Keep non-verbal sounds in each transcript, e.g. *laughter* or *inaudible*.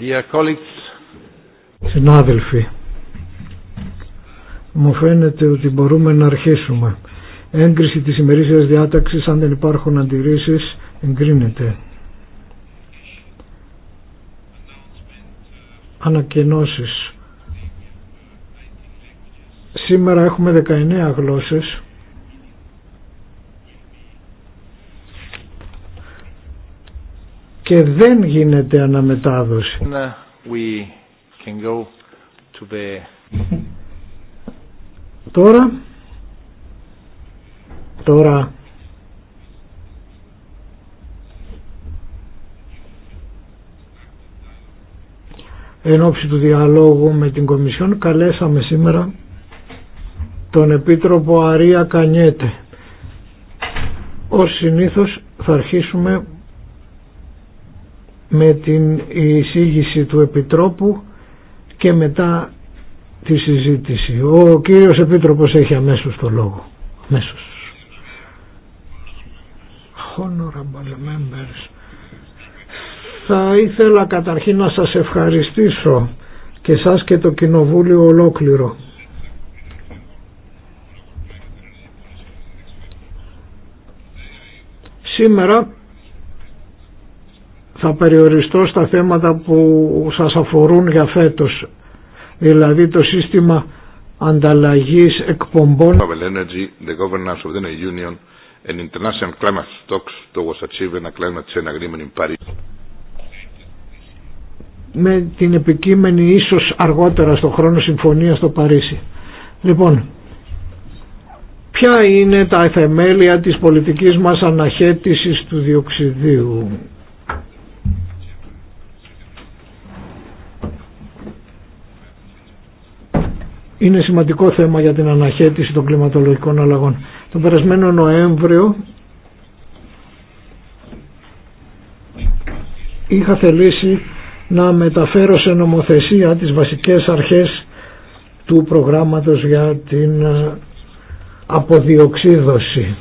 Dear colleagues. Συνάδελφοι, μου φαίνεται ότι μπορούμε να αρχίσουμε. Έγκριση της ημερήσιας διάταξης, αν δεν υπάρχουν αντιρρήσεις, εγκρίνεται. Ανακοινώσεις. Σήμερα έχουμε 19 γλώσσες και δεν γίνεται αναμετάδοση. Ναι, we Τώρα, τώρα εν ώψη του διαλόγου με την Κομισιόν καλέσαμε σήμερα τον Επίτροπο Αρία Κανιέτε. Ως συνήθως θα αρχίσουμε με την εισήγηση του Επιτρόπου και μετά τη συζήτηση. Ο κύριος Επίτροπος έχει αμέσως το λόγο. Αμέσως. Honorable members. Θα ήθελα καταρχήν να σας ευχαριστήσω και σας και το Κοινοβούλιο ολόκληρο. Σήμερα θα περιοριστώ στα θέματα που σας αφορούν για φέτος δηλαδή το σύστημα ανταλλαγής εκπομπών energy, the governance of the Union and international climate to towards achieving a climate change agreement in Paris. Με την επικείμενη ίσως αργότερα στο χρόνο συμφωνία στο Παρίσι. Λοιπόν, ποια είναι τα θεμέλια της πολιτικής μας αναχέτησης του διοξιδίου. είναι σημαντικό θέμα για την αναχέτηση των κλιματολογικών αλλαγών. Τον περασμένο Νοέμβριο είχα θελήσει να μεταφέρω σε νομοθεσία τις βασικές αρχές του προγράμματος για την ε, αποδιοξίδωση.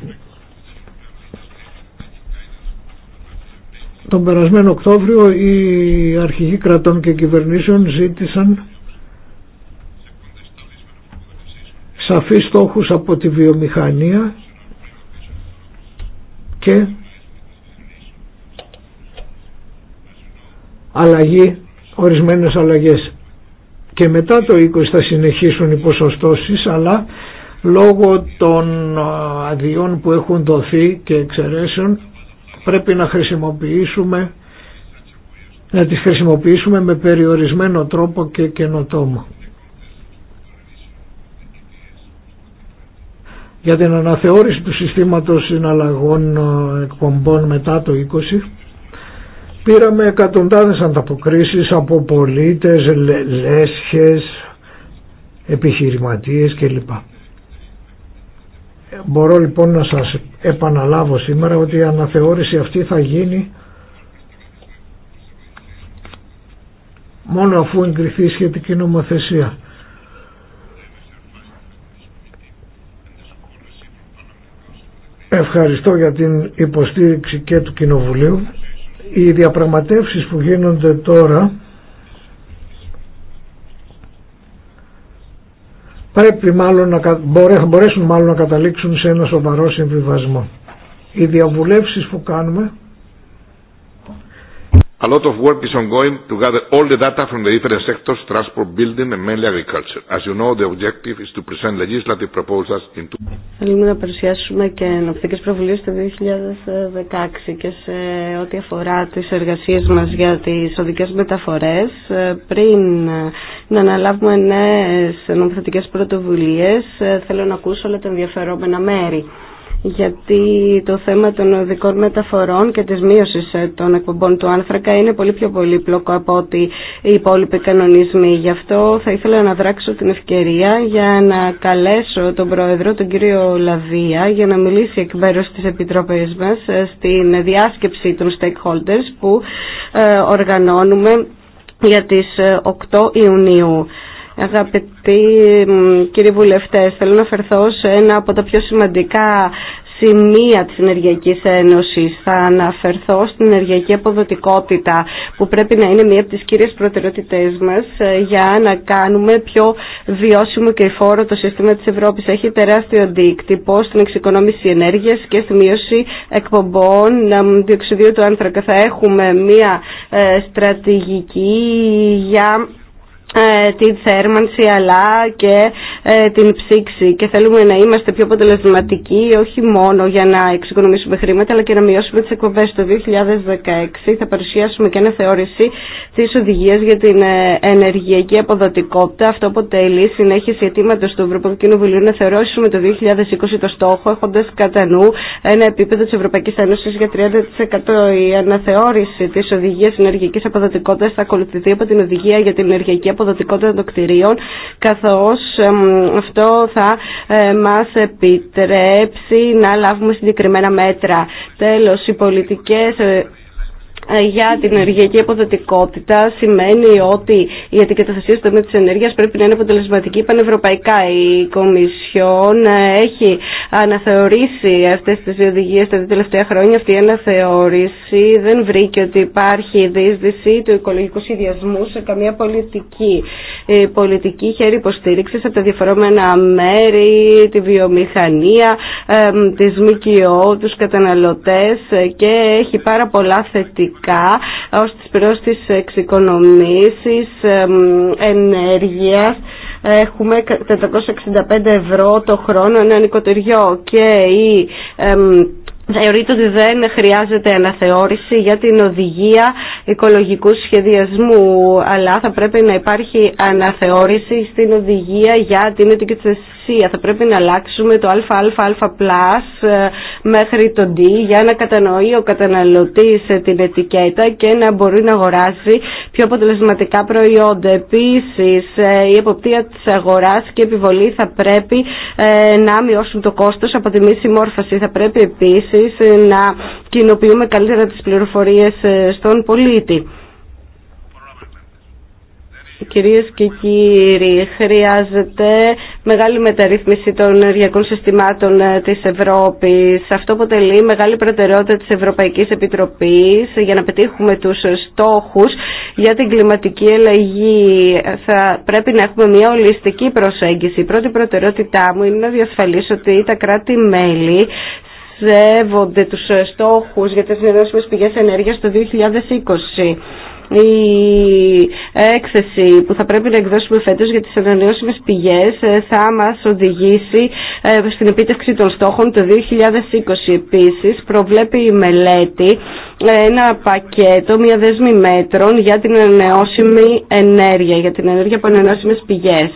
Τον περασμένο Οκτώβριο οι αρχηγοί κρατών και κυβερνήσεων ζήτησαν σαφείς στόχους από τη βιομηχανία και αλλαγή, ορισμένες αλλαγές. Και μετά το 20 θα συνεχίσουν οι ποσοστώσεις, αλλά λόγω των αδειών που έχουν δοθεί και εξαιρέσεων πρέπει να χρησιμοποιήσουμε να τις χρησιμοποιήσουμε με περιορισμένο τρόπο και καινοτόμο. για την αναθεώρηση του συστήματος συναλλαγών ε, εκπομπών μετά το 20 πήραμε εκατοντάδες ανταποκρίσεις από πολίτες, λέσχες, επιχειρηματίες κλπ. Ε, μπορώ λοιπόν να σας επαναλάβω σήμερα ότι η αναθεώρηση αυτή θα γίνει μόνο αφού εγκριθεί σχετική νομοθεσία. Ευχαριστώ για την υποστήριξη και του Κοινοβουλίου. Οι διαπραγματεύσεις που γίνονται τώρα πρέπει μάλλον να μπορέσουν μάλλον να καταλήξουν σε ένα σοβαρό συμβιβασμό. Οι διαβουλεύσεις που κάνουμε A lot of work is ongoing to gather all the data from the different sectors, transport, building and mainly agriculture. As you know, the objective is to present legislative proposals in two... Θέλουμε να παρουσιάσουμε και νοπτικές προβουλίες το 2016 και σε ό,τι αφορά τις εργασίες μας για τις οδικές μεταφορές ε, πριν να αναλάβουμε νέες νομοθετικές πρωτοβουλίες ε, θέλω να ακούσω όλα τα ενδιαφερόμενα μέρη γιατί το θέμα των οδικών μεταφορών και της μείωσης ε, των εκπομπών του άνθρακα είναι πολύ πιο πολύπλοκο από ότι οι υπόλοιποι κανονισμοί. Γι' αυτό θα ήθελα να δράξω την ευκαιρία για να καλέσω τον Πρόεδρο, τον κύριο Λαβία, για να μιλήσει εκ μέρους της Επιτροπής μας ε, στην διάσκεψη των stakeholders που ε, οργανώνουμε για τις 8 Ιουνίου. Αγαπητοί κύριοι βουλευτές, θέλω να φερθώ σε ένα από τα πιο σημαντικά σημεία της Ενεργειακής Ένωσης. Θα αναφερθώ στην ενεργειακή αποδοτικότητα που πρέπει να είναι μία από τις κύριες προτεραιότητές μας ε, για να κάνουμε πιο βιώσιμο και φόρο το σύστημα της Ευρώπης. Έχει τεράστιο αντίκτυπο στην εξοικονόμηση ενέργειας και στη μείωση εκπομπών ε, διοξιδίου του άνθρακα. Θα έχουμε μία ε, στρατηγική για ε, την θέρμανση αλλά και ε, την ψήξη και θέλουμε να είμαστε πιο αποτελεσματικοί όχι μόνο για να εξοικονομήσουμε χρήματα αλλά και να μειώσουμε τις εκπομπές. Το 2016 θα παρουσιάσουμε και θεώρηση της οδηγίας για την ε, ενεργειακή αποδοτικότητα. Αυτό αποτελεί συνέχιση αιτήματο του Ευρωπαϊκού Κοινοβουλίου να θεωρήσουμε το 2020 το στόχο έχοντας κατά νου ένα επίπεδο της Ευρωπαϊκής Ένωσης για 30%. Η αναθεώρηση της οδηγίας ενεργειακής αποδοτικότητας θα ακολουθηθεί από την οδηγία για την ενεργειακή αποδοτικότητα των κτηρίων καθώς αυτό θα ε, μας επιτρέψει να λάβουμε συγκεκριμένα μέτρα. Τέλος, οι πολιτικές ε, ε, για την ενεργειακή αποδοτικότητα σημαίνει ότι η αντικαταστασία στο τομέα της ενέργειας πρέπει να είναι αποτελεσματική πανευρωπαϊκά. Η Κομισιόν ε, έχει αναθεωρήσει αυτές τις οδηγίες τα τελευταία χρόνια. Αυτή η αναθεώρηση δεν βρήκε ότι υπάρχει διείσδυση του οικολογικού σχεδιασμού σε καμία πολιτική. Η πολιτική χέρι υποστήριξη από τα διαφορεμένα μέρη, τη βιομηχανία, ε, τις ΜΚΟ, τους καταναλωτές και έχει πάρα πολλά θετικά Ω ως τις της εξοικονομήσεις ενέργειας έχουμε 465 ευρώ το χρόνο ένα νοικοτηριό και η Θεωρείται ότι δεν χρειάζεται αναθεώρηση για την οδηγία οικολογικού σχεδιασμού, αλλά θα πρέπει να υπάρχει αναθεώρηση στην οδηγία για την ιδιωτική της θα πρέπει να αλλάξουμε το ΑΑΑ ε, μέχρι το D για να κατανοεί ο καταναλωτής ε, την ετικέτα και να μπορεί να αγοράσει πιο αποτελεσματικά προϊόντα. Επίσης, ε, η εποπτεία της αγοράς και επιβολή θα πρέπει να μειώσουν το κόστος από τη μη συμμόρφωση. Θα πρέπει επίσης να κοινοποιούμε καλύτερα τις πληροφορίες στον πολίτη. Κυρίες και κύριοι, χρειάζεται μεγάλη μεταρρύθμιση των ενεργειακών συστημάτων ε, της Ευρώπης. Αυτό αποτελεί μεγάλη προτεραιότητα της Ευρωπαϊκής Επιτροπής για να πετύχουμε τους στόχους για την κλιματική αλλαγή. Θα πρέπει να έχουμε μια ολιστική προσέγγιση. Η πρώτη προτεραιότητά μου είναι να διασφαλίσω ότι τα κράτη-μέλη σέβονται τους στόχους για τις ενεργές πηγές ενέργειας το 2020 η έκθεση που θα πρέπει να εκδώσουμε φέτος για τις ανανεώσιμες πηγές ε, θα μας οδηγήσει ε, στην επίτευξη των στόχων το 2020. Επίσης προβλέπει η μελέτη ε, ένα πακέτο, μια δέσμη μέτρων για την ανανεώσιμη ενέργεια, για την ενέργεια από ανανεώσιμες πηγές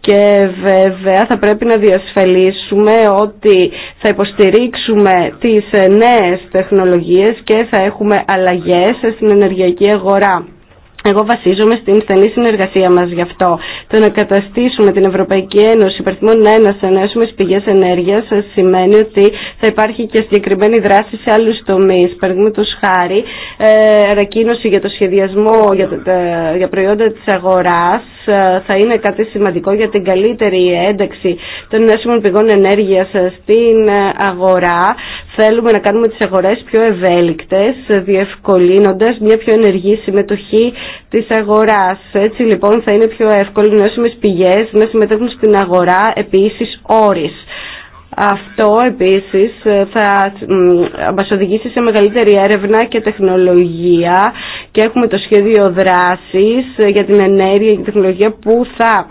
και βέβαια θα πρέπει να διασφαλίσουμε ότι θα υποστηρίξουμε τις νέες τεχνολογίες και θα έχουμε αλλαγές στην ενεργειακή αγορά εγώ βασίζομαι στην στενή συνεργασία μας γι' αυτό. Το να καταστήσουμε την Ευρωπαϊκή Ένωση υπερθυμών ένα σε ανέσουμε πηγές ενέργειας σημαίνει ότι θα υπάρχει και συγκεκριμένη δράση σε άλλους τομείς. Παραδείγματο χάρη, ε, ανακοίνωση για το σχεδιασμό για, για προϊόντα της αγοράς ε, θα είναι κάτι σημαντικό για την καλύτερη ένταξη των ενέσιμων πηγών ενέργειας στην αγορά θέλουμε να κάνουμε τις αγορές πιο ευέλικτες, διευκολύνοντας μια πιο ενεργή συμμετοχή της αγοράς. Έτσι λοιπόν θα είναι πιο εύκολο έχουμε πηγές να συμμετέχουν στην αγορά επίσης όρις. Αυτό επίσης θα μας οδηγήσει σε μεγαλύτερη έρευνα και τεχνολογία και έχουμε το σχέδιο δράσης για την ενέργεια και τεχνολογία που θα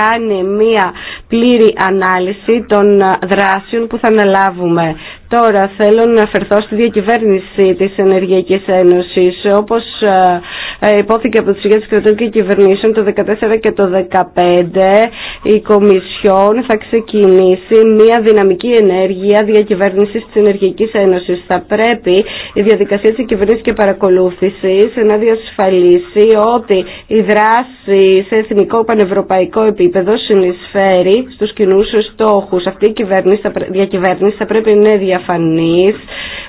κάνει μία πλήρη ανάλυση των δράσεων που θα αναλάβουμε. Τώρα θέλω να αφαιρθώ στη διακυβέρνηση της Ενεργειακής Ένωσης. Όπως ε, ε, υπόθηκε από τους ηγέτες κρατών και κυβερνήσεων το 2014 και το 2015 η Κομισιόν θα ξεκινήσει μια δυναμική ενέργεια διακυβέρνησης της Ενεργειακής Ένωσης. Θα πρέπει η διαδικασία της κυβερνήσης και παρακολούθησης να διασφαλίσει ότι η δράση σε εθνικό πανευρωπαϊκό επίπεδο συνεισφέρει στους κοινούς στόχους. Αυτή η διακυβέρνηση θα πρέπει να είναι διαφανής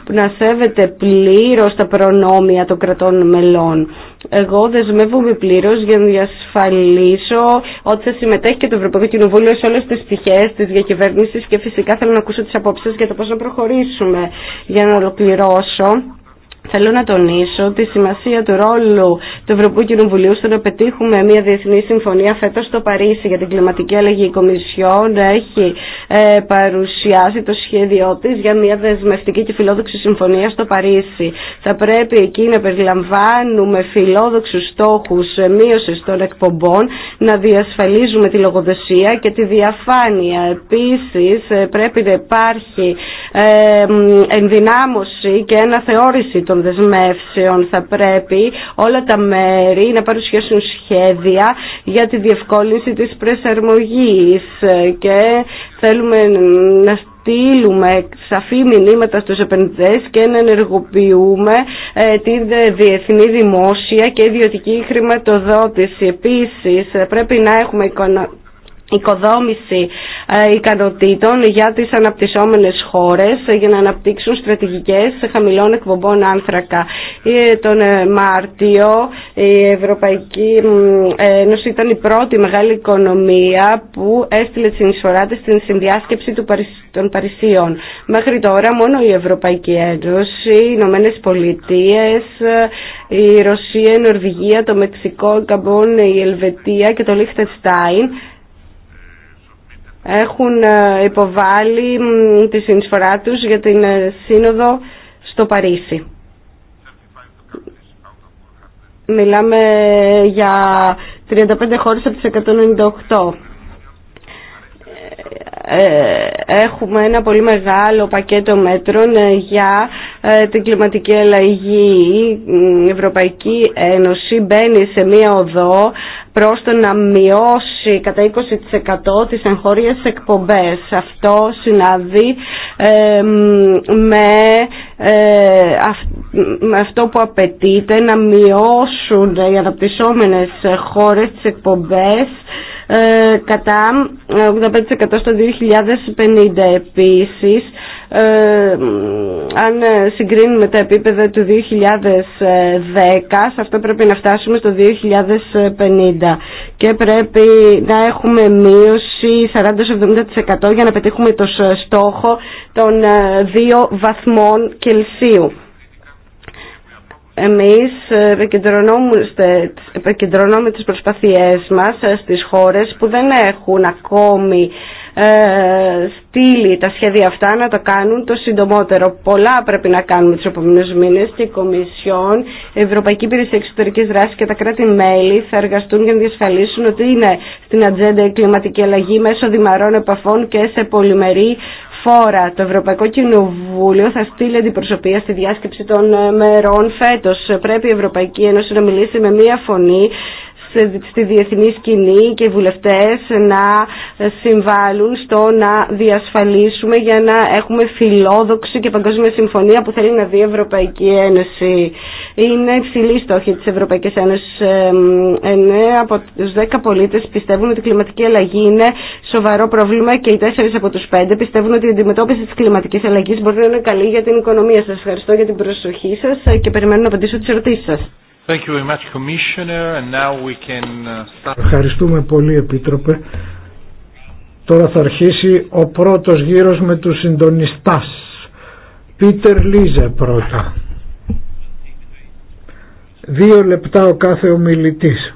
που να σέβεται πλήρως τα προνόμια των κρατών μελών. Εγώ δεσμεύομαι πλήρως για να διασφαλίσω ότι θα συμμετέχει και το Ευρωπαϊκό Κοινοβούλιο σε όλες τις πτυχές της διακυβέρνησης και φυσικά θέλω να ακούσω τις απόψεις για το πώς να προχωρήσουμε για να ολοκληρώσω. Θέλω να τονίσω τη σημασία του ρόλου του Ευρωπαϊκού Κοινοβουλίου στο να πετύχουμε μια διεθνή συμφωνία φέτο στο Παρίσι για την κλιματική αλλαγή. Η Κομισιόν έχει ε, παρουσιάσει το σχέδιό τη για μια δεσμευτική και φιλόδοξη συμφωνία στο Παρίσι. Θα πρέπει εκεί να περιλαμβάνουμε φιλόδοξου στόχου ε, μείωση των εκπομπών, να διασφαλίζουμε τη λογοδοσία και τη διαφάνεια. Επίση, ε, πρέπει να υπάρχει ε, ενδυνάμωση και αναθεώρηση των των δεσμεύσεων θα πρέπει όλα τα μέρη να παρουσιάσουν σχέδια για τη διευκόλυνση της προσαρμογής και θέλουμε να στείλουμε σαφή μηνύματα στους επενδυτές και να ενεργοποιούμε ε, τη ε, διεθνή δημόσια και ιδιωτική χρηματοδότηση. Επίσης ε, πρέπει να έχουμε οικοδόμηση ε, ικανοτήτων για τις αναπτυσσόμενες χώρες ε, για να αναπτύξουν στρατηγικές χαμηλών εκπομπών άνθρακα. Ε, τον Μάρτιο η Ευρωπαϊκή Ένωση ήταν η πρώτη μεγάλη οικονομία που έστειλε την συνεισφορά της στην συνδιάσκεψη των Παρισίων. Μέχρι τώρα μόνο η Ευρωπαϊκή Ένωση, οι Ηνωμένε Πολιτείε, η Ρωσία, η Νορβηγία, το Μεξικό, η Καμπών, η Ελβετία και το Λίχτενστάιν έχουν ε, υποβάλει τη συνεισφορά τους για την ε, σύνοδο στο Παρίσι. Μιλάμε για 35 χώρες από τις 198. Ε, έχουμε ένα πολύ μεγάλο πακέτο μέτρων ε, για ε, την κλιματική αλλαγή. Η Ευρωπαϊκή Ένωση μπαίνει σε μία οδό προς το να μειώσει κατά 20% τις εγχώριες εκπομπές. Αυτό συνάδει με, αυτό που απαιτείται να μειώσουν οι αναπτυσσόμενες χώρες τις εκπομπές ε, κατά 85% στο 2050 επίσης ε, αν συγκρίνουμε τα επίπεδα του 2010 σε αυτό πρέπει να φτάσουμε στο 2050 και πρέπει να έχουμε μείωση 40-70% για να πετύχουμε το στόχο των 2 ε, βαθμών Κελσίου εμείς επικεντρωνόμαστε τις προσπαθίες μας ε, στις χώρες που δεν έχουν ακόμη ε, στείλει τα σχέδια αυτά να το κάνουν το συντομότερο. Πολλά πρέπει να κάνουμε τους επόμενους μήνες και η Κομισιόν, η Ευρωπαϊκή Υπηρεσία Εξωτερικής Δράσης και τα κράτη-μέλη θα εργαστούν για να διασφαλίσουν ότι είναι στην ατζέντα η κλιματική αλλαγή μέσω δημαρών επαφών και σε πολυμερή φορά το Ευρωπαϊκό Κοινοβούλιο θα στείλει αντιπροσωπεία στη διάσκεψη των ε, μερών φέτος. Πρέπει η Ευρωπαϊκή Ένωση να μιλήσει με μία φωνή στη διεθνή σκηνή και οι βουλευτές να συμβάλλουν στο να διασφαλίσουμε για να έχουμε φιλόδοξη και παγκόσμια συμφωνία που θέλει να δει η Ευρωπαϊκή Ένωση. Είναι υψηλή στόχη της Ευρωπαϊκής Ένωσης. Ναι, από τους 10 πολίτες πιστεύουν ότι η κλιματική αλλαγή είναι σοβαρό πρόβλημα και οι 4 από τους 5 πιστεύουν ότι η αντιμετώπιση της κλιματικής αλλαγής μπορεί να είναι καλή για την οικονομία. Σας ευχαριστώ για την προσοχή σας και περιμένω να απαντήσω τι ερωτήσεις σας. Ευχαριστούμε πολύ Επίτροπε. Τώρα θα αρχίσει ο πρώτος γύρος με τους συντονιστάς. Πίτερ Λίζε πρώτα. Δύο λεπτά ο κάθε ομιλητής.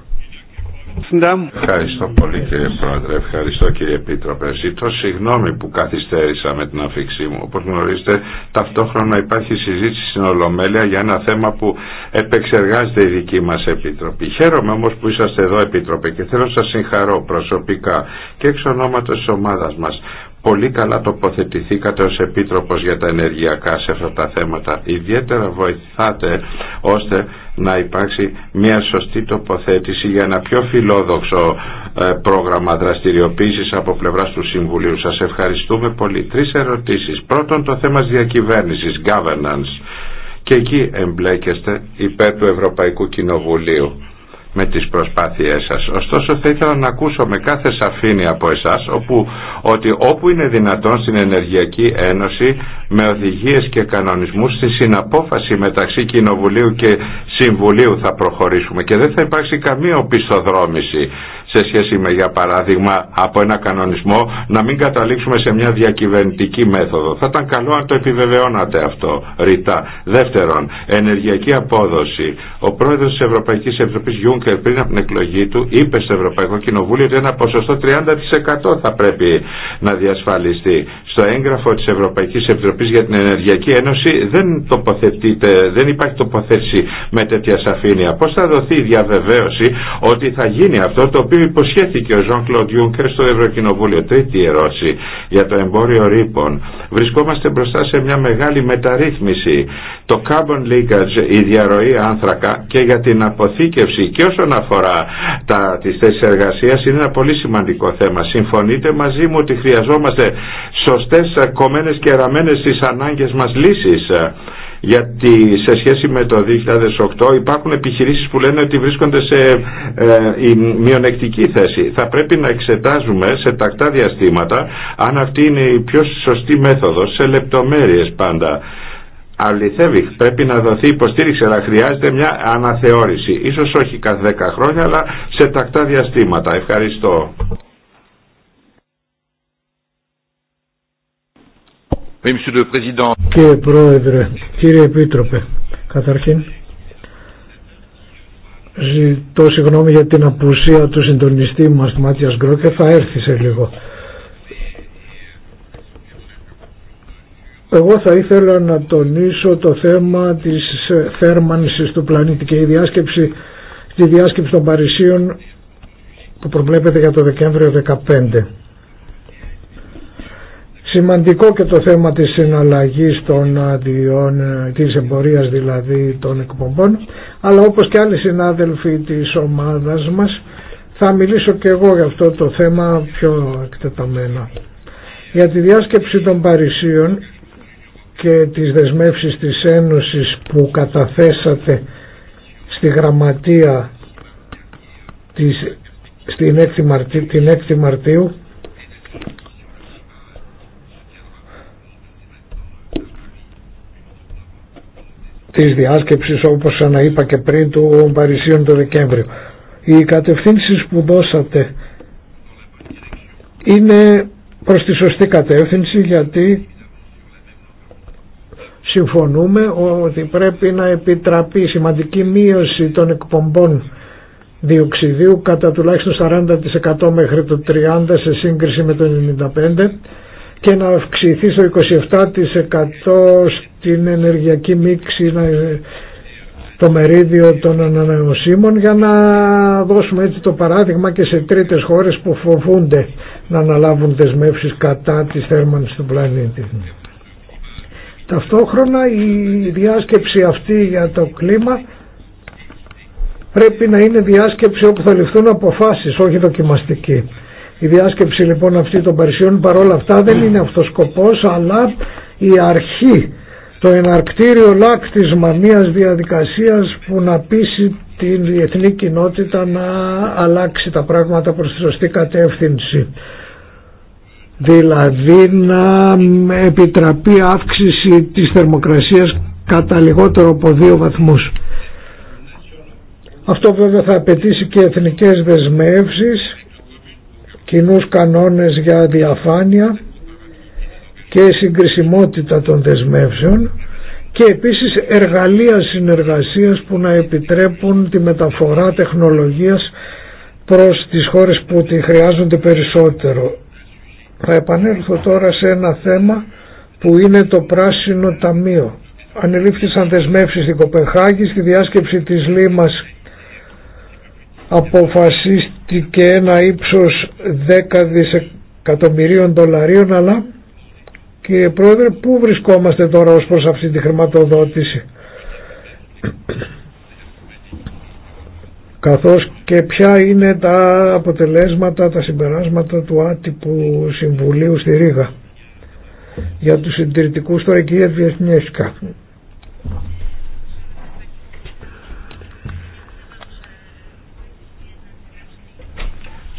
Ευχαριστώ πολύ κύριε Πρόεδρε, ευχαριστώ κύριε Επίτροπε. Ζητώ συγγνώμη που καθυστέρησα με την αφήξή μου. Όπως γνωρίζετε ταυτόχρονα υπάρχει συζήτηση στην Ολομέλεια για ένα θέμα που επεξεργάζεται η δική μας Επίτροπη. Χαίρομαι όμως που είσαστε εδώ Επίτροπε και θέλω να σας συγχαρώ προσωπικά και εξ ονόματος της ομάδας μας πολύ καλά τοποθετηθήκατε ως Επίτροπος για τα ενεργειακά σε αυτά τα θέματα. Ιδιαίτερα βοηθάτε ώστε να υπάρξει μια σωστή τοποθέτηση για ένα πιο φιλόδοξο ε, πρόγραμμα δραστηριοποίησης από πλευράς του Συμβουλίου. Σας ευχαριστούμε πολύ. Τρεις ερωτήσεις. Πρώτον το θέμα διακυβέρνησης, governance. Και εκεί εμπλέκεστε υπέρ του Ευρωπαϊκού Κοινοβουλίου με τις προσπάθειές σας. Ωστόσο θα ήθελα να ακούσω με κάθε σαφήνεια από εσάς όπου, ότι όπου είναι δυνατόν στην Ενεργειακή Ένωση με οδηγίες και κανονισμούς στη συναπόφαση μεταξύ Κοινοβουλίου και Συμβουλίου θα προχωρήσουμε και δεν θα υπάρξει καμία οπισθοδρόμηση σε σχέση με για παράδειγμα από ένα κανονισμό να μην καταλήξουμε σε μια διακυβερνητική μέθοδο. Θα ήταν καλό αν το επιβεβαιώνατε αυτό Ρίτα. Δεύτερον, ενεργειακή απόδοση. Ο πρόεδρος της Ευρωπαϊκής Επιτροπής Γιούνκερ πριν από την εκλογή του είπε στο Ευρωπαϊκό Κοινοβούλιο ότι ένα ποσοστό 30% θα πρέπει να διασφαλιστεί. Στο έγγραφο της Ευρωπαϊκής Επιτροπής για την Ενεργειακή Ένωση δεν τοποθετείται, δεν υπάρχει τοποθέτηση με τέτοια σαφήνεια. Πώς θα δοθεί η διαβεβαίωση ότι θα γίνει αυτό το υποσχέθηκε ο Ζων Ιούνκερ στο Ευρωκοινοβούλιο. Τρίτη ερώτηση για το εμπόριο ρήπων. Βρισκόμαστε μπροστά σε μια μεγάλη μεταρρύθμιση. Το carbon leakage, η διαρροή άνθρακα και για την αποθήκευση και όσον αφορά τα, τις θέσεις εργασίας είναι ένα πολύ σημαντικό θέμα. Συμφωνείτε μαζί μου ότι χρειαζόμαστε σωστές κομμένες και ραμμένες στις ανάγκες μας λύσεις γιατί σε σχέση με το 2008 υπάρχουν επιχειρήσεις που λένε ότι βρίσκονται σε ε, η μειονεκτική θέση. Θα πρέπει να εξετάζουμε σε τακτά διαστήματα αν αυτή είναι η πιο σωστή μέθοδος, σε λεπτομέρειες πάντα. Αληθεύει, πρέπει να δοθεί υποστήριξη, αλλά χρειάζεται μια αναθεώρηση. Ίσως όχι κάθε 10 χρόνια, αλλά σε τακτά διαστήματα. Ευχαριστώ. Κύριε Πρόεδρε, κύριε Επίτροπε, καταρχήν ζητώ συγγνώμη για την απουσία του συντονιστή μας Μάτιας και θα έρθει σε λίγο. Εγώ θα ήθελα να τονίσω το θέμα της θέρμανσης του πλανήτη και η διάσκεψη, τη διάσκεψη των Παρισίων που προβλέπεται για το Δεκέμβριο 15. Σημαντικό και το θέμα της συναλλαγής των αδειών, της εμπορίας δηλαδή των εκπομπών, αλλά όπως και άλλοι συνάδελφοι της ομάδας μας θα μιλήσω και εγώ για αυτό το θέμα πιο εκτεταμένα. Για τη διάσκεψη των Παρισίων και τις δεσμεύσεις της Ένωσης που καταθέσατε στη γραμματεία της, στην 6 την 6η Μαρτίου της διάσκεψης όπως αναείπα και πριν του Παρισίων το Δεκέμβριο. Οι κατευθύνσεις που δώσατε είναι προς τη σωστή κατεύθυνση γιατί συμφωνούμε ότι πρέπει να επιτραπεί σημαντική μείωση των εκπομπών διοξιδίου κατά τουλάχιστον 40% μέχρι το 30% σε σύγκριση με το 95% και να αυξηθεί στο 27% στην ενεργειακή μίξη το μερίδιο των ανανεωσίμων για να δώσουμε έτσι το παράδειγμα και σε τρίτες χώρες που φοβούνται να αναλάβουν δεσμεύσεις κατά της θέρμανσης του πλανήτη. Ταυτόχρονα η διάσκεψη αυτή για το κλίμα πρέπει να είναι διάσκεψη όπου θα ληφθούν αποφάσεις, όχι δοκιμαστική. Η διάσκεψη λοιπόν αυτή των Παρισιών παρόλα αυτά δεν είναι αυτός σκοπός αλλά η αρχή, το εναρκτήριο λάκτισμα μιας διαδικασίας που να πείσει την διεθνή κοινότητα να αλλάξει τα πράγματα προς τη σωστή κατεύθυνση. Δηλαδή να επιτραπεί αύξηση της θερμοκρασίας κατά λιγότερο από δύο βαθμούς. Αυτό βέβαια θα απαιτήσει και εθνικές δεσμεύσεις κοινούς κανόνες για διαφάνεια και συγκρισιμότητα των δεσμεύσεων και επίσης εργαλεία συνεργασίας που να επιτρέπουν τη μεταφορά τεχνολογίας προς τις χώρες που τη χρειάζονται περισσότερο. Θα επανέλθω τώρα σε ένα θέμα που είναι το πράσινο ταμείο. Ανελήφθησαν δεσμεύσεις στην Κοπεχάγη στη διάσκεψη της Λίμας αποφασίστηκε ένα ύψος 10 δισεκατομμυρίων δολαρίων αλλά κύριε Πρόεδρε πού βρισκόμαστε τώρα ως προς αυτή τη χρηματοδότηση καθώς και ποια είναι τα αποτελέσματα, τα συμπεράσματα του άτυπου συμβουλίου στη Ρήγα για τους συντηρητικούς τώρα κυρία Διεθνιέσκα.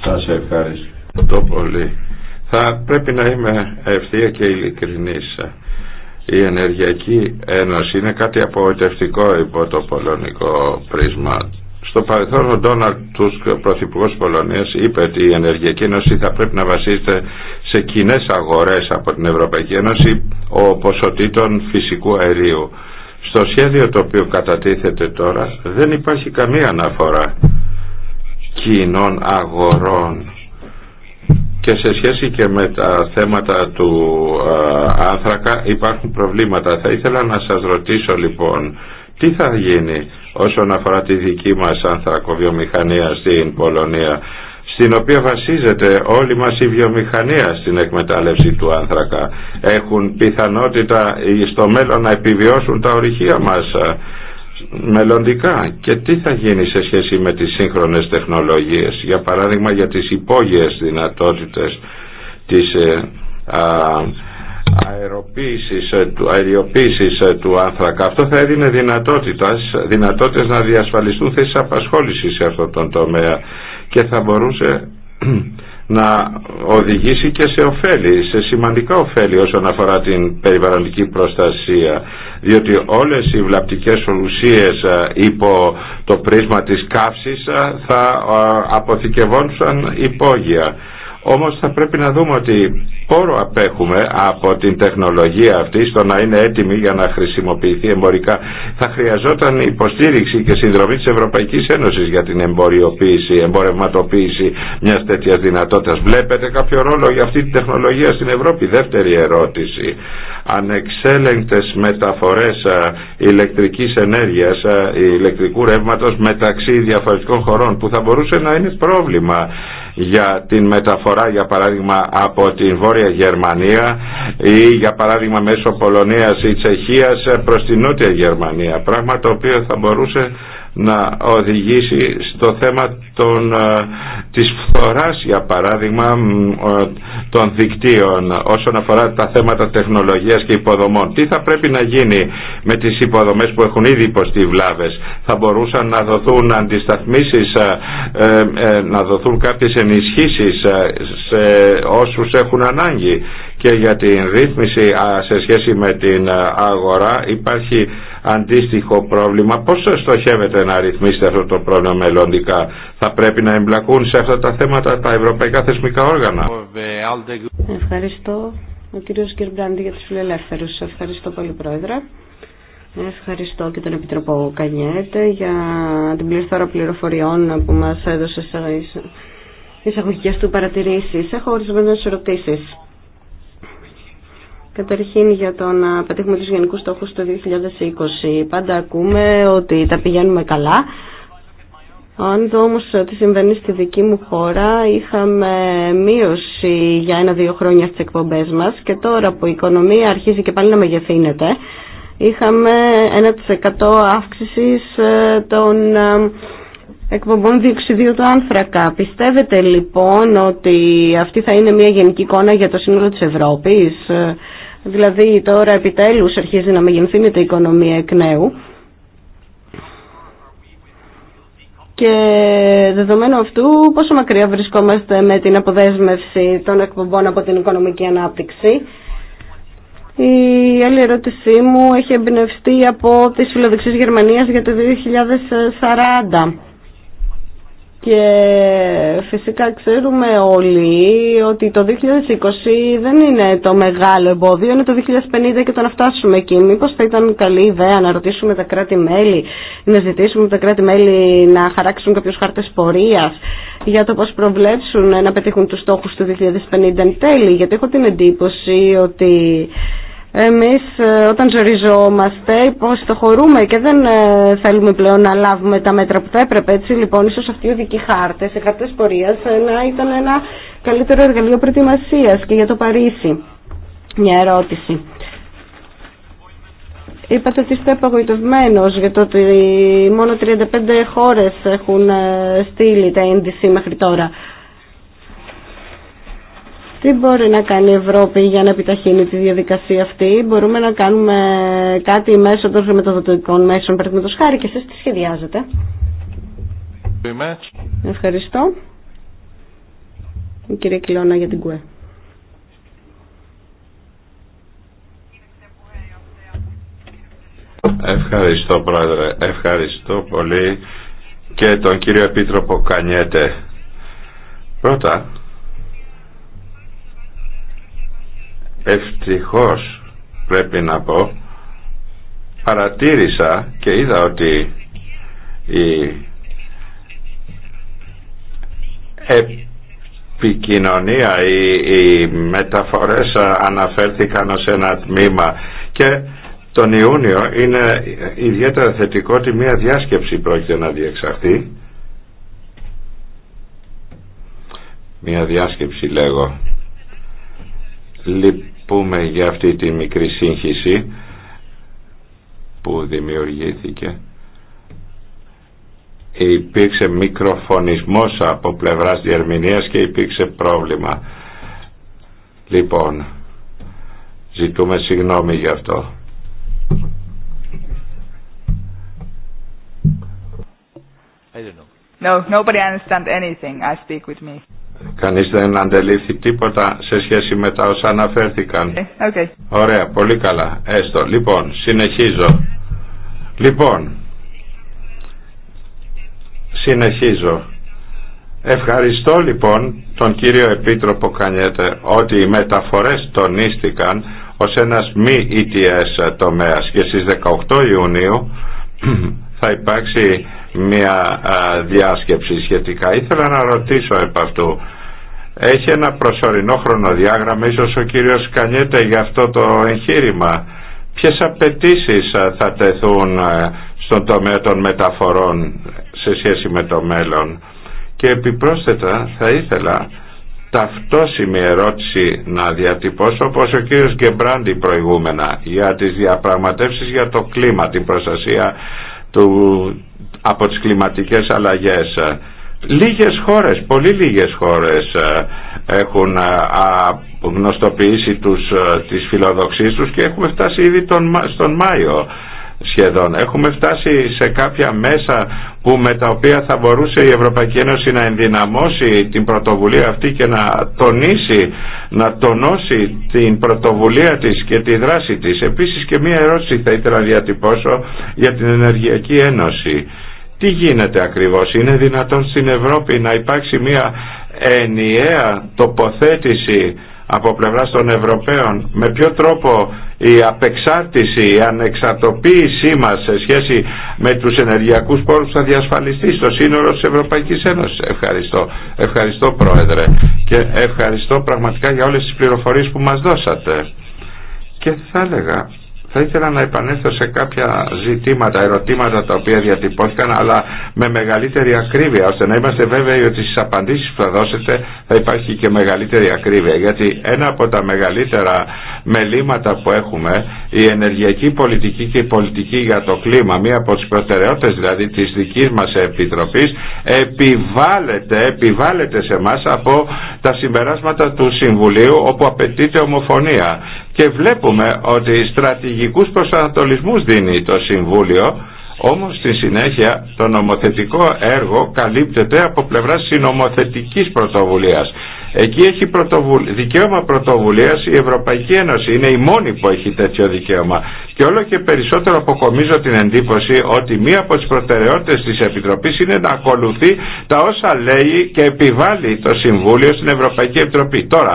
Σας ευχαριστώ πολύ. Θα πρέπει να είμαι ευθεία και ειλικρινής. Η Ενεργειακή Ένωση είναι κάτι απογοητευτικό υπό το πολωνικό πρίσμα. Στο παρελθόν ο Ντόναλτ Τούσκ, πρωθυπουργό Πολωνία, είπε ότι η Ενεργειακή Ένωση θα πρέπει να βασίζεται σε κοινέ αγορέ από την Ευρωπαϊκή Ένωση ο ποσοτήτων φυσικού αερίου. Στο σχέδιο το οποίο κατατίθεται τώρα δεν υπάρχει καμία αναφορά κοινών αγορών και σε σχέση και με τα θέματα του άνθρακα υπάρχουν προβλήματα. Θα ήθελα να σας ρωτήσω λοιπόν τι θα γίνει όσον αφορά τη δική μας ανθρακοβιομηχανία στην Πολωνία στην οποία βασίζεται όλη μας η βιομηχανία στην εκμετάλλευση του άνθρακα. Έχουν πιθανότητα στο μέλλον να επιβιώσουν τα ορυχεία μας μελλοντικά και τι θα γίνει σε σχέση με τις σύγχρονες τεχνολογίες για παράδειγμα για τις υπόγειες δυνατότητες της ε, α, αεροποίησης, ε, του, αεριοποίησης ε, του άνθρακα. Αυτό θα έδινε δυνατότητες, δυνατότητες να διασφαλιστούν θέσεις απασχόλησης σε αυτό τον τομέα και θα μπορούσε να οδηγήσει και σε ωφέλη, σε σημαντικά ωφέλη όσον αφορά την περιβαλλοντική προστασία διότι όλες οι βλαπτικές ουσίες υπό το πρίσμα της καύσης θα αποθηκευόντουσαν υπόγεια. Όμως θα πρέπει να δούμε ότι πόρο απέχουμε από την τεχνολογία αυτή στο να είναι έτοιμη για να χρησιμοποιηθεί εμπορικά. Θα χρειαζόταν υποστήριξη και συνδρομή της Ευρωπαϊκής Ένωσης για την εμποριοποίηση, εμπορευματοποίηση μιας τέτοιας δυνατότητας. Βλέπετε κάποιο ρόλο για αυτή τη τεχνολογία στην Ευρώπη. Δεύτερη ερώτηση. Ανεξέλεγκτες μεταφορές ηλεκτρικής ενέργειας, ηλεκτρικού ρεύματος μεταξύ διαφορετικών χωρών που θα μπορούσε να είναι πρόβλημα για την μεταφορά για παράδειγμα από την Βόρεια Γερμανία ή για παράδειγμα μέσω Πολωνίας ή Τσεχίας προς την Νότια Γερμανία πράγμα το οποίο θα μπορούσε να οδηγήσει στο θέμα των, ε, της φθοράς για παράδειγμα ε, των δικτύων όσον αφορά τα θέματα τεχνολογίας και υποδομών. Τι θα πρέπει να γίνει με τις υποδομές που έχουν ήδη υποστεί βλάβες. Θα μπορούσαν να δοθούν αντισταθμίσεις, ε, να δοθούν κάποιες ενισχύσεις σε όσους έχουν ανάγκη και για την ρύθμιση σε σχέση με την αγορά υπάρχει αντίστοιχο πρόβλημα. Πώς στοχεύετε να ρυθμίσετε αυτό το πρόβλημα μελλοντικά. Θα πρέπει να εμπλακούν σε αυτά τα θέματα τα ευρωπαϊκά θεσμικά όργανα. Ευχαριστώ ο κύριος Κερμπραντή για τους φιλελεύθερους. Ευχαριστώ πολύ πρόεδρε. Ευχαριστώ και τον Επιτροπό Κανιέτε για την πληροφορία πληροφοριών που μας έδωσε σε εισαγωγικές του παρατηρήσεις. Έχω ορισμένες ερωτήσεις. Καταρχήν για το να πετύχουμε τους γενικούς στόχους το 2020. Πάντα ακούμε ότι τα πηγαίνουμε καλά. Αν δω όμως τι συμβαίνει στη δική μου χώρα, είχαμε μείωση για ένα-δύο χρόνια στις εκπομπές μας και τώρα που η οικονομία αρχίζει και πάλι να μεγεθύνεται, είχαμε 1% αύξηση ε, των ε, εκπομπών διοξιδίου του άνθρακα. Πιστεύετε λοιπόν ότι αυτή θα είναι μια γενική εικόνα για το σύνολο της Ευρώπης Δηλαδή τώρα επιτέλους αρχίζει να μεγενθύνεται η οικονομία εκ νέου. Και δεδομένου αυτού πόσο μακριά βρισκόμαστε με την αποδέσμευση των εκπομπών από την οικονομική ανάπτυξη. Η άλλη ερώτησή μου έχει εμπνευστεί από τις φιλοδοξίες Γερμανίας για το 2040 και φυσικά ξέρουμε όλοι ότι το 2020 δεν είναι το μεγάλο εμπόδιο, είναι το 2050 και το να φτάσουμε εκεί. Μήπω θα ήταν καλή ιδέα να ρωτήσουμε τα κράτη-μέλη, να ζητήσουμε τα κράτη-μέλη να χαράξουν κάποιου χάρτες πορεία για το πώ προβλέψουν να πετύχουν του στόχου του 2050 εν τέλει. Γιατί έχω την εντύπωση ότι εμείς ε, όταν ζοριζόμαστε υποστοχωρούμε και δεν ε, θέλουμε πλέον να λάβουμε τα μέτρα που θα έπρεπε. Έτσι λοιπόν ίσως αυτοί οι οδική χάρτες, σε χάρτες πορείας ε, να ήταν ένα καλύτερο εργαλείο προετοιμασίας και για το Παρίσι. Μια ερώτηση. Είπατε ότι είστε απογοητευμένο για το ότι μόνο 35 χώρες έχουν στείλει τα ένδυση μέχρι τώρα. Τι μπορεί να κάνει η Ευρώπη για να επιταχύνει τη διαδικασία αυτή. Μπορούμε να κάνουμε κάτι μέσω των χρηματοδοτικών μέσων, παραδείγματο χάρη, και εσεί τι σχεδιάζετε. Ευχαριστώ. Η κυρία Κιλώνα για την ΚΟΕ. Ευχαριστώ πρόεδρε, ευχαριστώ πολύ και τον κύριο Επίτροπο Κανιέτε. Πρώτα, ευτυχώς πρέπει να πω παρατήρησα και είδα ότι η επικοινωνία οι, οι μεταφορές αναφέρθηκαν ως ένα τμήμα και τον Ιούνιο είναι ιδιαίτερα θετικό ότι μια διάσκεψη πρόκειται να διεξαχθεί μια διάσκεψη λέγω πούμε για αυτή τη μικρή σύγχυση που δημιουργήθηκε. Υπήρξε μικροφωνισμός από πλευράς διερμηνίας και υπήρξε πρόβλημα. Λοιπόν, ζητούμε συγγνώμη γι' αυτό. No, nobody anything. I speak with me. Κανείς δεν αντελήφθη τίποτα σε σχέση με τα όσα αναφέρθηκαν. Ε, okay. Ωραία, πολύ καλά. Έστω. Λοιπόν, συνεχίζω. Λοιπόν, συνεχίζω. Ευχαριστώ λοιπόν τον κύριο Επίτροπο Κανιέτε ότι οι μεταφορές τονίστηκαν ως ένας μη ETS τομέας και στις 18 Ιουνίου *clears throat* θα υπάρξει μια διάσκεψη σχετικά. Ήθελα να ρωτήσω επ' αυτού. Έχει ένα προσωρινό χρονοδιάγραμμα ίσως ο κύριος Κανιέται για αυτό το εγχείρημα. Ποιες απαιτήσει θα τεθούν στον τομέα των μεταφορών σε σχέση με το μέλλον. Και επιπρόσθετα θα ήθελα ταυτόσιμη ερώτηση να διατυπώσω όπως ο κύριος Γκεμπράντη προηγούμενα για τις διαπραγματεύσεις για το κλίμα, την προστασία του, από τις κλιματικές αλλαγές. Λίγες χώρες, πολύ λίγες χώρες ε, έχουν ε, γνωστοποιήσει τους, ε, τις φιλοδοξίες τους και έχουμε φτάσει ήδη τον, στον Μάιο σχεδόν. Έχουμε φτάσει σε κάποια μέσα που με τα οποία θα μπορούσε η Ευρωπαϊκή Ένωση να ενδυναμώσει την πρωτοβουλία αυτή και να τονίσει, να τονώσει την πρωτοβουλία της και τη δράση της. Επίσης και μία ερώτηση θα ήθελα να διατυπώσω για την Ενεργειακή Ένωση. Τι γίνεται ακριβώς, είναι δυνατόν στην Ευρώπη να υπάρξει μια ενιαία τοποθέτηση από πλευρά των Ευρωπαίων με ποιο τρόπο η απεξάρτηση, η ανεξαρτοποίησή μας σε σχέση με τους ενεργειακούς πόρους θα διασφαλιστεί στο σύνολο της Ευρωπαϊκής Ένωσης. Ευχαριστώ. Ευχαριστώ Πρόεδρε και ευχαριστώ πραγματικά για όλες τις πληροφορίες που μας δώσατε. Και θα θα ήθελα να επανέλθω σε κάποια ζητήματα, ερωτήματα τα οποία διατυπώθηκαν αλλά με μεγαλύτερη ακρίβεια ώστε να είμαστε βέβαιοι ότι στις απαντήσεις που θα δώσετε θα υπάρχει και μεγαλύτερη ακρίβεια γιατί ένα από τα μεγαλύτερα μελήματα που έχουμε η ενεργειακή πολιτική και η πολιτική για το κλίμα μία από τις προτεραιότητες δηλαδή της δικής μας επιτροπής επιβάλλεται, επιβάλλεται σε εμά από τα συμπεράσματα του Συμβουλίου όπου απαιτείται ομοφωνία και βλέπουμε ότι στρατηγικούς προσανατολισμούς δίνει το Συμβούλιο όμως στη συνέχεια το νομοθετικό έργο καλύπτεται από πλευρά συνομοθετικής πρωτοβουλίας Εκεί έχει πρωτοβουλ... δικαίωμα πρωτοβουλία η Ευρωπαϊκή Ένωση. Είναι η μόνη που έχει τέτοιο δικαίωμα. Και όλο και περισσότερο αποκομίζω την εντύπωση ότι μία από τι προτεραιότητε τη Επιτροπή είναι να ακολουθεί τα όσα λέει και επιβάλλει το Συμβούλιο στην Ευρωπαϊκή Επιτροπή. Τώρα,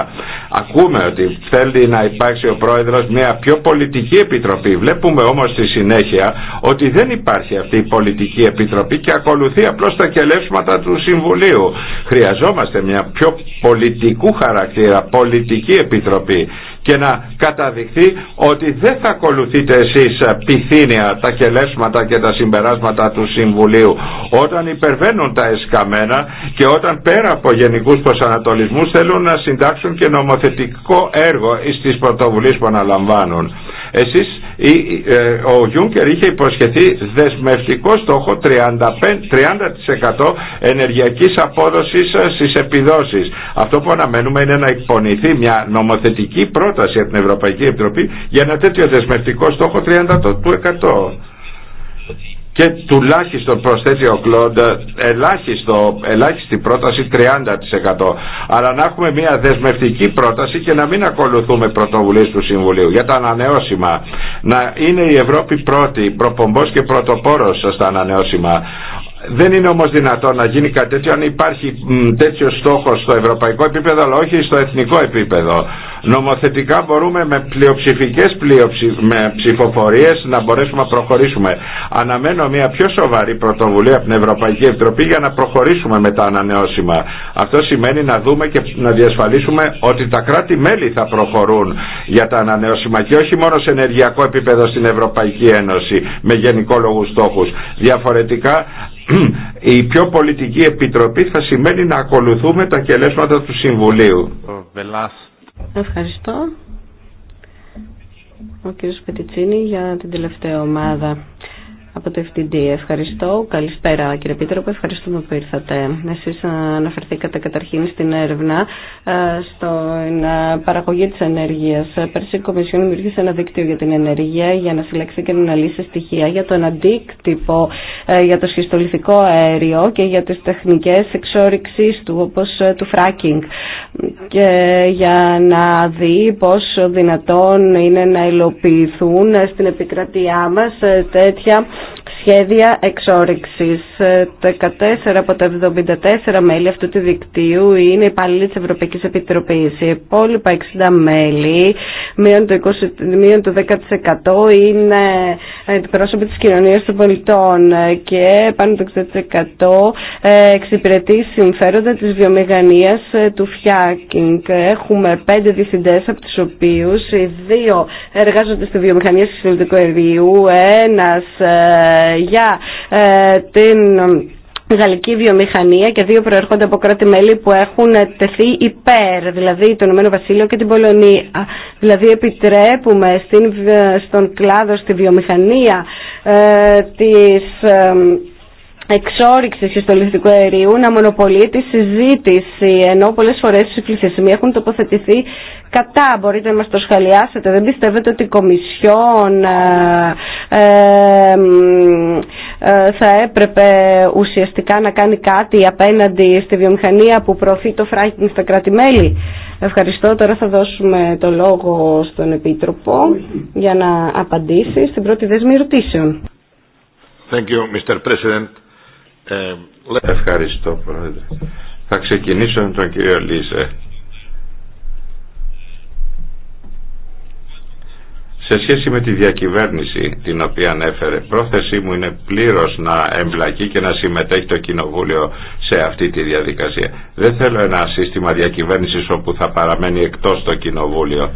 ακούμε ότι θέλει να υπάρξει ο πρόεδρο μια πιο πολιτική επιτροπή. Βλέπουμε όμω στη συνέχεια ότι δεν υπάρχει αυτή η πολιτική επιτροπή και ακολουθεί απλώ τα κελεύσματα του Συμβουλίου. Χρειαζόμαστε μια πιο πολιτική πολιτικού χαρακτήρα, πολιτική επιτροπή και να καταδειχθεί ότι δεν θα ακολουθείτε εσείς ε, πυθύνια τα κελέσματα και τα συμπεράσματα του Συμβουλίου όταν υπερβαίνουν τα εσκαμένα και όταν πέρα από γενικούς προσανατολισμούς θέλουν να συντάξουν και νομοθετικό έργο στις πρωτοβουλίες που αναλαμβάνουν. Εσείς, ε, ο Γιούνκερ είχε υποσχεθεί δεσμευτικό στόχο 35, 30% ενεργειακής απόδοσης ε, στις επιδόσεις. Αυτό που αναμένουμε είναι να εκπονηθεί μια νομοθετική πρόταση από την Ευρωπαϊκή Επιτροπή για ένα τέτοιο δεσμευτικό στόχο 30% και τουλάχιστον προσθέτει ο Κλοντ ελάχιστο, ελάχιστη πρόταση 30% αλλά να έχουμε μια δεσμευτική πρόταση και να μην ακολουθούμε πρωτοβουλίες του Συμβουλίου για τα ανανεώσιμα να είναι η Ευρώπη πρώτη προπομπός και πρωτοπόρος στα ανανεώσιμα δεν είναι όμως δυνατόν να γίνει κάτι τέτοιο αν υπάρχει τέτοιο στόχο στο ευρωπαϊκό επίπεδο αλλά όχι στο εθνικό επίπεδο νομοθετικά μπορούμε με πλειοψηφικές πλειοψη... με ψηφοφορίες να μπορέσουμε να προχωρήσουμε. Αναμένω μια πιο σοβαρή πρωτοβουλία από την Ευρωπαϊκή Επιτροπή για να προχωρήσουμε με τα ανανεώσιμα. Αυτό σημαίνει να δούμε και να διασφαλίσουμε ότι τα κράτη-μέλη θα προχωρούν για τα ανανεώσιμα και όχι μόνο σε ενεργειακό επίπεδο στην Ευρωπαϊκή Ένωση με γενικόλογους στόχους. Διαφορετικά *clears throat* η πιο πολιτική επιτροπή θα σημαίνει να ακολουθούμε τα κελέσματα του Συμβουλίου. Ευχαριστώ. Ο κ. Πετιτσίνη για την τελευταία ομάδα από το FTD. Ευχαριστώ. Καλησπέρα κύριε που ευχαριστούμε που ήρθατε. Εσείς αναφερθήκατε καταρχήν στην έρευνα, ε, στην ε, παραγωγή της ενέργειας. Πέρσι η Κομισιόν δημιουργήσε ένα δίκτυο για την ενέργεια για να συλλέξει και να αναλύσει στοιχεία για τον αντίκτυπο, ε, για το σχιστολιθικό αέριο και για τις τεχνικές εξόριξής του, όπως του φράκινγκ. Και για να δει πόσο δυνατόν είναι να υλοποιηθούν στην επικρατειά μας τέτοια σχέδια εξόρυξης 14 ε, από τα 74 μέλη αυτού του δικτύου είναι υπαλλήλοι της Ευρωπαϊκής Επιτροπής. Οι υπόλοιπα 60 μέλη, μείον το, 10% είναι εκπρόσωποι της κοινωνίας των πολιτών και πάνω το 60% ε, εξυπηρετεί συμφέροντα της βιομηχανίας ε, του φιάκινγκ. Έχουμε 5 διευθυντές από τους οποίους οι δύο εργάζονται στη βιομηχανία συλλογικού ερείου. ένας ε, για ε, την γαλλική βιομηχανία και δύο προέρχονται από κράτη-μέλη που έχουν τεθεί υπέρ, δηλαδή το Ηνωμένο Βασίλειο και την Πολωνία. Δηλαδή επιτρέπουμε στην, ε, στον κλάδο, στη βιομηχανία ε, της εξόριξης συστολιστικού αερίου να μονοπολεί τη συζήτηση, ενώ πολλέ φορέ οι πληθυσμοί έχουν τοποθετηθεί κατά. Μπορείτε να μας το σχαλιάσετε. Δεν πιστεύετε ότι η Κομισιόν ε, ε, ε, θα έπρεπε ουσιαστικά να κάνει κάτι απέναντι στη βιομηχανία που προωθεί το φράγκινγκ στα κράτη-μέλη. Ευχαριστώ. Τώρα θα δώσουμε το λόγο στον Επίτροπο για να απαντήσει στην πρώτη δεσμή ερωτήσεων. Thank you, Mr. President. Ε, Ευχαριστώ Πρόεδρε. Θα ξεκινήσω με τον κύριο Λίζε. Σε σχέση με τη διακυβέρνηση την οποία ανέφερε, πρόθεσή μου είναι πλήρως να εμπλακεί και να συμμετέχει το Κοινοβούλιο σε αυτή τη διαδικασία. Δεν θέλω ένα σύστημα διακυβέρνησης όπου θα παραμένει εκτός το Κοινοβούλιο.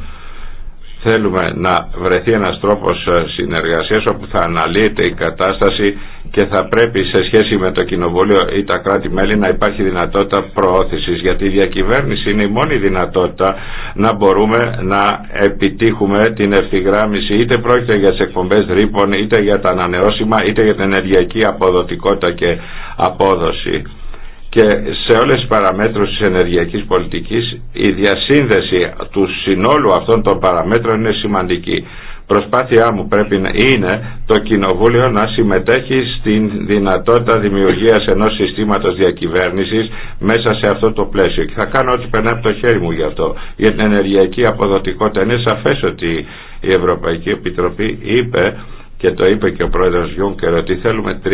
Θέλουμε να βρεθεί ένας τρόπος συνεργασίας όπου θα αναλύεται η κατάσταση και θα πρέπει σε σχέση με το Κοινοβούλιο ή τα κράτη-μέλη να υπάρχει δυνατότητα προώθησης γιατί η διακυβέρνηση είναι η μόνη δυνατότητα να μπορούμε να επιτύχουμε την ευθυγράμμιση είτε πρόκειται για τις εκπομπές ρήπων είτε για τα ανανεώσιμα είτε για την ενεργειακή αποδοτικότητα και απόδοση και σε όλες τις παραμέτρους της ενεργειακής πολιτικής η διασύνδεση του συνόλου αυτών των παραμέτρων είναι σημαντική. Προσπάθειά μου πρέπει να είναι το Κοινοβούλιο να συμμετέχει στην δυνατότητα δημιουργίας ενός συστήματος διακυβέρνησης μέσα σε αυτό το πλαίσιο. Και θα κάνω ό,τι περνάει από το χέρι μου γι' αυτό. Για την ενεργειακή αποδοτικότητα είναι σαφές ότι η Ευρωπαϊκή Επιτροπή είπε και το είπε και ο πρόεδρος Γιούνκερ ότι θέλουμε 30%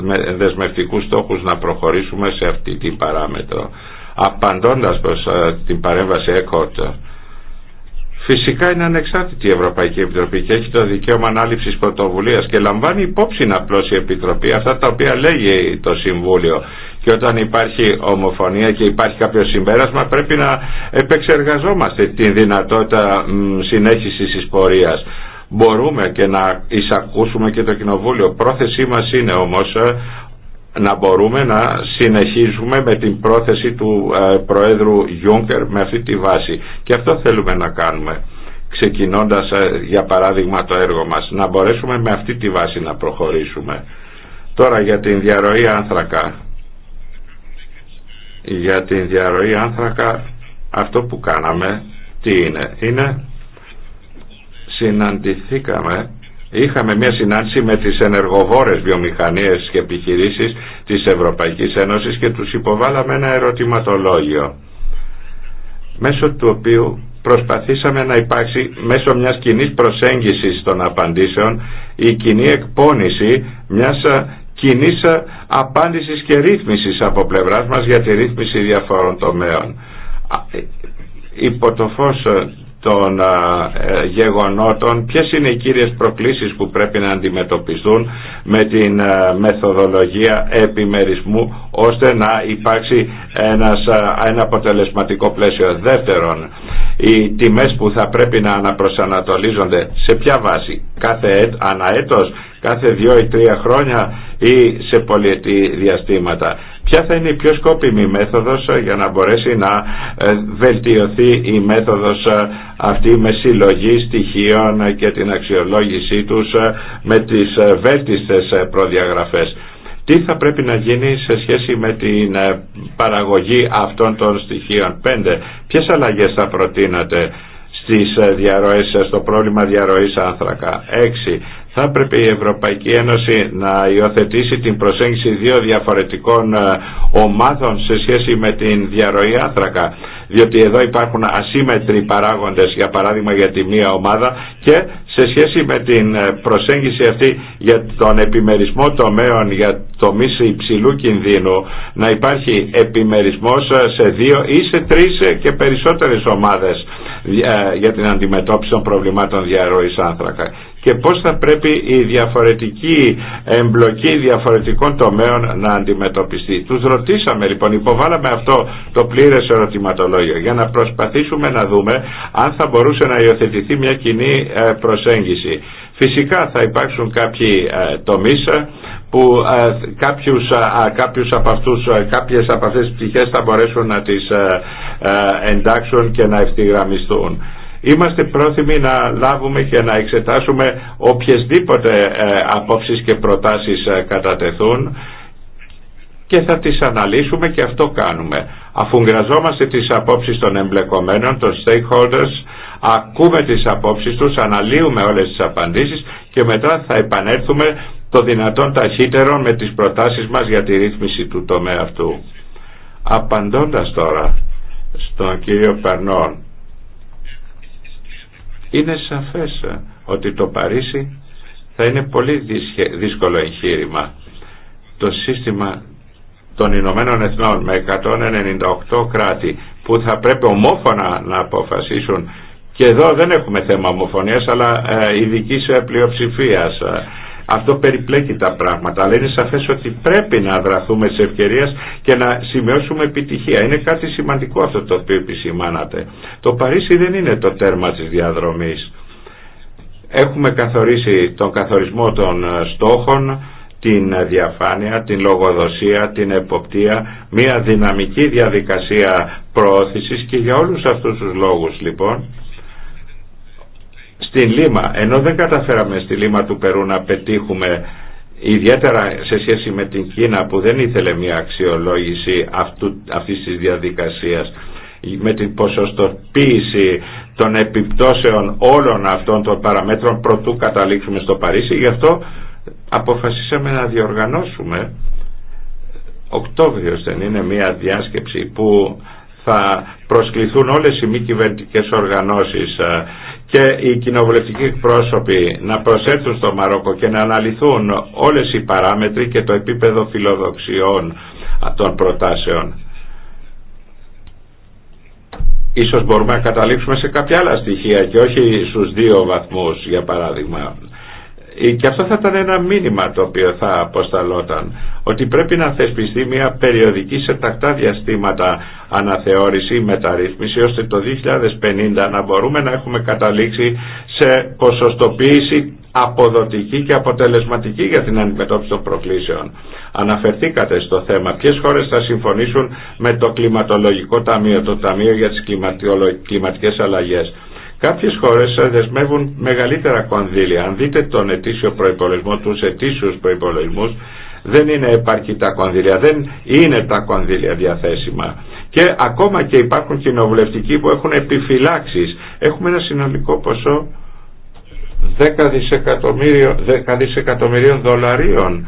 με δεσμευτικούς στόχους να προχωρήσουμε σε αυτή την παράμετρο. Απαντώντας προς ε, την παρέμβαση ΕΚΟΤ Φυσικά είναι ανεξάρτητη η Ευρωπαϊκή Επιτροπή και έχει το δικαίωμα ανάληψη πρωτοβουλία και λαμβάνει υπόψη να η Επιτροπή αυτά τα οποία λέγει το Συμβούλιο και όταν υπάρχει ομοφωνία και υπάρχει κάποιο συμπέρασμα πρέπει να επεξεργαζόμαστε την δυνατότητα συνέχισης της πορεία. Μπορούμε και να εισακούσουμε και το Κοινοβούλιο. Πρόθεσή μας είναι όμως ε, να μπορούμε να συνεχίζουμε με την πρόθεση του ε, Προέδρου Γιούγκερ με αυτή τη βάση. Και αυτό θέλουμε να κάνουμε ξεκινώντας ε, για παράδειγμα το έργο μας, να μπορέσουμε με αυτή τη βάση να προχωρήσουμε. Τώρα για την διαρροή άνθρακα. Για την διαρροή άνθρακα αυτό που κάναμε τι είναι. Είναι συναντηθήκαμε είχαμε μια συνάντηση με τις ενεργοβόρες βιομηχανίες και επιχειρήσεις της Ευρωπαϊκής Ένωσης και τους υποβάλαμε ένα ερωτηματολόγιο μέσω του οποίου προσπαθήσαμε να υπάρξει μέσω μιας κοινή προσέγγισης των απαντήσεων η κοινή εκπόνηση μιας κοινή απάντησης και ρύθμισης από πλευράς μας για τη ρύθμιση διαφόρων τομέων ε, υπό το φως των ε, γεγονότων, ποιες είναι οι κύριες προκλήσεις που πρέπει να αντιμετωπιστούν με την μεθοδολογία επιμερισμού ώστε να υπάρξει ένας, ένα αποτελεσματικό πλαίσιο. Δεύτερον, οι τιμές που θα πρέπει να αναπροσανατολίζονται σε ποια βάση, κάθε αναέτος κάθε δύο ή τρία χρόνια ή σε πολιετή διαστήματα. Ποια θα είναι η πιο σκόπιμη μέθοδος ε, για να μπορέσει να ε, βελτιωθεί η μέθοδος ε, αυτή με συλλογή στοιχείων και την αξιολόγησή τους με τις βέλτιστες προδιαγραφές. Τι θα πρέπει να γίνει σε σχέση με την παραγωγή αυτών των στοιχείων. 5. Ποιες αλλαγές θα προτείνατε στις διαρροές, στο πρόβλημα διαρροής άνθρακα θα έπρεπε η Ευρωπαϊκή Ένωση να υιοθετήσει την προσέγγιση δύο διαφορετικών ε, ομάδων σε σχέση με την διαρροή άνθρακα διότι εδώ υπάρχουν ασύμετροι παράγοντες για παράδειγμα για τη μία ομάδα και σε σχέση με την ε, προσέγγιση αυτή για τον επιμερισμό τομέων για το τομείς υψηλού κινδύνου να υπάρχει επιμερισμός ε, σε δύο ή σε τρεις και περισσότερες ομάδες για την αντιμετώπιση των προβλημάτων διαρροής άνθρακα και πώς θα πρέπει η διαφορετική εμπλοκή διαφορετικών τομέων να αντιμετωπιστεί. Τους ρωτήσαμε λοιπόν, υποβάλαμε αυτό το πλήρες ερωτηματολόγιο για να προσπαθήσουμε να δούμε αν θα μπορούσε να υιοθετηθεί μια κοινή ε, προσέγγιση. Φυσικά θα υπάρξουν κάποιοι ε, τομείς ε, που κάποιους, από αυτούς, κάποιες από αυτές τις πτυχές θα μπορέσουν να τις εντάξουν και να ευθυγραμμιστούν. Είμαστε πρόθυμοι να λάβουμε και να εξετάσουμε οποιασδήποτε ε, απόψεις και προτάσεις ε, κατατεθούν και θα τις αναλύσουμε και αυτό κάνουμε. Αφού γραζόμαστε τις απόψεις των εμπλεκομένων, των stakeholders, ακούμε τις απόψεις τους, αναλύουμε όλες τις απαντήσεις και μετά θα επανέλθουμε το δυνατόν ταχύτερο με τις προτάσεις μας για τη ρύθμιση του τομέα αυτού. Απαντώντας τώρα στον κύριο Περνόν, είναι σαφές ε, ότι το Παρίσι θα είναι πολύ δύσκολο εγχείρημα. Το σύστημα των Ηνωμένων Εθνών με 198 κράτη που θα πρέπει ομόφωνα να αποφασίσουν και εδώ δεν έχουμε θέμα ομοφωνίας αλλά ε, ειδικής ε, πλειοψηφίας αυτό περιπλέκει τα πράγματα, αλλά είναι σαφές ότι πρέπει να δραθούμε σε ευκαιρία και να σημειώσουμε επιτυχία. Είναι κάτι σημαντικό αυτό το οποίο επισημάνατε. Το Παρίσι δεν είναι το τέρμα της διαδρομής. Έχουμε καθορίσει τον καθορισμό των στόχων, την διαφάνεια, την λογοδοσία, την εποπτεία, μια δυναμική διαδικασία προώθησης και για όλους αυτούς τους λόγους λοιπόν στη Λίμα, ενώ δεν καταφέραμε στη Λίμα του Περού να πετύχουμε ιδιαίτερα σε σχέση με την Κίνα που δεν ήθελε μια αξιολόγηση αυτού, αυτής της διαδικασίας με την ποσοστοποίηση των επιπτώσεων όλων αυτών των παραμέτρων προτού καταλήξουμε στο Παρίσι γι' αυτό αποφασίσαμε να διοργανώσουμε Οκτώβριος δεν είναι μια διάσκεψη που θα προσκληθούν όλες οι μη κυβερνητικέ οργανώσεις ε, και οι κοινοβουλευτικοί πρόσωποι να προσέλθουν στο Μαρόκο και να αναλυθούν όλες οι παράμετροι και το επίπεδο φιλοδοξιών των προτάσεων. Ίσως μπορούμε να καταλήξουμε σε κάποια άλλα στοιχεία και όχι στους δύο βαθμούς για παράδειγμα. Ε, και αυτό θα ήταν ένα μήνυμα το οποίο θα αποσταλόταν ότι πρέπει να θεσπιστεί μια περιοδική σε τακτά διαστήματα αναθεώρηση ή μεταρρύθμιση ώστε το 2050 να μπορούμε να έχουμε καταλήξει σε ποσοστοποίηση αποδοτική και αποτελεσματική για την αντιμετώπιση των προκλήσεων. Αναφερθήκατε στο θέμα ποιες χώρες θα συμφωνήσουν με το Κλιματολογικό Ταμείο, το Ταμείο για τις Κλιματικές Αλλαγές. Κάποιες χώρες δεσμεύουν μεγαλύτερα κονδύλια. Αν δείτε τον ετήσιο προϋπολογισμό, τους ετήσιους προϋπολογισμούς, δεν είναι επαρκή τα κονδύλια, δεν είναι τα κονδύλια διαθέσιμα. Και ακόμα και υπάρχουν κοινοβουλευτικοί που έχουν επιφυλάξεις. Έχουμε ένα συνολικό ποσό 10 δισεκατομμύριων, δισεκατομμυρίων δολαρίων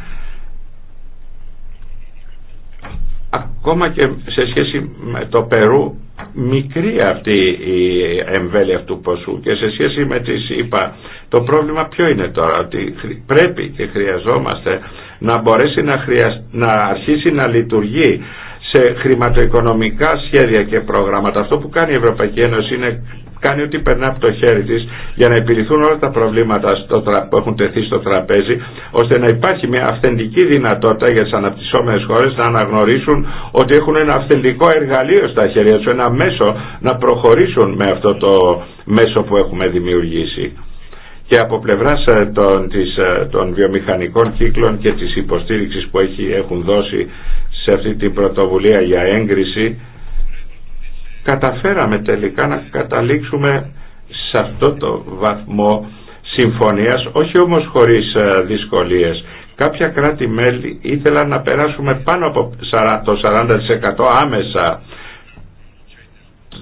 ακόμα και σε σχέση με το Περού μικρή αυτή η εμβέλεια αυτού ποσού και σε σχέση με τις είπα το πρόβλημα ποιο είναι τώρα ότι πρέπει και χρειαζόμαστε να μπορέσει να, να αρχίσει να λειτουργεί σε χρηματοοικονομικά σχέδια και προγράμματα. Αυτό που κάνει η Ευρωπαϊκή Ένωση είναι κάνει ό,τι περνά από το χέρι της για να επιληθούν όλα τα προβλήματα στο που έχουν τεθεί στο τραπέζι ώστε να υπάρχει μια αυθεντική δυνατότητα για τις αναπτυσσόμενες χώρες να αναγνωρίσουν ότι έχουν ένα αυθεντικό εργαλείο στα χέρια τους, ένα μέσο να προχωρήσουν με αυτό το μέσο που έχουμε δημιουργήσει και από πλευράς ε, των, της, ε, των βιομηχανικών κύκλων και της υποστήριξης που έχει, έχουν δώσει σε αυτή την πρωτοβουλία για έγκριση καταφέραμε τελικά να καταλήξουμε σε αυτό το βαθμό συμφωνίας, όχι όμως χωρίς ε, δυσκολίες. Κάποια κράτη-μέλη ήθελαν να περάσουμε πάνω από το 40% άμεσα.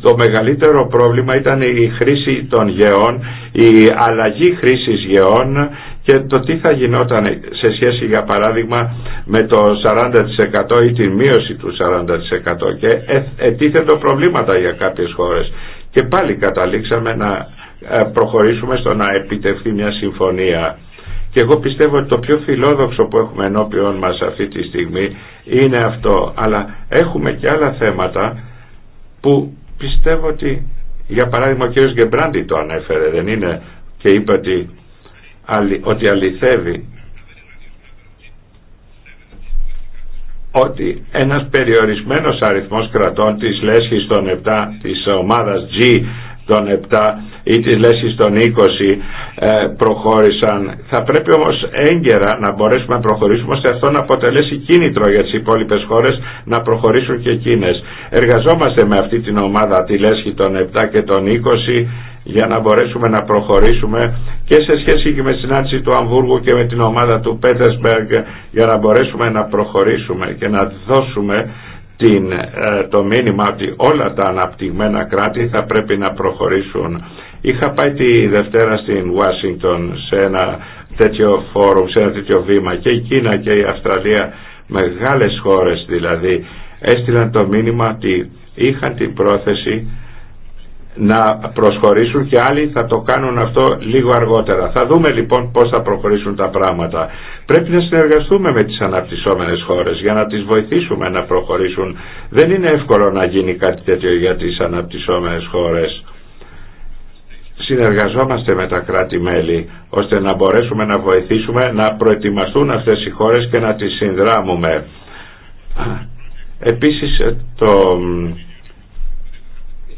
Το μεγαλύτερο πρόβλημα ήταν η χρήση των γεών, η αλλαγή χρήσης γεών και το τι θα γινόταν σε σχέση για παράδειγμα με το 40% ή την μείωση του 40% και ε, ετίθετο προβλήματα για κάποιες χώρες και πάλι καταλήξαμε να ε, προχωρήσουμε στο να επιτευχθεί μια συμφωνία και εγώ πιστεύω ότι το πιο φιλόδοξο που έχουμε ενώπιον μας αυτή τη στιγμή είναι αυτό αλλά έχουμε και άλλα θέματα που πιστεύω ότι για παράδειγμα ο κ. Γκεμπράντη το ανέφερε δεν είναι και είπε ότι ότι αληθεύει ότι ένας περιορισμένος αριθμός κρατών της λέσχης των 7 της ομάδας G των 7 ή της λέσχης των 20 ε, προχώρησαν. Θα πρέπει όμως έγκαιρα να μπορέσουμε να προχωρήσουμε ώστε αυτό να αποτελέσει κίνητρο για τις υπόλοιπες χώρες να προχωρήσουν και εκείνες. Εργαζόμαστε με αυτή την ομάδα τη λέσχη των 7 και των 20 για να μπορέσουμε να προχωρήσουμε και σε σχέση και με συνάντηση του Αμβούργου και με την ομάδα του Πέτερσμπεργκ για να μπορέσουμε να προχωρήσουμε και να δώσουμε την, ε, το μήνυμα ότι όλα τα αναπτυγμένα κράτη θα πρέπει να προχωρήσουν. Είχα πάει τη Δευτέρα στην Ουάσιγκτον σε ένα τέτοιο φόρουμ, σε ένα τέτοιο βήμα και η Κίνα και η Αυστραλία, μεγάλες χώρες δηλαδή, έστειλαν το μήνυμα ότι είχαν την πρόθεση να προσχωρήσουν και άλλοι θα το κάνουν αυτό λίγο αργότερα. Θα δούμε λοιπόν πώς θα προχωρήσουν τα πράγματα. Πρέπει να συνεργαστούμε με τις αναπτυσσόμενες χώρες για να τις βοηθήσουμε να προχωρήσουν. Δεν είναι εύκολο να γίνει κάτι τέτοιο για τις αναπτυσσόμενες χώρες. Συνεργαζόμαστε με τα κράτη-μέλη ώστε να μπορέσουμε να βοηθήσουμε να προετοιμαστούν αυτές οι χώρες και να τις συνδράμουμε. Επίσης το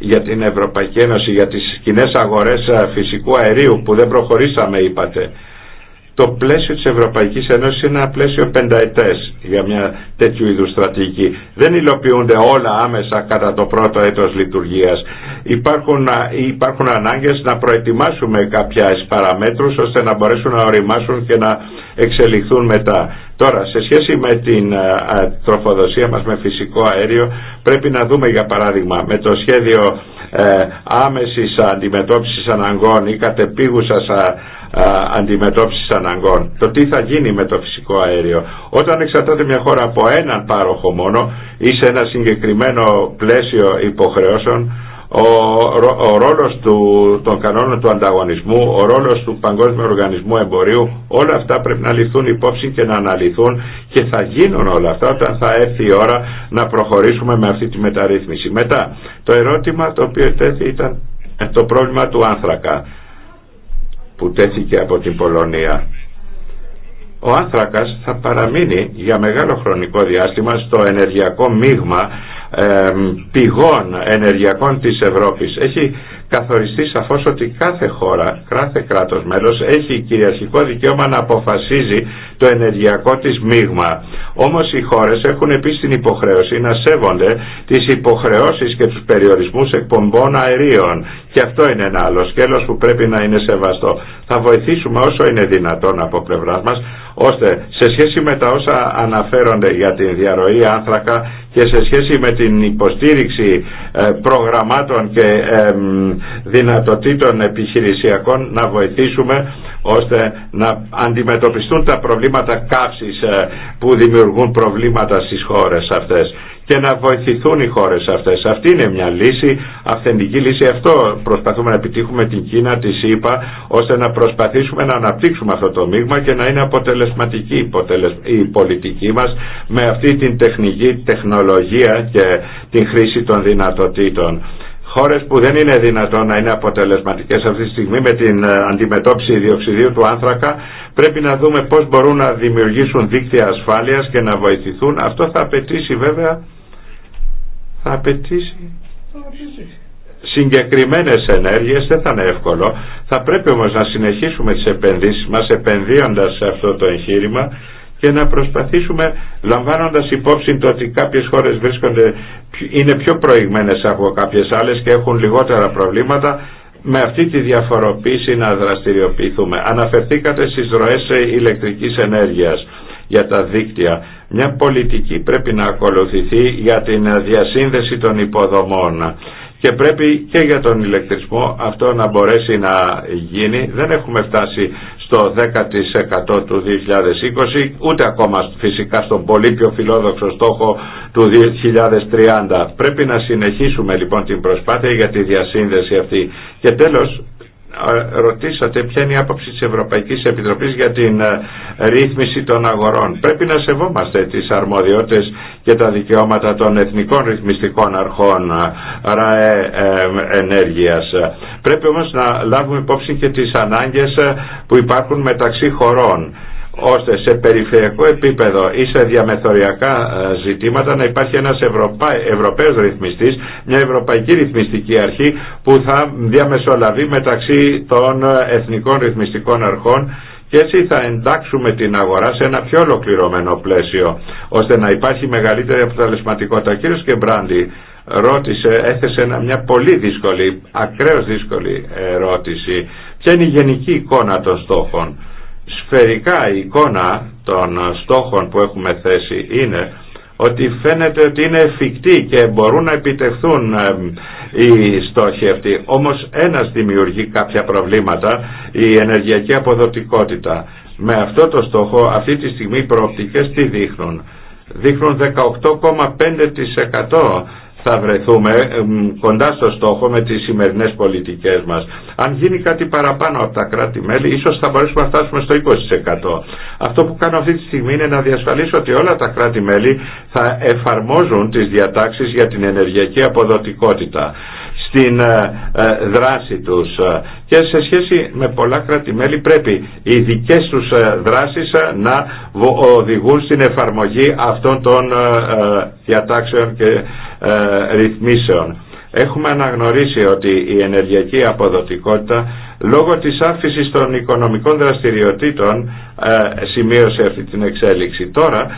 για την Ευρωπαϊκή Ένωση, για τις κοινέ αγορές ε, φυσικού αερίου που δεν προχωρήσαμε είπατε το πλαίσιο της Ευρωπαϊκής Ένωσης είναι ένα πλαίσιο πενταετές για μια τέτοιου είδου στρατηγική. Δεν υλοποιούνται όλα άμεσα κατά το πρώτο έτος λειτουργίας. Υπάρχουν, υπάρχουν ανάγκες να προετοιμάσουμε κάποια παραμέτρους ώστε να μπορέσουν να οριμάσουν και να εξελιχθούν μετά. Τώρα, σε σχέση με την τροφοδοσία μας με φυσικό αέριο, πρέπει να δούμε για παράδειγμα με το σχέδιο ε, άμεσης αντιμετώπισης αναγκών ή κατεπίγουσας αντιμετώπισης αναγκών. Το τι θα γίνει με το φυσικό αέριο. Όταν εξαρτάται μια χώρα από έναν πάροχο μόνο ή σε ένα συγκεκριμένο πλαίσιο υποχρεώσεων ο, ο ρόλος του, των κανόνων του ανταγωνισμού, ο ρόλος του Παγκόσμιου Οργανισμού Εμπορίου, όλα αυτά πρέπει να ληφθούν υπόψη και να αναλυθούν και θα γίνουν όλα αυτά όταν θα έρθει η ώρα να προχωρήσουμε με αυτή τη μεταρρύθμιση. Μετά, το ερώτημα το οποίο τέθη ήταν ε, το πρόβλημα του άνθρακα που τέθηκε από την Πολωνία. Ο άνθρακας θα παραμείνει για μεγάλο χρονικό διάστημα στο ενεργειακό μείγμα πηγών ενεργειακών της Ευρώπης. Έχει καθοριστεί σαφώς ότι κάθε χώρα, κάθε κράτος μέλος έχει κυριαρχικό δικαίωμα να αποφασίζει το ενεργειακό της μείγμα. Όμως οι χώρες έχουν επίσης την υποχρέωση να σέβονται τις υποχρεώσεις και τους περιορισμούς εκπομπών αερίων. Και αυτό είναι ένα άλλο σκέλος που πρέπει να είναι σεβαστό. Θα βοηθήσουμε όσο είναι δυνατόν από πλευρά μας ώστε σε σχέση με τα όσα αναφέρονται για τη διαρροή άνθρακα και σε σχέση με την υποστήριξη ε, προγραμμάτων και δυνατοτήτων επιχειρησιακών να βοηθήσουμε ώστε να αντιμετωπιστούν τα προβλήματα καύσης ε, που δημιουργούν προβλήματα στις χώρες αυτές και να βοηθηθούν οι χώρες αυτές. Αυτή είναι μια λύση, αυθεντική λύση. Αυτό προσπαθούμε να επιτύχουμε την Κίνα, τη ΣΥΠΑ, ώστε να προσπαθήσουμε να αναπτύξουμε αυτό το μείγμα και να είναι αποτελεσματική η πολιτική μας με αυτή την τεχνική τεχνολογία και την χρήση των δυνατοτήτων χώρες που δεν είναι δυνατόν να είναι αποτελεσματικές αυτή τη στιγμή με την ε, αντιμετώπιση διοξιδίου του άνθρακα πρέπει να δούμε πώς μπορούν να δημιουργήσουν δίκτυα ασφάλειας και να βοηθηθούν. Αυτό θα απαιτήσει βέβαια θα απαιτήσει συγκεκριμένες ενέργειες δεν θα είναι εύκολο θα πρέπει όμως να συνεχίσουμε τις επενδύσεις μας επενδύοντας σε αυτό το εγχείρημα και να προσπαθήσουμε λαμβάνοντας υπόψη το ότι κάποιες χώρες βρίσκονται είναι πιο προηγμένες από κάποιες άλλες και έχουν λιγότερα προβλήματα με αυτή τη διαφοροποίηση να δραστηριοποιηθούμε. Αναφερθήκατε στις ροές ηλεκτρικής ενέργειας για τα δίκτυα. Μια πολιτική πρέπει να ακολουθηθεί για την διασύνδεση των υποδομών και πρέπει και για τον ηλεκτρισμό αυτό να μπορέσει να γίνει. Δεν έχουμε φτάσει στο 10% του 2020, ούτε ακόμα φυσικά στον πολύ πιο φιλόδοξο στόχο του 2030. Πρέπει να συνεχίσουμε λοιπόν την προσπάθεια για τη διασύνδεση αυτή. Και τέλος, ρωτήσατε ποια είναι η άποψη της Ευρωπαϊκής Επιτροπής για την ε, ρύθμιση των αγορών. Πρέπει να σεβόμαστε τις αρμοδιότητες και τα δικαιώματα των εθνικών ρυθμιστικών αρχών ε, ΡΑΕ ε, ενέργειας. Πρέπει όμως να λάβουμε υπόψη και τις ανάγκες που υπάρχουν μεταξύ χωρών ώστε σε περιφερειακό επίπεδο ή σε διαμεθοριακά ε, ζητήματα να υπάρχει ένας Ευρωπα... Ευρωπαίος ρυθμιστής, μια Ευρωπαϊκή Ρυθμιστική Αρχή που θα διαμεσολαβεί μεταξύ των ε, εθνικών ρυθμιστικών αρχών και έτσι θα εντάξουμε την αγορά σε ένα πιο ολοκληρωμένο πλαίσιο ώστε να υπάρχει μεγαλύτερη αποτελεσματικότητα. Κύριο Κεμπράντη ρώτησε, έθεσε μια πολύ δύσκολη, ακραίως δύσκολη ερώτηση. Ποια είναι η γενική εικόνα των στόχων σφαιρικά η εικόνα των στόχων που έχουμε θέσει είναι ότι φαίνεται ότι είναι εφικτή και μπορούν να επιτευχθούν ε, οι στόχοι αυτοί. Όμως ένας δημιουργεί κάποια προβλήματα, η ενεργειακή αποδοτικότητα. Με αυτό το στόχο αυτή τη στιγμή οι προοπτικές τι δείχνουν. Δείχνουν 18,5% θα βρεθούμε κοντά στο στόχο με τις σημερινές πολιτικές μας. Αν γίνει κάτι παραπάνω από τα κράτη-μέλη, ίσως θα μπορέσουμε να φτάσουμε στο 20%. Αυτό που κάνω αυτή τη στιγμή είναι να διασφαλίσω ότι όλα τα κράτη-μέλη θα εφαρμόζουν τις διατάξεις για την ενεργειακή αποδοτικότητα στην ε, ε, δράση τους ε, και σε σχέση με πολλά κράτη-μέλη πρέπει οι δικές τους δράσεις να οδηγούν στην εφαρμογή αυτών των διατάξεων και ε, ρυθμίσεων. Έχουμε αναγνωρίσει ότι η ενεργειακή αποδοτικότητα λόγω της αύξησης των οικονομικών δραστηριοτήτων ε, σημείωσε αυτή την εξέλιξη. Τώρα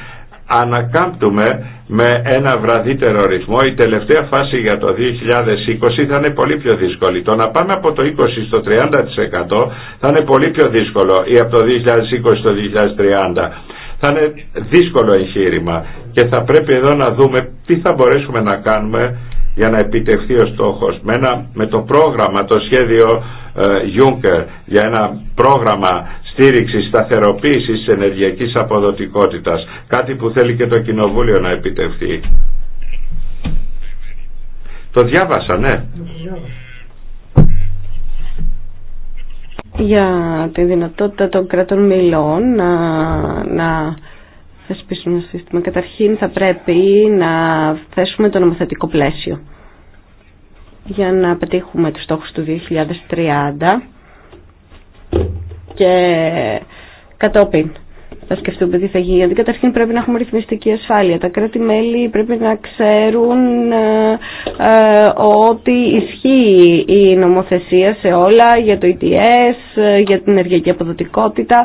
ανακάμπτουμε με ένα βραδύτερο ρυθμό. Η τελευταία φάση για το 2020 θα είναι πολύ πιο δύσκολη. Το να πάμε από το 20% στο 30% θα είναι πολύ πιο δύσκολο ή από το 2020 στο 2030 θα είναι δύσκολο εγχείρημα και θα πρέπει εδώ να δούμε τι θα μπορέσουμε να κάνουμε για να επιτευχθεί ο στόχος με, με το πρόγραμμα, το σχέδιο ε, για ένα πρόγραμμα στήριξη σταθεροποίησης της ενεργειακής αποδοτικότητας κάτι που θέλει και το Κοινοβούλιο να επιτευχθεί το διάβασα ναι για τη δυνατότητα των κρατών μιλών να, να θεσπίσουν ένα σύστημα. Καταρχήν θα πρέπει να θέσουμε το νομοθετικό πλαίσιο για να πετύχουμε τους στόχους του 2030 και κατόπιν θα σκεφτούμε τι θα γίνει. Γιατί καταρχήν πρέπει να έχουμε ρυθμιστική ασφάλεια. Τα κράτη-μέλη πρέπει να ξέρουν ε, ε, ότι ισχύει η νομοθεσία σε όλα για το ETS, ε, για την ενεργειακή αποδοτικότητα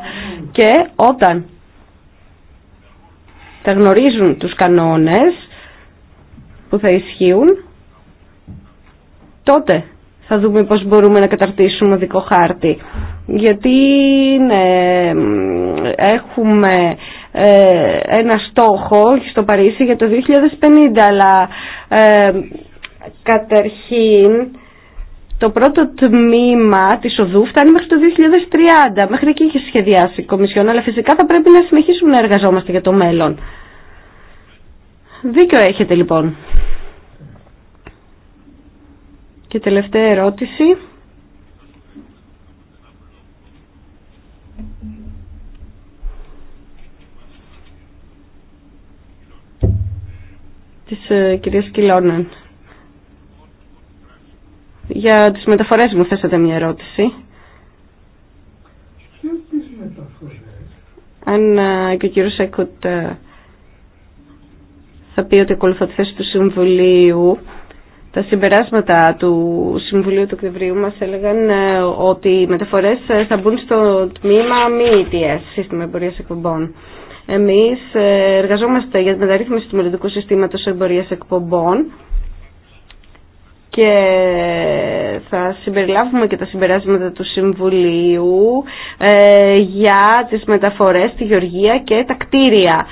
και όταν θα γνωρίζουν τους κανόνες που θα ισχύουν, τότε θα δούμε πώς μπορούμε να καταρτήσουμε δικό χάρτη. Γιατί ναι, έχουμε ε, ένα στόχο στο Παρίσι για το 2050, αλλά ε, καταρχήν το πρώτο τμήμα της οδού φτάνει μέχρι το 2030. Μέχρι εκεί είχε σχεδιάσει η Κομισιόν, αλλά φυσικά θα πρέπει να συνεχίσουμε να εργαζόμαστε για το μέλλον. Δίκιο έχετε λοιπόν. Και τελευταία ερώτηση. της ε, κυρίας Για τις μεταφορές μου θέσατε μια ερώτηση. Αν ε, και ο κύριος Έκοτ ε, θα πει ότι ακολουθώ τη θέση του Συμβουλίου, τα συμπεράσματα του Συμβουλίου του Οκτωβρίου μας έλεγαν ε, ότι οι μεταφορές ε, θα μπουν στο τμήμα μη ETS, σύστημα εμπορίας εκπομπών. Εμείς ε, εργαζόμαστε για τη μεταρρύθμιση του μελλοντικού συστήματος εμπορίας εκπομπών και θα συμπεριλάβουμε και τα συμπεράσματα του Συμβουλίου για τις μεταφορές, τη γεωργία και τα κτίρια.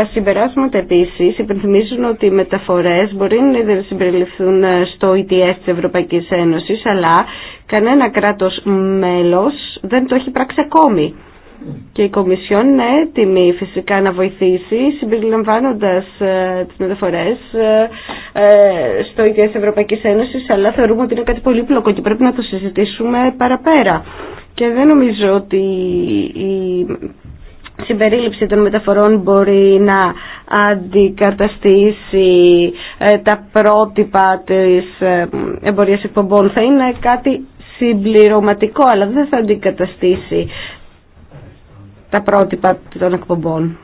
Τα συμπεράσματα επίσης υπενθυμίζουν ότι οι μεταφορές μπορεί να συμπεριληφθούν στο ETS της Ευρωπαϊκής Ένωσης, αλλά κανένα κράτος μέλος δεν το έχει πράξει ακόμη. Και η Κομισιόν είναι έτοιμη φυσικά να βοηθήσει συμπεριλαμβάνοντας ε, τις μεταφορές ε, ε στο e της Ευρωπαϊκής Ένωσης αλλά θεωρούμε ότι είναι κάτι πολύπλοκο και πρέπει να το συζητήσουμε παραπέρα. Και δεν νομίζω ότι η συμπερίληψη των μεταφορών μπορεί να αντικαταστήσει ε, τα πρότυπα της ε, εμπορίας εκπομπών. Θα είναι κάτι συμπληρωματικό, αλλά δεν θα αντικαταστήσει τα πρότυπα των εκπομπών.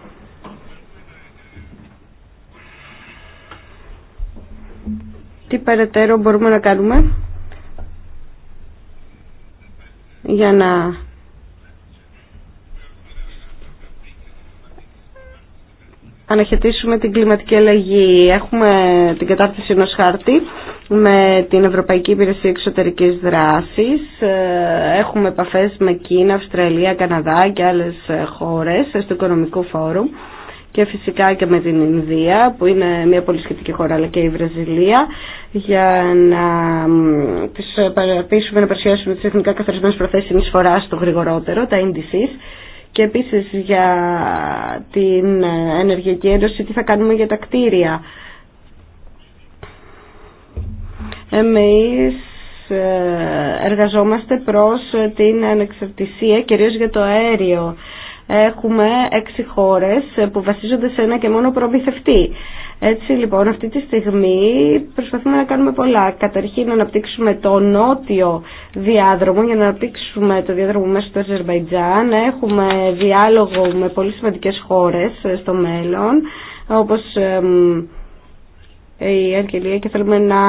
Τι περαιτέρω μπορούμε να κάνουμε για να αναχαιτήσουμε την κλιματική αλλαγή. Έχουμε την κατάρτιση ενός χάρτη με την Ευρωπαϊκή Υπηρεσία Εξωτερικής Δράσης. Ε, έχουμε επαφές με Κίνα, Αυστραλία, Καναδά και άλλες ε, χώρες στο Οικονομικό Φόρουμ και φυσικά και με την Ινδία που είναι μια πολύ σχετική χώρα αλλά και η Βραζιλία για να τις ε, παραπείσουμε να παρουσιάσουμε τις εθνικά Καθαρισμένες προθέσεις εισφοράς το γρηγορότερο, τα indices και επίσης για την ενεργειακή ένωση, τι θα κάνουμε για τα κτίρια. Εμείς ε, εργαζόμαστε προς την ανεξαρτησία, κυρίως για το αέριο. Έχουμε έξι χώρες που βασίζονται σε ένα και μόνο προμηθευτή. Έτσι λοιπόν αυτή τη στιγμή προσπαθούμε να κάνουμε πολλά. Καταρχήν να αναπτύξουμε το νότιο διάδρομο για να αναπτύξουμε το διάδρομο μέσα στο Αζερβαϊτζάν. Έχουμε διάλογο με πολύ σημαντικές χώρες ε, στο μέλλον όπως η Αγγελία και θέλουμε να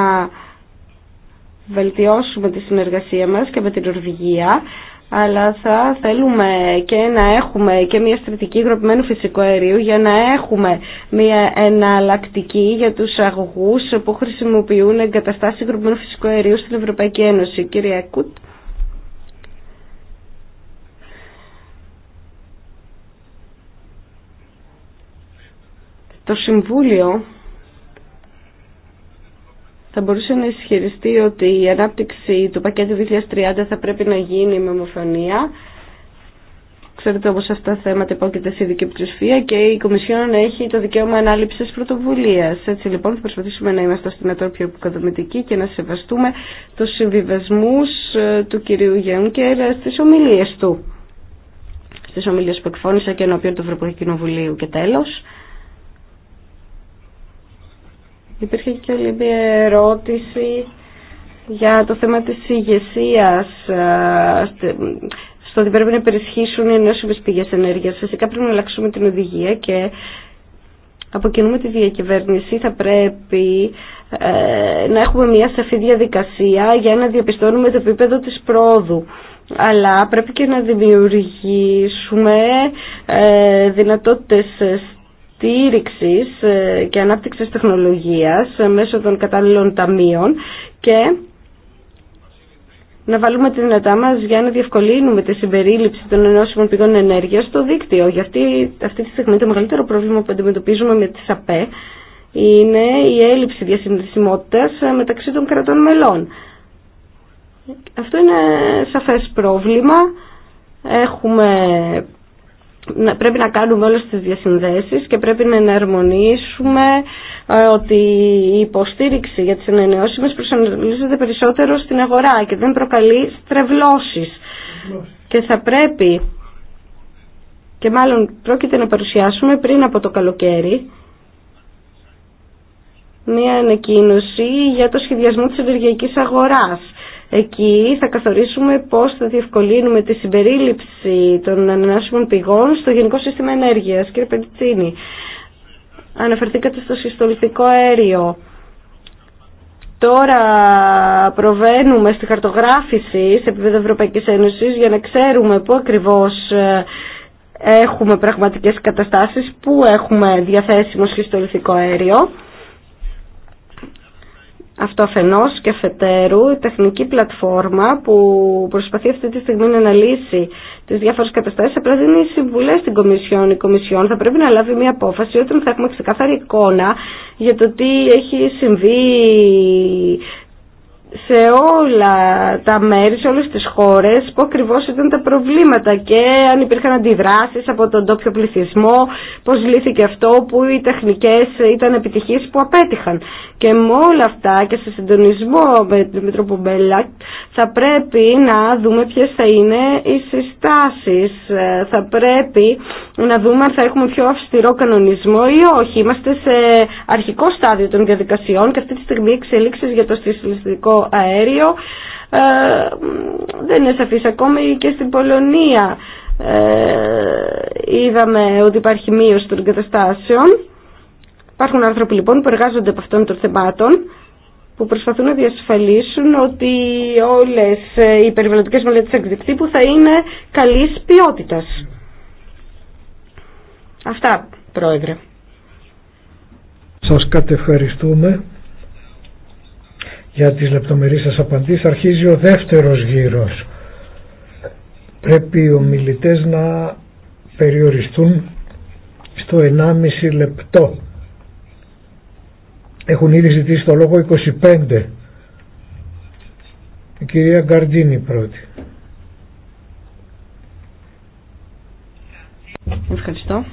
βελτιώσουμε τη συνεργασία μας και με την Ορβηγία αλλά θα θέλουμε και να έχουμε και μια στρατηγική υγροποιημένου φυσικού αερίου για να έχουμε μια εναλλακτική για τους αγωγούς που χρησιμοποιούν εγκαταστάσεις υγροποιημένου φυσικού αερίου στην Ευρωπαϊκή Ένωση. Κύριε Κούτ. Το Συμβούλιο θα μπορούσε να ισχυριστεί ότι η ανάπτυξη του πακέτου 2030 θα πρέπει να γίνει με ομοφωνία. Ξέρετε όπως αυτά τα θέματα υπόκειται σε ειδική πλειοψηφία και η Κομισιόν έχει το δικαίωμα ανάληψης πρωτοβουλία. Έτσι λοιπόν θα προσπαθήσουμε να είμαστε στην δυνατόν πιο και να σεβαστούμε τους συμβιβασμούς ε, του κυρίου Γιάνκερ ε, στις ομιλίες του. Στις ομιλίες που εκφώνησα και ενώπιον του Ευρωπαϊκού Κοινοβουλίου και τέλος. Υπήρχε και άλλη μια ερώτηση για το θέμα της ηγεσία στο ότι πρέπει να υπερισχύσουν οι ενώσιμες πηγές ενέργειας. Φυσικά πρέπει να αλλάξουμε την οδηγία και αποκοινούμε τη διακυβέρνηση θα πρέπει ε, να έχουμε μια σαφή διαδικασία για να διαπιστώνουμε το επίπεδο της πρόοδου. Αλλά πρέπει και να δημιουργήσουμε ε, δυνατότητες ε, και ανάπτυξης τεχνολογίας ε, μέσω των κατάλληλων ταμείων και να βάλουμε τη δυνατά μα για να διευκολύνουμε τη συμπερίληψη των ενώσιμων πηγών ενέργεια στο δίκτυο. Γιατί αυτή, αυτή τη στιγμή το μεγαλύτερο πρόβλημα που αντιμετωπίζουμε με τις ΑΠΕ είναι η έλλειψη διασυνδεσιμότητας ε, μεταξύ των κρατών μελών. Αυτό είναι σαφές πρόβλημα. Έχουμε πρέπει να κάνουμε όλες τις διασυνδέσεις και πρέπει να εναρμονίσουμε ε, ότι η υποστήριξη για τις ανανεώσιμες προσανατολίζεται περισσότερο στην αγορά και δεν προκαλεί στρεβλώσεις. Και θα πρέπει, και μάλλον πρόκειται να παρουσιάσουμε πριν από το καλοκαίρι, μία ανακοίνωση για το σχεδιασμό της ενεργειακής αγοράς Εκεί θα καθορίσουμε πώς θα διευκολύνουμε τη συμπερίληψη των ανανάσιμων πηγών στο Γενικό Σύστημα Ενέργειας. Κύριε Πεντιτσίνη, αναφερθήκατε στο συστολιστικό αέριο. Τώρα προβαίνουμε στη χαρτογράφηση σε επίπεδο Ευρωπαϊκής Ένωσης για να ξέρουμε πού ακριβώς ε, έχουμε πραγματικές καταστάσεις, πού έχουμε διαθέσιμο σχιστολιθικό αέριο αυτό και αφετέρου η τεχνική πλατφόρμα που προσπαθεί αυτή τη στιγμή να αναλύσει τις διάφορες καταστάσεις να δίνει συμβουλές στην Κομισιόν. Η Κομισιόν θα πρέπει να λάβει μια απόφαση όταν θα έχουμε ξεκάθαρη εικόνα για το τι έχει συμβεί σε όλα τα μέρη, σε όλες τις χώρες που ακριβώς ήταν τα προβλήματα και αν υπήρχαν αντιδράσεις από τον τόπιο πληθυσμό, πώς λύθηκε αυτό που οι τεχνικές ήταν επιτυχίες που απέτυχαν. Και με όλα αυτά και σε συντονισμό με την Μητροπομπέλα θα πρέπει να δούμε ποιες θα είναι οι συστάσεις. Ε, θα πρέπει να δούμε αν θα έχουμε πιο αυστηρό κανονισμό ή όχι. Είμαστε σε αρχικό στάδιο των διαδικασιών και αυτή τη στιγμή εξελίξεις για το συστηματικό αέριο ε, δεν είναι σαφής ακόμη και στην Πολωνία ε, είδαμε ότι υπάρχει μείωση των εγκαταστάσεων υπάρχουν άνθρωποι λοιπόν που εργάζονται από αυτών των θεμάτων που προσπαθούν να διασφαλίσουν ότι όλες οι περιβαλλοντικές μελέτες εκδικτύπου θα είναι καλής ποιότητας. Αυτά, Πρόεδρε. Σας κατευχαριστούμε για τις λεπτομερείς σας απαντήσεις. Αρχίζει ο δεύτερος γύρος. Πρέπει οι ομιλητές να περιοριστούν στο 1,5 λεπτό. Έχουν ήδη ζητήσει το λόγο 25. Η κυρία Γκαρντίνη πρώτη. Ευχαριστώ.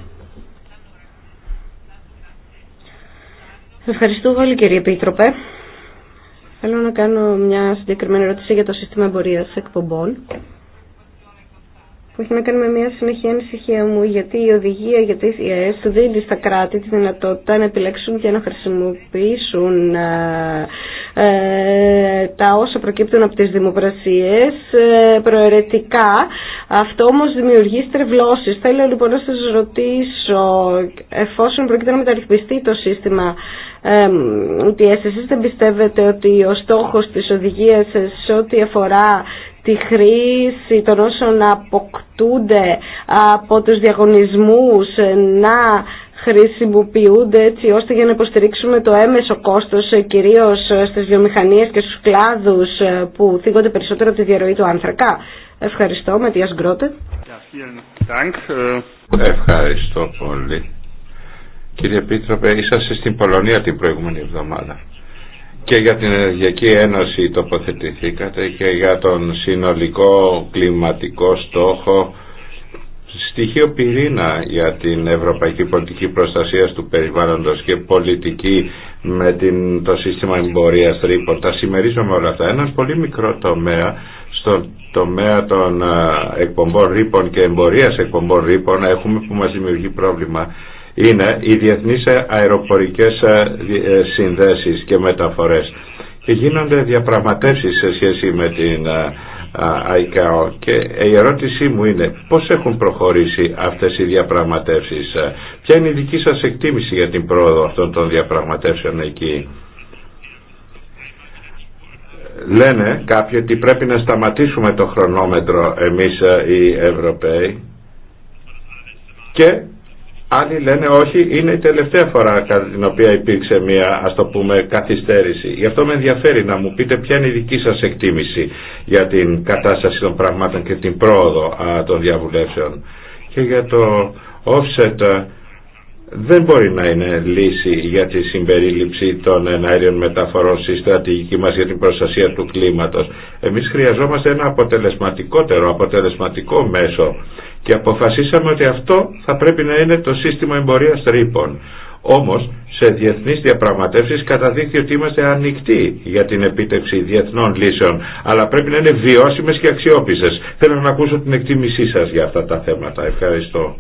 Σας ευχαριστώ πολύ κύριε Επίτροπε Θέλω να κάνω μια συγκεκριμένη ερώτηση για το σύστημα εμπορία εκπομπών που έχει να κάνει με μια συνεχή ανησυχία μου γιατί η οδηγία για τις ΙΕΣ δίνει στα κράτη τη δυνατότητα να επιλέξουν και να χρησιμοποιήσουν ε, ε, τα όσα προκύπτουν από τις δημοπρασίες ε, προαιρετικά. Αυτό όμως δημιουργεί στρεβλώσεις. Θέλω λοιπόν να σας ρωτήσω εφόσον προκειμένου να μεταρρυθμιστεί το σύστημα ότι Εσείς δεν πιστεύετε ότι ο στόχος της οδηγίας σε ό,τι αφορά τη χρήση των όσων αποκτούνται από τους διαγωνισμούς να χρησιμοποιούνται έτσι ώστε για να υποστηρίξουμε το έμεσο κόστος κυρίως στις βιομηχανίες και στους κλάδους που θίγονται περισσότερο από τη διαρροή του άνθρακα. Ευχαριστώ, Ματίας Γκρότε. Äh, Ευχαριστώ πολύ. Κύριε Επίτροπε, είσαστε στην Πολωνία την προηγούμενη εβδομάδα και για την Ενεργειακή Ένωση τοποθετηθήκατε και για τον συνολικό κλιματικό στόχο στοιχείο πυρήνα για την Ευρωπαϊκή Πολιτική Προστασία του Περιβάλλοντος και πολιτική με την, το σύστημα εμπορίας τρίπον. Τα συμμερίζομαι όλα αυτά. Ένας πολύ μικρό τομέα στον τομέα των ε, εκπομπών ρήπων και εμπορίας εκπομπών ρήπων έχουμε που μας δημιουργεί πρόβλημα είναι οι διεθνείς αεροπορικές ε, ε, συνδέσεις και μεταφορές και γίνονται διαπραγματεύσεις σε σχέση με την ε, ΑΙΚΑΟ και η ερώτησή μου είναι πώς έχουν προχωρήσει αυτές οι διαπραγματεύσεις ποια είναι η δική σας εκτίμηση για την πρόοδο αυτών των διαπραγματεύσεων εκεί λένε κάποιοι ότι πρέπει να σταματήσουμε το χρονόμετρο εμείς οι Ευρωπαίοι και Άλλοι λένε όχι, είναι η τελευταία φορά κατά την οποία υπήρξε μια ας το πούμε καθυστέρηση. Γι' αυτό με ενδιαφέρει να μου πείτε ποια είναι η δική σας εκτίμηση για την κατάσταση των πραγμάτων και την πρόοδο των διαβουλεύσεων. Και για το offset δεν μπορεί να είναι λύση για τη συμπερίληψη των εναέριων μεταφορών στη στρατηγική μας για την προστασία του κλίματος. Εμείς χρειαζόμαστε ένα αποτελεσματικότερο, αποτελεσματικό μέσο και αποφασίσαμε ότι αυτό θα πρέπει να είναι το σύστημα εμπορίας τρύπων. Όμως, σε διεθνείς διαπραγματεύσεις καταδείχθη ότι είμαστε ανοιχτοί για την επίτευξη διεθνών λύσεων, αλλά πρέπει να είναι βιώσιμες και αξιόπιστες. Θέλω να ακούσω την εκτίμησή σας για αυτά τα θέματα. Ευχαριστώ.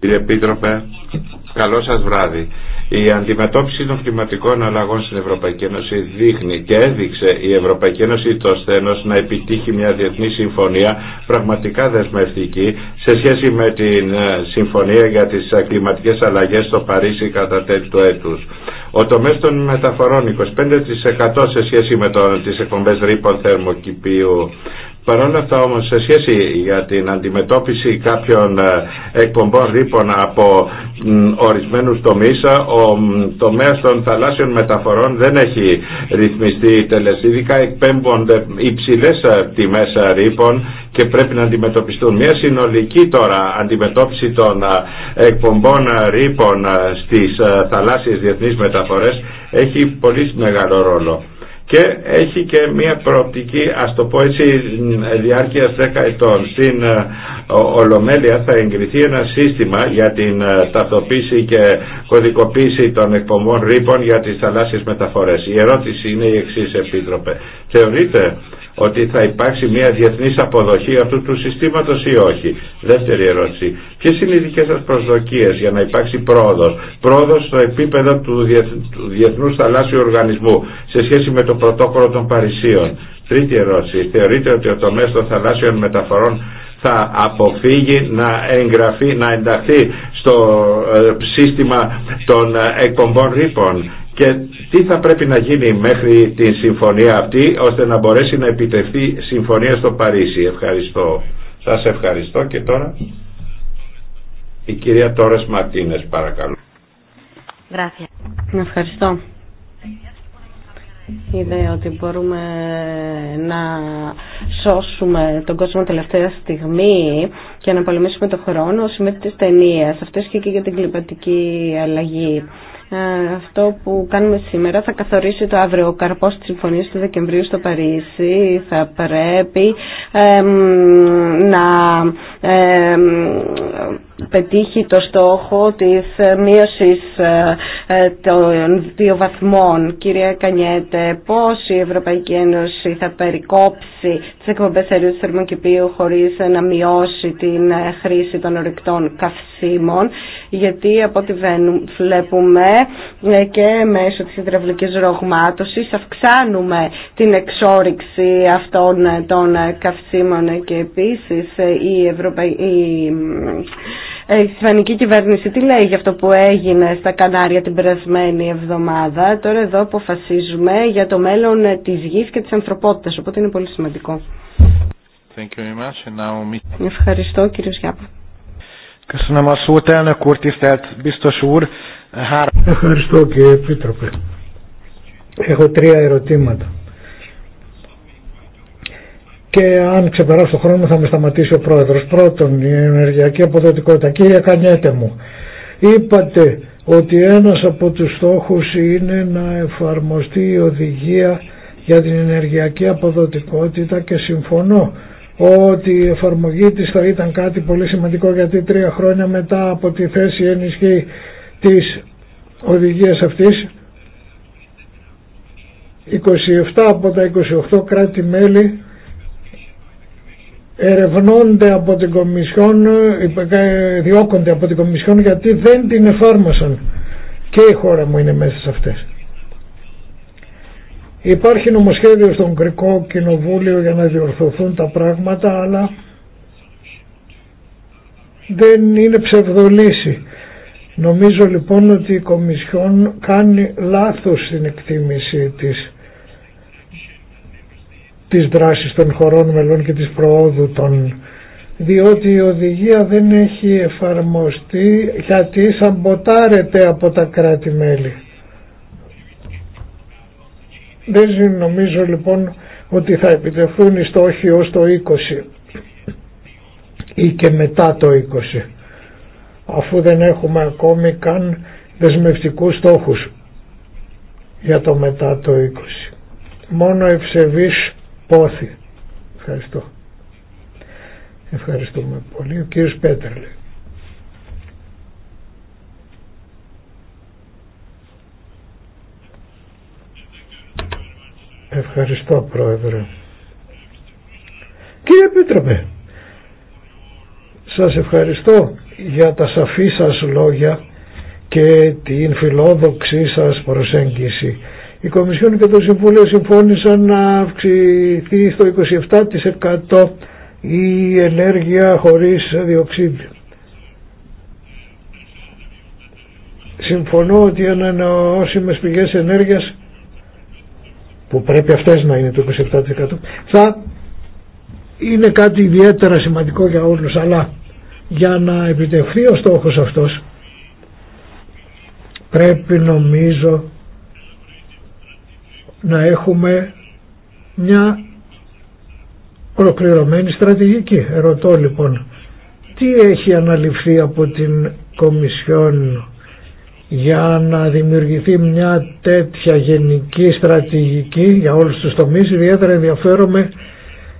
Κύριε Επίτροπε, καλό σας βράδυ. Η αντιμετώπιση των κλιματικών αλλαγών στην Ευρωπαϊκή Ένωση δείχνει και έδειξε η Ευρωπαϊκή Ένωση το σθένος να επιτύχει μια διεθνή συμφωνία πραγματικά δεσμευτική σε σχέση με την ε, συμφωνία για τις ε, κλιματικές αλλαγές στο Παρίσι κατά τέτοιου έτους. Ο τομέας των μεταφορών 25% σε σχέση με τι τις εκπομπές ρήπων θερμοκηπίου Παρ' όλα αυτά όμως σε σχέση για την αντιμετώπιση κάποιων ε, εκπομπών ρήπων από ορισμένους τομείς, ε, ο τομέας των θαλάσσιων μεταφορών δεν έχει ρυθμιστεί τελεσίδικα, εκπέμπονται υψηλές ε, τιμές ρήπων και πρέπει να αντιμετωπιστούν. Μια συνολική τώρα αντιμετώπιση των εκπομπών ρήπων στις θαλάσσιες διεθνείς μεταφορές έχει πολύ μεγάλο ρόλο και έχει και μια προοπτική ας το πω έτσι διάρκειας 10 ετών στην ε, Ολομέλεια θα εγκριθεί ένα σύστημα για την ε, ταυτοποίηση και κωδικοποίηση των εκπομπών ρήπων για τις θαλάσσιες μεταφορές η ερώτηση είναι η εξής επίτροπε θεωρείτε ότι θα υπάρξει μια διεθνής αποδοχή αυτού του συστήματος ή όχι. Δεύτερη ερώτηση. Ποιε είναι οι δικές σας προσδοκίες για να υπάρξει πρόοδος. Πρόοδος στο επίπεδο του, διεθνού Διεθνούς Θαλάσσιου Οργανισμού σε σχέση με το πρωτόκολλο των Παρισίων. Τρίτη ερώτηση. Θεωρείτε ότι ο τομέας των θαλάσσιων μεταφορών θα αποφύγει να εγγραφεί, να ενταχθεί στο ε, σύστημα των ε, εκπομπών ρήπων και τι θα πρέπει να γίνει μέχρι τη συμφωνία αυτή ώστε να μπορέσει να επιτευχθεί συμφωνία στο Παρίσι. Ευχαριστώ. Σας ευχαριστώ και τώρα η κυρία Τόρες Ματίνες παρακαλώ. Ευχαριστώ ιδέα ότι μπορούμε να σώσουμε τον κόσμο τελευταία στιγμή και να πολεμήσουμε τον χρόνο σημαίνει της ταινία. Αυτό ισχύει και για την κλιματική αλλαγή. Ε, αυτό που κάνουμε σήμερα θα καθορίσει το αύριο. Ο καρπός της συμφωνίας του Δεκεμβρίου στο Παρίσι θα πρέπει να πετύχει το στόχο της ε, μείωσης ε, ε, των δύο βαθμών. Κυρία Κανιέτε, πώς η Ευρωπαϊκή Ένωση θα περικόψει τις εκπομπές αερίου του θερμοκηπίου χωρίς να μειώσει την χρήση των ορυκτών καυσίμων, γιατί από ό,τι βλέπουμε και μέσω της υδραυλικής ρογμάτωσης αυξάνουμε την εξόριξη αυτών των καυσίμων και επίσης η Ευρωπαϊκή ε, η Ισπανική κυβέρνηση τι λέει για αυτό που έγινε στα Κανάρια την περασμένη εβδομάδα. Τώρα εδώ αποφασίζουμε για το μέλλον της γης και της ανθρωπότητας, οπότε είναι πολύ σημαντικό. Thank you very much. And now... Ευχαριστώ κύριε Γιάπα. Ευχαριστώ κύριε Επίτροπε. Έχω τρία ερωτήματα και αν ξεπεράσω χρόνο θα με σταματήσει ο πρόεδρος. Πρώτον, η ενεργειακή αποδοτικότητα. Κύριε Κανέτε μου, είπατε ότι ένας από τους στόχους είναι να εφαρμοστεί η οδηγία για την ενεργειακή αποδοτικότητα και συμφωνώ ότι η εφαρμογή της θα ήταν κάτι πολύ σημαντικό γιατί τρία χρόνια μετά από τη θέση ενισχύ της οδηγίας αυτής 27 από τα 28 κράτη-μέλη ερευνώνται από την Κομισιόν, διώκονται από την Κομισιόν γιατί δεν την εφάρμοσαν και η χώρα μου είναι μέσα σε αυτές. Υπάρχει νομοσχέδιο στον Κρικό Κοινοβούλιο για να διορθωθούν τα πράγματα αλλά δεν είναι ψευδολύση. Νομίζω λοιπόν ότι η Κομισιόν κάνει λάθος στην εκτίμηση της της δράσης των χωρών μελών και της προόδου των διότι η οδηγία δεν έχει εφαρμοστεί γιατί σαμποτάρεται από τα κράτη-μέλη. Δεν νομίζω λοιπόν ότι θα επιτευχθούν οι στόχοι ως το 20 ή και μετά το 20 αφού δεν έχουμε ακόμη καν δεσμευτικούς στόχους για το μετά το 20. Μόνο ευσεβείς Πόθη. Ευχαριστώ. Ευχαριστούμε πολύ. Ο κύριος Πέτρελε. Ευχαριστώ πρόεδρε. Κύριε Επίτροπε, σας ευχαριστώ για τα σαφή σας λόγια και την φιλόδοξη σας προσέγγιση. Η Κομισιόν και το Συμβούλιο συμφώνησαν να αυξηθεί στο 27% η ενέργεια χωρίς διοξίδιο. Συμφωνώ ότι οι ανανεώσιμες πηγές ενέργειας που πρέπει αυτές να είναι το 27% θα είναι κάτι ιδιαίτερα σημαντικό για όλους αλλά για να επιτευχθεί ο στόχος αυτός πρέπει νομίζω να έχουμε μια ολοκληρωμένη στρατηγική. Ερωτώ λοιπόν, τι έχει αναλυφθεί από την Κομισιόν για να δημιουργηθεί μια τέτοια γενική στρατηγική για όλους τους τομείς, ιδιαίτερα ενδιαφέρομαι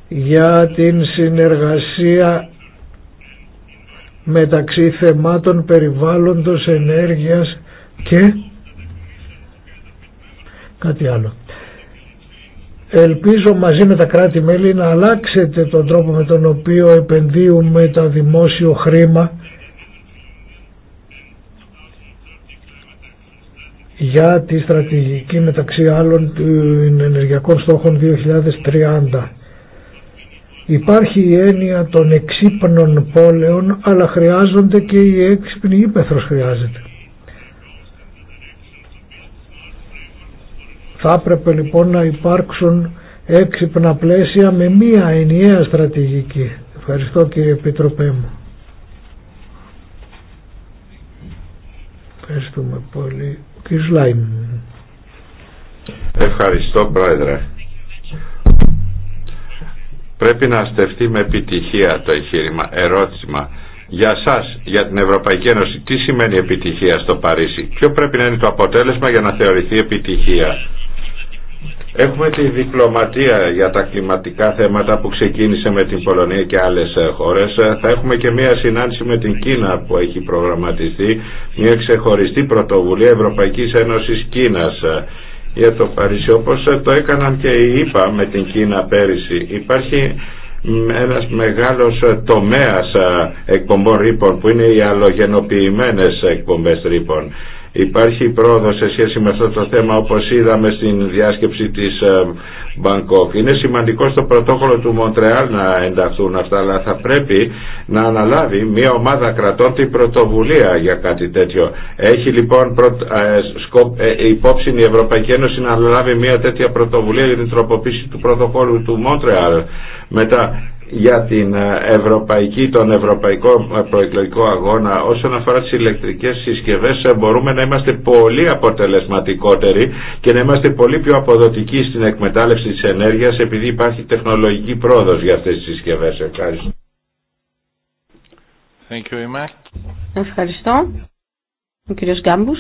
για την συνεργασία μεταξύ θεμάτων περιβάλλοντος, ενέργειας και κάτι άλλο. Ελπίζω μαζί με τα κράτη-μέλη να αλλάξετε τον τρόπο με τον οποίο επενδύουμε τα δημόσιο χρήμα για τη στρατηγική μεταξύ άλλων των ενεργειακών στόχων 2030. Υπάρχει η έννοια των εξύπνων πόλεων αλλά χρειάζονται και η έξυπνη ύπεθρος χρειάζεται. Θα έπρεπε λοιπόν να υπάρξουν έξυπνα πλαίσια με μία ενιαία στρατηγική. Ευχαριστώ κύριε Επιτροπέ μου. Ευχαριστούμε πολύ. Κύριε Ευχαριστώ πρόεδρε. Πρέπει να στεφτεί με επιτυχία το εγχείρημα. Ερώτημα για σας, για την Ευρωπαϊκή Ένωση, τι σημαίνει επιτυχία στο Παρίσι, ποιο πρέπει να είναι το αποτέλεσμα για να θεωρηθεί επιτυχία. Έχουμε τη διπλωματία για τα κλιματικά θέματα που ξεκίνησε με την Πολωνία και άλλες ε, χώρες. Θα έχουμε και μια συνάντηση με την Κίνα που έχει προγραμματιστεί, μια ξεχωριστή πρωτοβουλία Ευρωπαϊκής Ένωσης Κίνας ε, για το Παρίσι όπως ε, το έκαναν και οι με την Κίνα πέρυσι. Υπάρχει ένας μεγάλος ε, τομέας ε, εκπομπών ρήπων που είναι οι αλλογενοποιημένες εκπομπές ρήπων Υπάρχει πρόοδο σε σχέση με αυτό το θέμα όπως είδαμε στην διάσκεψη της ε, Μπανκόκ. Είναι σημαντικό στο πρωτόκολλο του Μοντρεάλ να ενταχθούν αυτά, αλλά θα πρέπει να αναλάβει μια ομάδα κρατών την πρωτοβουλία για κάτι τέτοιο. Έχει λοιπόν ε, ε, υπόψη η Ευρωπαϊκή Ένωση να αναλάβει μια τέτοια πρωτοβουλία για την τροποποίηση του πρωτοκόλλου του Μοντρεάλ για την ε, ευρωπαϊκή, τον ευρωπαϊκό ε, προεκλογικό αγώνα όσον αφορά τις ηλεκτρικές συσκευές ε, μπορούμε να είμαστε πολύ αποτελεσματικότεροι και να είμαστε πολύ πιο αποδοτικοί στην εκμετάλλευση της ενέργειας επειδή υπάρχει τεχνολογική πρόοδος για αυτές τις συσκευές. Ευχαριστώ. Thank you Ευχαριστώ. Ο κύριος Γκάμπους.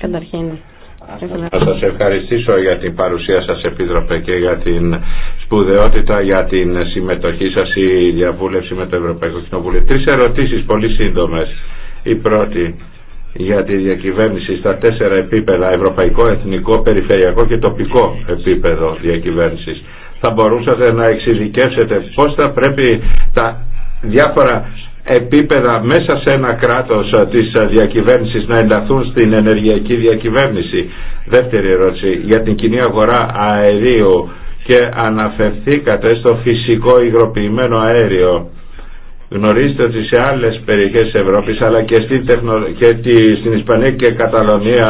Καταρχήν, θα σας ευχαριστήσω για την παρουσία σας Επίτροπε και για την σπουδαιότητα για την συμμετοχή σας η διαβούλευση με το Ευρωπαϊκό Κοινοβούλιο. Τρεις ερωτήσεις πολύ σύντομες. Η πρώτη για τη διακυβέρνηση στα τέσσερα επίπεδα, ευρωπαϊκό, εθνικό, περιφερειακό και τοπικό επίπεδο διακυβέρνησης. Θα μπορούσατε να εξειδικεύσετε πώς θα πρέπει τα διάφορα επίπεδα μέσα σε ένα κράτος ε, της ε, διακυβέρνησης να ενταθούν στην ενεργειακή διακυβέρνηση. Δεύτερη ερώτηση για την κοινή αγορά αερίου και αναφερθήκατε στο φυσικό υγροποιημένο αέριο Γνωρίζετε ότι σε άλλες περιοχές της Ευρώπης αλλά και, τεχνο... και τη... στην Ισπανία και Καταλωνία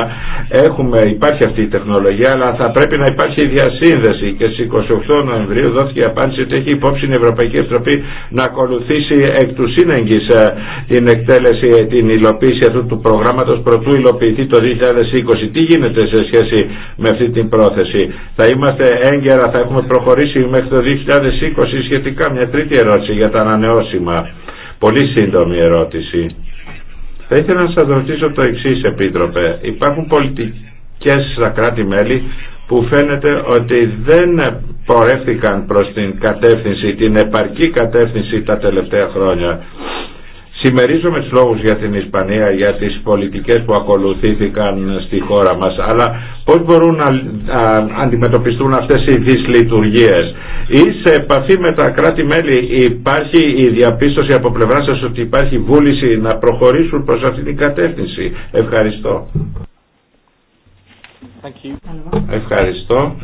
έχουμε... υπάρχει αυτή η τεχνολογία αλλά θα πρέπει να υπάρχει διασύνδεση και στις 28 Νοεμβρίου δόθηκε η απάντηση ότι έχει υπόψη η Ευρωπαϊκή Επιτροπή να ακολουθήσει εκ του σύνεγγης ε, την εκτέλεση, την υλοποίηση αυτού του προγράμματος προτού υλοποιηθεί το 2020. Τι γίνεται σε σχέση με αυτή την πρόθεση. Θα είμαστε έγκαιρα, θα έχουμε προχωρήσει μέχρι το 2020 σχετικά μια τρίτη ερώτηση για τα ανανεώσιμα Πολύ σύντομη ερώτηση. Θα ήθελα να σας ρωτήσω το εξή Επίτροπε. Υπάρχουν πολιτικές στα κράτη-μέλη που φαίνεται ότι δεν πορεύτηκαν προς την κατεύθυνση, την επαρκή κατεύθυνση τα τελευταία χρόνια. Συμμερίζομαι τους λόγους για την Ισπανία, για τις πολιτικές που ακολουθήθηκαν στη χώρα μας, αλλά πώς μπορούν να αντιμετωπιστούν αυτές οι δυσλειτουργίες. Ή σε επαφή με τα κράτη-μέλη υπάρχει η διαπίστωση από πλευρά σας ότι υπάρχει βούληση να προχωρήσουν προς αυτή την κατεύθυνση. Ευχαριστώ. Ευχαριστώ.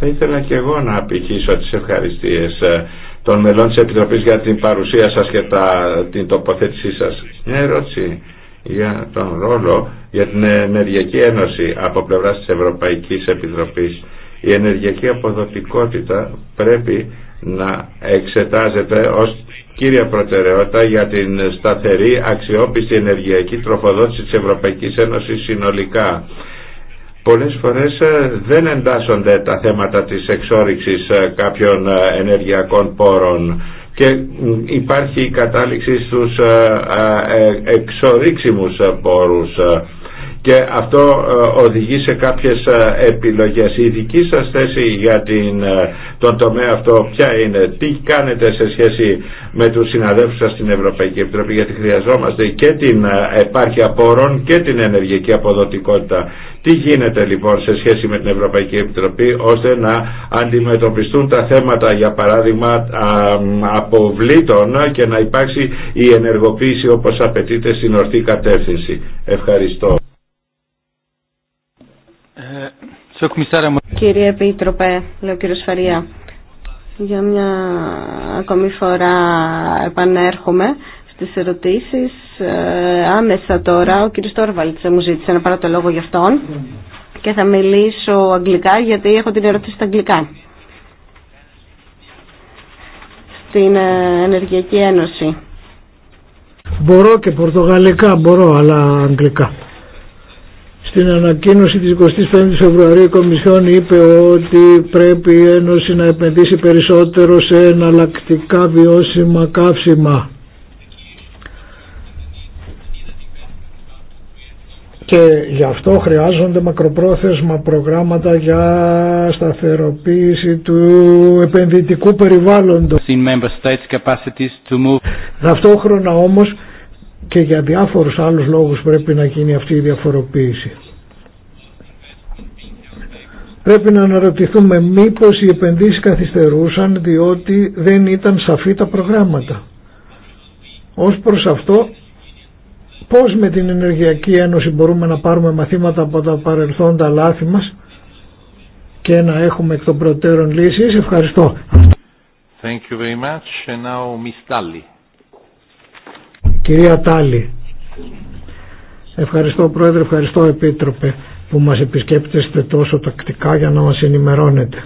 Θα ήθελα και εγώ να απηχήσω τις ευχαριστίες ε, των μελών της Επιτροπής για την παρουσία σας και τα, την τοποθέτησή σας. Μια ερώτηση για τον ρόλο για την Ενεργειακή Ένωση από πλευράς της Ευρωπαϊκής Επιτροπής. Η ενεργειακή αποδοτικότητα πρέπει να εξετάζεται ως κύρια προτεραιότητα για την σταθερή αξιόπιστη ενεργειακή τροφοδότηση της Ευρωπαϊκής Ένωσης συνολικά πολλές φορές ε, δεν εντάσσονται τα θέματα της εξόριξης ε, κάποιων ε, ενεργειακών πόρων και υπάρχει η κατάληξη στους εξορίξιμους πόρους και αυτό ε, οδηγεί σε κάποιες ε, επιλογές. Η δική σας θέση για την, ε, τον τομέα αυτό ποια είναι, τι κάνετε σε σχέση με τους συναδέλφους σας στην Ευρωπαϊκή Επιτροπή γιατί χρειαζόμαστε και την επάρκεια πόρων και την ενεργειακή αποδοτικότητα. Τι γίνεται λοιπόν σε σχέση με την Ευρωπαϊκή Επιτροπή ώστε να αντιμετωπιστούν τα θέματα για παράδειγμα αποβλήτων και να υπάρξει η ενεργοποίηση όπως απαιτείται στην ορθή κατεύθυνση. Ευχαριστώ. Κύριε Επίτροπε, λέω κύριο Σφαρία, για μια ακόμη φορά επανέρχομαι στις ερωτήσεις. Ε, άμεσα τώρα ο κύριος Τόρβαλτς μου ζήτησε να πάρω το λόγο για αυτόν και θα μιλήσω αγγλικά γιατί έχω την ερώτηση στα αγγλικά. Στην ε, Ενεργειακή Ένωση. Μπορώ και πορτογαλικά, μπορώ, αλλά αγγλικά. Στην ανακοίνωση της 25ης Φεβρουαρίου η Κομισιόν είπε ότι πρέπει η Ένωση να επενδύσει περισσότερο σε εναλλακτικά βιώσιμα καύσιμα. Και γι' αυτό χρειάζονται μακροπρόθεσμα προγράμματα για σταθεροποίηση του επενδυτικού περιβάλλοντος. Ταυτόχρονα όμως και για διάφορους άλλους λόγους πρέπει να γίνει αυτή η διαφοροποίηση. Πρέπει να αναρωτηθούμε μήπως οι επενδύσεις καθυστερούσαν διότι δεν ήταν σαφή τα προγράμματα. Ως προς αυτό πώς με την Ενεργειακή Ένωση μπορούμε να πάρουμε μαθήματα από τα παρελθόντα λάθη μας και να έχουμε εκ των προτέρων λύσεις. Ευχαριστώ. Thank Κυρία Τάλη, ευχαριστώ Πρόεδρε, ευχαριστώ Επίτροπε που μας επισκέπτεστε τόσο τακτικά για να μας ενημερώνετε.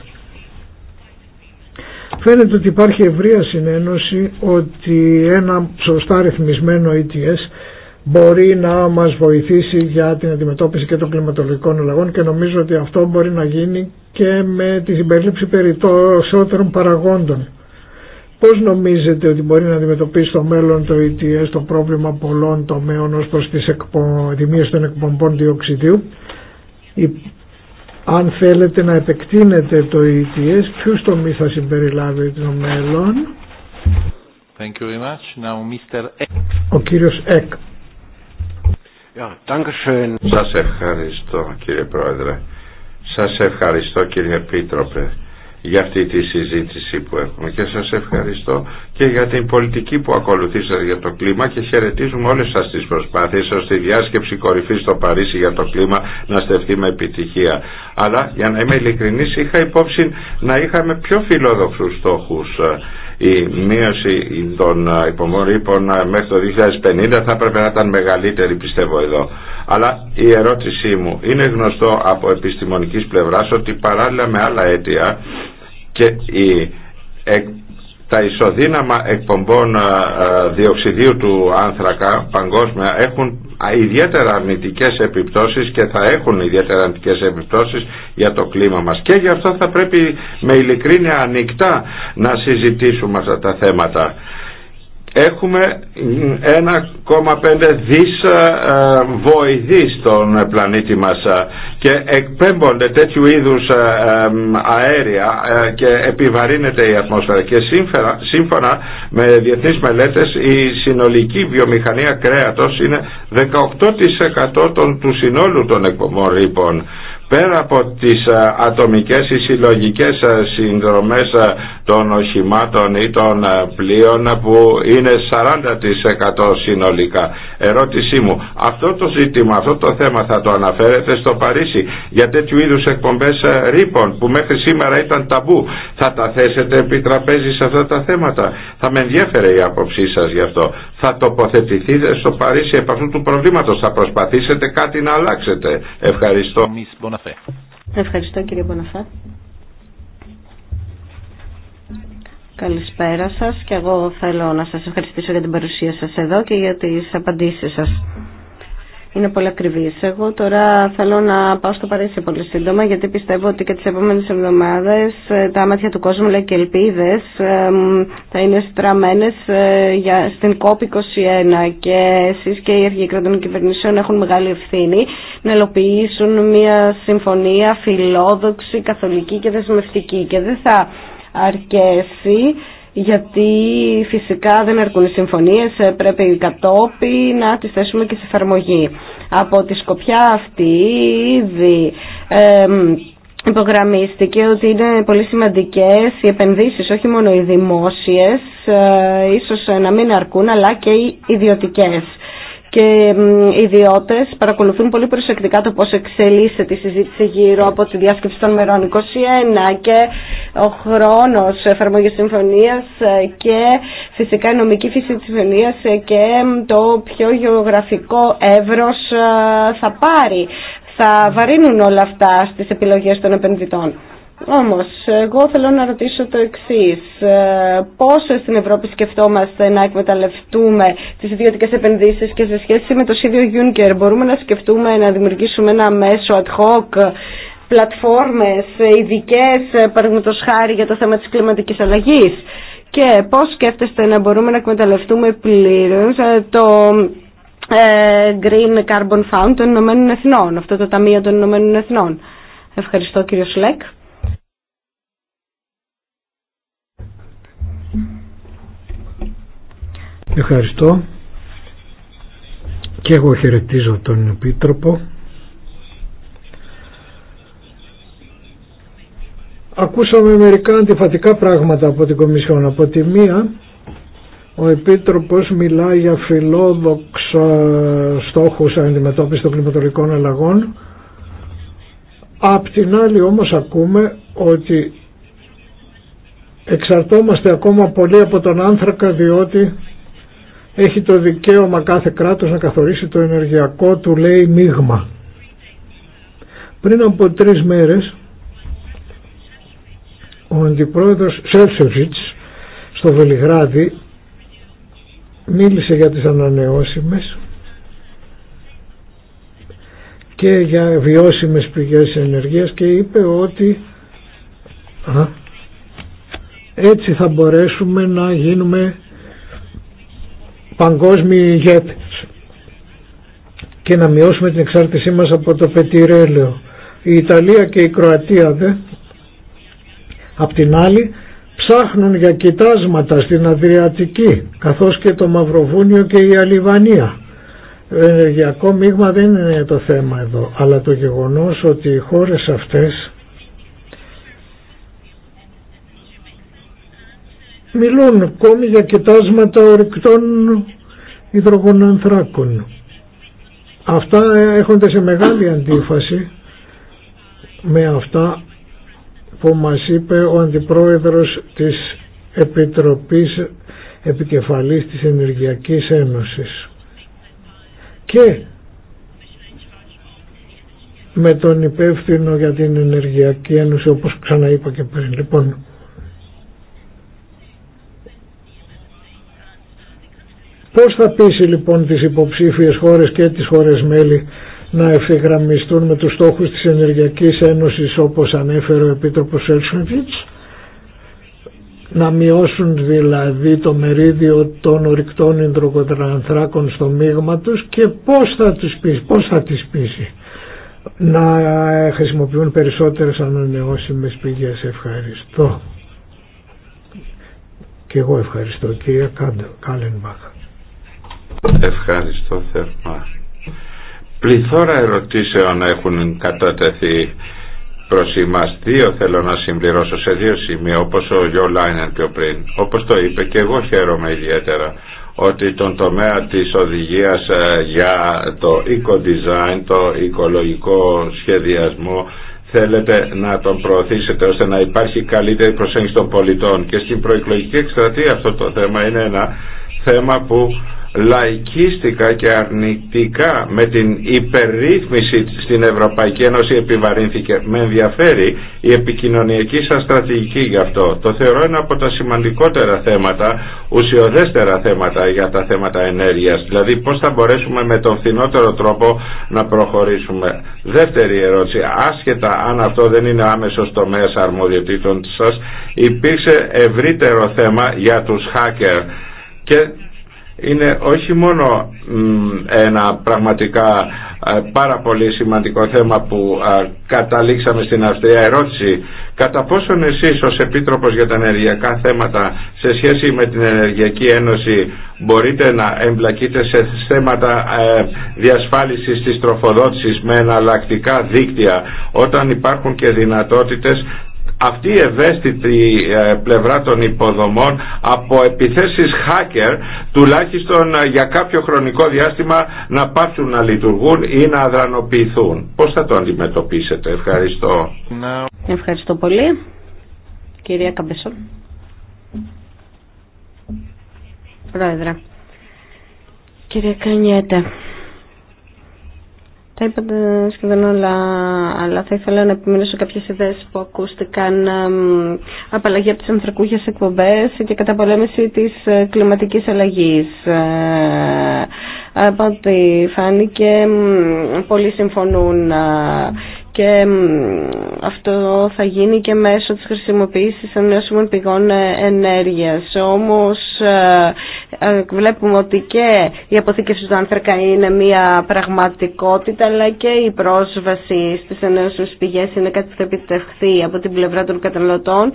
Φαίνεται ότι υπάρχει ευρεία συνένωση ότι ένα σωστά ρυθμισμένο ETS μπορεί να μας βοηθήσει για την αντιμετώπιση και των κλιματολογικών αλλαγών και νομίζω ότι αυτό μπορεί να γίνει και με τη συμπερίληψη περισσότερων παραγόντων. Πώς νομίζετε ότι μπορεί να αντιμετωπίσει στο μέλλον το ETS το πρόβλημα πολλών τομέων ως προς τις εκπο... των εκπομπών διοξιδίου. Αν θέλετε να επεκτείνετε το ETS, ποιους τομείς θα συμπεριλάβει το μέλλον. Thank you very much. Now, Mr. Ο κύριος Εκ. Yeah, Σας ευχαριστώ κύριε Πρόεδρε. Σας ευχαριστώ κύριε Επίτροπε για αυτή τη συζήτηση που έχουμε και σας ευχαριστώ και για την πολιτική που ακολουθήσατε για το κλίμα και χαιρετίζουμε όλες σας τις προσπάθειες ώστε η διάσκεψη κορυφής στο Παρίσι για το κλίμα να στεφθεί με επιτυχία. Αλλά για να είμαι ειλικρινής είχα υπόψη να είχαμε πιο φιλόδοξους στόχους η μείωση των υπομορήπων μέχρι το 2050 θα έπρεπε να ήταν μεγαλύτερη πιστεύω εδώ. Αλλά η ερώτησή μου είναι γνωστό από επιστημονικής πλευράς ότι παράλληλα με άλλα αίτια και ε, τα ισοδύναμα εκπομπών ε, ε, διοξιδίου του άνθρακα παγκόσμια έχουν ιδιαίτερα αρνητικές επιπτώσεις και θα έχουν ιδιαίτερα αρνητικές επιπτώσεις για το κλίμα μας και γι' αυτό θα πρέπει με ειλικρίνεια ανοιχτά να συζητήσουμε αυτά τα θέματα έχουμε 1,5 δις των ε, ε, στον πλανήτη μας ε, και εκπέμπονται τέτοιου είδους αέρια και επιβαρύνεται η ατμόσφαιρα και σύμφωνα με διεθνείς μελέτες η συνολική βιομηχανία κρέατος είναι 18% των, του συνόλου των εκπομπών λοιπόν πέρα από τις ατομικές ή συλλογικές συνδρομές των οχημάτων ή των πλοίων που είναι 40% συνολικά. Ερώτησή μου, αυτό το ζήτημα, αυτό το θέμα θα το αναφέρετε στο Παρίσι για τέτοιου είδους εκπομπές ρήπων που μέχρι σήμερα ήταν ταμπού. Θα τα θέσετε επί σε αυτά τα θέματα. Θα με ενδιέφερε η άποψή σας γι' αυτό. Θα τοποθετηθείτε στο Παρίσι επ' αυτού του προβλήματος. Θα προσπαθήσετε κάτι να αλλάξετε. Ευχαριστώ. Ευχαριστώ κύριε Μποναφέ. Καλησπέρα σας και εγώ θέλω να σας ευχαριστήσω για την παρουσία σας εδώ και για τις απαντήσεις σας είναι πολύ ακριβή. Εγώ τώρα θέλω να πάω στο Παρίσι πολύ σύντομα, γιατί πιστεύω ότι και τι επόμενε εβδομάδε ε, τα μάτια του κόσμου λέει και ελπίδε ε, θα είναι στραμμένε ε, στην COP21 και εσεί και οι αρχηγοί κρατών κυβερνήσεων έχουν μεγάλη ευθύνη να ελοποιήσουν μια συμφωνία φιλόδοξη, καθολική και δεσμευτική και δεν θα αρκέσει γιατί φυσικά δεν αρκούν οι συμφωνίες, ε, πρέπει κατόπι να τις θέσουμε και σε εφαρμογή. Από τη σκοπιά αυτή ήδη εμ, υπογραμμίστηκε ότι είναι πολύ σημαντικές οι επενδύσεις, όχι μόνο οι δημόσιες, ε, ίσως να μην αρκούν, αλλά και οι ιδιωτικές και οι ιδιώτες παρακολουθούν πολύ προσεκτικά το πώς εξελίσσεται τη συζήτηση γύρω από τη διάσκεψη των μερών 21 και ο χρόνος εφαρμογή συμφωνίας και φυσικά η νομική φύση της συμφωνίας και το πιο γεωγραφικό εύρος θα πάρει. Θα βαρύνουν όλα αυτά στις επιλογές των επενδυτών. Όμως, εγώ θέλω να ρωτήσω το εξής. Ε, Πόσο στην Ευρώπη σκεφτόμαστε να εκμεταλλευτούμε τις ιδιωτικές επενδύσεις και σε σχέση με το σύνδιο Juncker μπορούμε να σκεφτούμε να δημιουργήσουμε ένα μέσο ad hoc πλατφόρμες ειδικέ παραδείγματος χάρη για το θέμα της κλιματικής αλλαγής και πώς σκέφτεστε να μπορούμε να εκμεταλλευτούμε πλήρως ε, το ε, Green Carbon Fund των Ηνωμένων Εθνών, αυτό το Ταμείο των Ηνωμένων Εθνών. Ευχαριστώ κύριο Σλέκ. Ευχαριστώ. Και εγώ χαιρετίζω τον Επίτροπο. Ακούσαμε μερικά αντιφατικά πράγματα από την Κομισιόν. Από τη μία ο Επίτροπος μιλά για φιλόδοξα στόχους αντιμετώπισης των κλιματολογικών αλλαγών. Απ' την άλλη όμως ακούμε ότι εξαρτώμαστε ακόμα πολύ από τον άνθρακα διότι έχει το δικαίωμα κάθε κράτος να καθορίσει το ενεργειακό του λέει μείγμα. Πριν από τρεις μέρες ο αντιπρόεδρος Σέλσεβιτς στο Βελιγράδι μίλησε για τις ανανεώσιμες και για βιώσιμες πηγές ενεργείας και είπε ότι έτσι θα μπορέσουμε να γίνουμε παγκόσμιοι ηγέτες και να μειώσουμε την εξάρτησή μας από το πετυρέλαιο. Η Ιταλία και η Κροατία δε, απ' την άλλη, ψάχνουν για κοιτάσματα στην Αδριατική, καθώς και το Μαυροβούνιο και η Αλιβανία. Ενεργειακό μείγμα δεν είναι το θέμα εδώ, αλλά το γεγονός ότι οι χώρες αυτές μιλούν ακόμη για κοιτάσματα ορυκτών υδρογονανθράκων. Αυτά έχονται σε μεγάλη αντίφαση με αυτά που μας είπε ο Αντιπρόεδρος της Επιτροπής Επικεφαλής της Ενεργειακής Ένωσης. Και με τον υπεύθυνο για την Ενεργειακή Ένωση όπως ξαναείπα και πριν. Λοιπόν, Πώς θα πείσει λοιπόν τις υποψήφιες χώρες και τις χώρες μέλη να ευθυγραμμιστούν με τους στόχους της Ενεργειακής Ένωσης όπως ανέφερε ο Επίτροπος Έλσονβιτς να μειώσουν δηλαδή το μερίδιο των ορυκτών υδροκοτρανθράκων στο μείγμα τους και πώς θα τις πείσει, πώς θα τις πείσει να χρησιμοποιούν περισσότερες ανανεώσιμες πηγές. Ευχαριστώ. Και εγώ ευχαριστώ κυρία Κάλενμπαχ. Ευχαριστώ θερμά. Πληθώρα ερωτήσεων έχουν κατατεθεί προς εμάς. Δύο θέλω να συμπληρώσω σε δύο σημεία όπως ο Γιώ Λάινερ πιο πριν. Όπως το είπε και εγώ χαίρομαι ιδιαίτερα ότι τον τομέα της οδηγίας ε, για το eco-design, το οικολογικό σχεδιασμό θέλετε να τον προωθήσετε ώστε να υπάρχει καλύτερη προσέγγιση των πολιτών και στην προεκλογική εκστρατεία αυτό το θέμα είναι ένα θέμα που λαϊκίστικα και αρνητικά με την υπερρύθμιση στην Ευρωπαϊκή Ένωση επιβαρύνθηκε. Με ενδιαφέρει η επικοινωνιακή σας στρατηγική γι' αυτό. Το θεωρώ ένα από τα σημαντικότερα θέματα, ουσιοδέστερα θέματα για τα θέματα ενέργειας. Δηλαδή πώς θα μπορέσουμε με τον φθηνότερο τρόπο να προχωρήσουμε. Δεύτερη ερώτηση, άσχετα αν αυτό δεν είναι άμεσος τομέας αρμοδιοτήτων σας, υπήρξε ευρύτερο θέμα για τους hacker είναι όχι μόνο ένα πραγματικά ε, πάρα πολύ σημαντικό θέμα που ε, καταλήξαμε στην αυστηρή ερώτηση κατά πόσον εσείς ως Επίτροπος για τα ενεργειακά θέματα σε σχέση με την Ενεργειακή Ένωση μπορείτε να εμπλακείτε σε θέματα ε, διασφάλισης της τροφοδότησης με εναλλακτικά δίκτυα όταν υπάρχουν και δυνατότητες αυτή η ευαίσθητη ε, πλευρά των υποδομών από επιθέσεις hacker τουλάχιστον ε, για κάποιο χρονικό διάστημα να πάψουν να λειτουργούν ή να αδρανοποιηθούν. Πώς θα το αντιμετωπίσετε. Ευχαριστώ. Ευχαριστώ πολύ. Κυρία Καμπεσόν. Πρόεδρε. κυρία κανιέτα τα είπατε σχεδόν όλα, αλλά θα ήθελα να επιμείνω σε κάποιες ιδέες που ακούστηκαν απαλλαγή από τι ανθρακούχε εκπομπέ και καταπολέμηση τη ε, κλιματική αλλαγή. Ε, από ό,τι φάνηκε, πολλοί συμφωνούν ε, και αυτό θα γίνει και μέσω της χρησιμοποίησης ανανεώσιμων πηγών ε, ενέργειας. Όμως ε, ε, βλέπουμε ότι και η αποθήκευση του άνθρακα είναι μια πραγματικότητα αλλά και η πρόσβαση στις ανανεώσιμες πηγές είναι κάτι που θα επιτευχθεί από την πλευρά των καταναλωτών.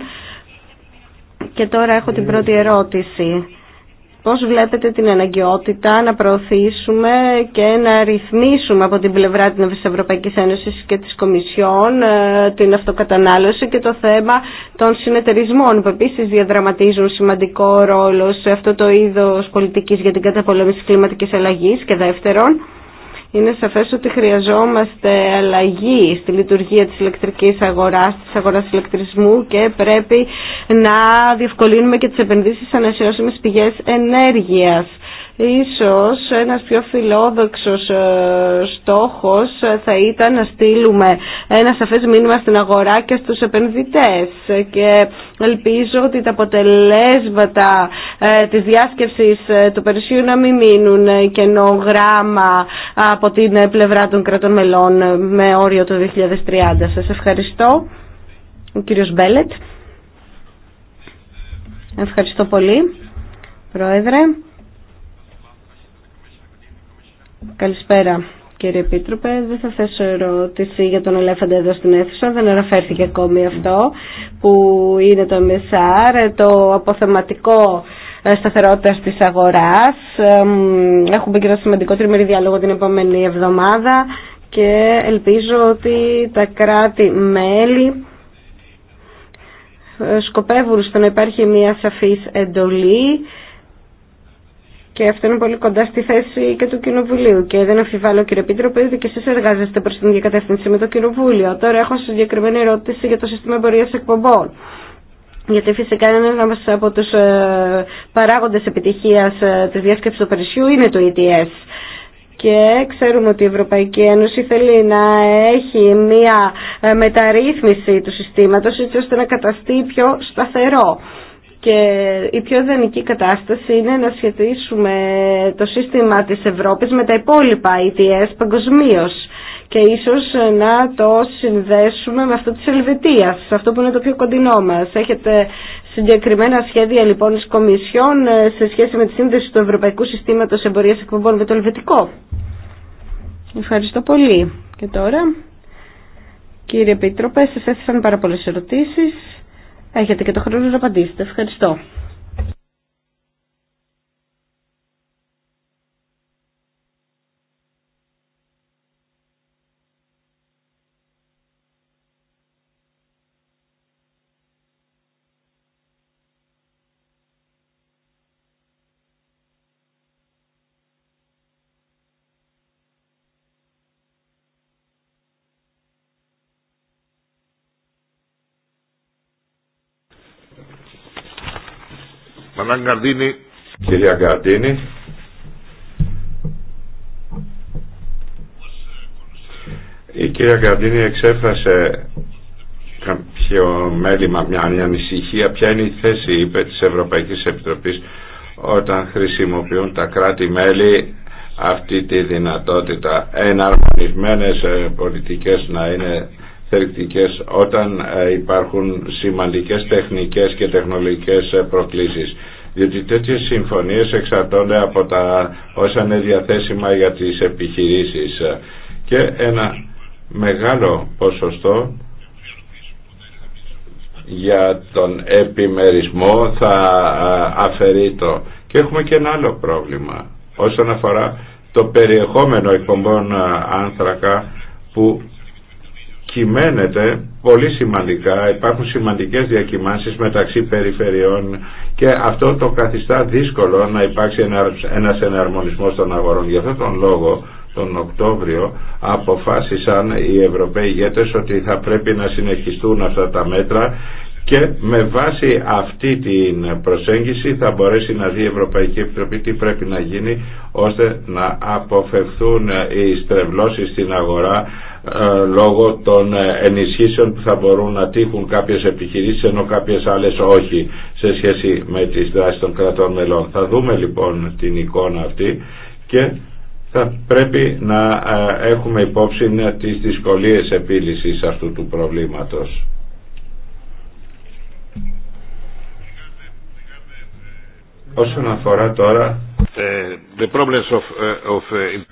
Και τώρα έχω την πρώτη ερώτηση. Πώς βλέπετε την αναγκαιότητα να προωθήσουμε και να ρυθμίσουμε από την πλευρά της Ευρωπαϊκής Ένωσης και της Κομισιόν ε, την αυτοκατανάλωση και το θέμα των συνεταιρισμών που επίσης διαδραματίζουν σημαντικό ρόλο σε αυτό το είδος πολιτικής για την καταπολέμηση κλιματικής αλλαγής και δεύτερον είναι σαφές ότι χρειαζόμαστε αλλαγή στη λειτουργία της ηλεκτρικής αγοράς, της αγοράς ηλεκτρισμού και πρέπει να διευκολύνουμε και τις επενδύσεις σε ανασυρώσιμες πηγές ενέργειας. Ίσως ένας πιο φιλόδοξος ε, στόχος ε, θα ήταν να στείλουμε ένα σαφές μήνυμα στην αγορά και στους επενδυτές και ελπίζω ότι τα αποτελέσματα ε, της διάσκεψης του Περισσίου να μην μείνουν κενό γράμμα από την πλευρά των κρατών μελών με όριο το 2030. Σας ευχαριστώ. Ο κύριος Μπέλετ. Ευχαριστώ πολύ, Πρόεδρε. Καλησπέρα. Κύριε Επίτροπε, δεν θα θέσω ερώτηση για τον ελέφαντα εδώ στην αίθουσα, δεν αναφέρθηκε ακόμη αυτό που είναι το MSR, το αποθεματικό ε, σταθερότητα τη αγορά. Έχουμε και ένα σημαντικό τριμερή διάλογο την επόμενη εβδομάδα και ελπίζω ότι τα κράτη-μέλη ε, σκοπεύουν στο να υπάρχει μια σαφής εντολή και αυτό είναι πολύ κοντά στη θέση και του Κοινοβουλίου. Και δεν αφιβάλλω, κύριε Πίτροπε, ότι και εσεί εργάζεστε προ την διακατεύθυνση με το Κοινοβούλιο. Τώρα έχω συγκεκριμένη ερώτηση για το σύστημα εμπορία εκπομπών. Γιατί φυσικά είναι ένα από του ε, παράγοντε επιτυχία ε, τη διάσκεψη του Παρισιού είναι το ETS. Και ξέρουμε ότι η Ευρωπαϊκή Ένωση θέλει να έχει μία ε, μεταρρύθμιση του συστήματος έτσι ώστε να καταστεί πιο σταθερό. Και η πιο ιδανική κατάσταση είναι να σχετίσουμε το σύστημα της Ευρώπης με τα υπόλοιπα ETS παγκοσμίω και ίσως να το συνδέσουμε με αυτό της Ελβετίας, αυτό που είναι το πιο κοντινό μας. Έχετε συγκεκριμένα σχέδια λοιπόν της Κομισιόν ε, σε σχέση με τη σύνδεση του Ευρωπαϊκού Συστήματος Εμπορίας Εκπομπών με το Ελβετικό. Ευχαριστώ πολύ. Και τώρα, κύριε Πίτροπε, σας έθεσαν πάρα πολλές ερωτήσεις. Έχετε και το χρόνο να απαντήσετε. Ευχαριστώ. Καρδίνη. Κυρία Καρδίνη. Η κυρία Γκαρδίνη εξέφρασε κάποιο μέλημα, μια, μια ανησυχία, ποια είναι η θέση, είπε, της Ευρωπαϊκής Επιτροπής όταν χρησιμοποιούν τα κράτη-μέλη αυτή τη δυνατότητα εναρμονισμένες ε, πολιτικές να είναι θερκτικές όταν ε, υπάρχουν σημαντικές τεχνικές και τεχνολογικές ε, προκλήσεις διότι τέτοιες συμφωνίες εξαρτώνται από τα όσα είναι διαθέσιμα για τις επιχειρήσεις και ένα μεγάλο ποσοστό για τον επιμερισμό θα αφαιρεί το. Και έχουμε και ένα άλλο πρόβλημα όσον αφορά το περιεχόμενο εκπομπών άνθρακα που κυμαίνεται πολύ σημαντικά, υπάρχουν σημαντικές διακυμάνσεις μεταξύ περιφερειών και αυτό το καθιστά δύσκολο να υπάρξει ένας εναρμονισμός των αγορών. Γι' αυτόν τον λόγο τον Οκτώβριο αποφάσισαν οι Ευρωπαίοι ηγέτες ότι θα πρέπει να συνεχιστούν αυτά τα μέτρα και με βάση αυτή την προσέγγιση θα μπορέσει να δει η Ευρωπαϊκή Επιτροπή τι πρέπει να γίνει ώστε να αποφευθούν οι στρεβλώσεις στην αγορά ε, λόγω των ενισχύσεων που θα μπορούν να τύχουν κάποιες επιχειρήσεις ενώ κάποιες άλλες όχι σε σχέση με τις δράσεις των κρατών μελών. Θα δούμε λοιπόν την εικόνα αυτή και θα πρέπει να ε, έχουμε υπόψη ε, τις δυσκολίες επίλυσης αυτού του προβλήματος. Όσον αφορά τώρα ε, the ε, ε,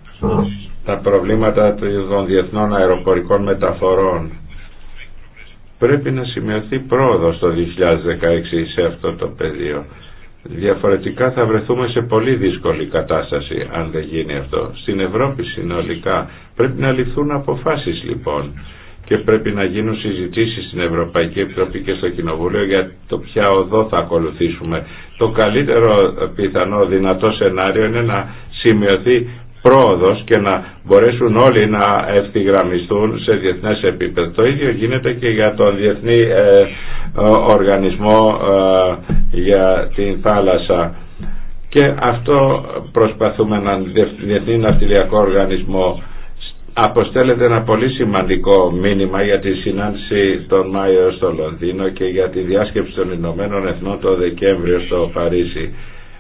τα προβλήματα των διεθνών αεροπορικών μεταφορών πρέπει να σημειωθεί πρόοδος το 2016 σε αυτό το πεδίο. Διαφορετικά θα βρεθούμε σε πολύ δύσκολη κατάσταση αν δεν γίνει αυτό. Στην Ευρώπη συνολικά πρέπει να ληφθούν αποφάσεις λοιπόν και πρέπει να γίνουν συζητήσεις στην Ευρωπαϊκή Επιτροπή και στο Κοινοβούλιο για το ποια οδό θα ακολουθήσουμε. Το καλύτερο πιθανό δυνατό σενάριο είναι να σημειωθεί πρόοδος και να μπορέσουν όλοι να ευθυγραμμιστούν σε διεθνές επίπεδο. Το ίδιο γίνεται και για τον Διεθνή ε, Οργανισμό ε, για την Θάλασσα. Και αυτό προσπαθούμε να διεθνή ναυτιλιακό οργανισμό αποστέλλεται ένα πολύ σημαντικό μήνυμα για τη συνάντηση τον Μάιο στο Λονδίνο και για τη διάσκεψη των Ηνωμένων Εθνών το Δεκέμβριο στο Παρίσι.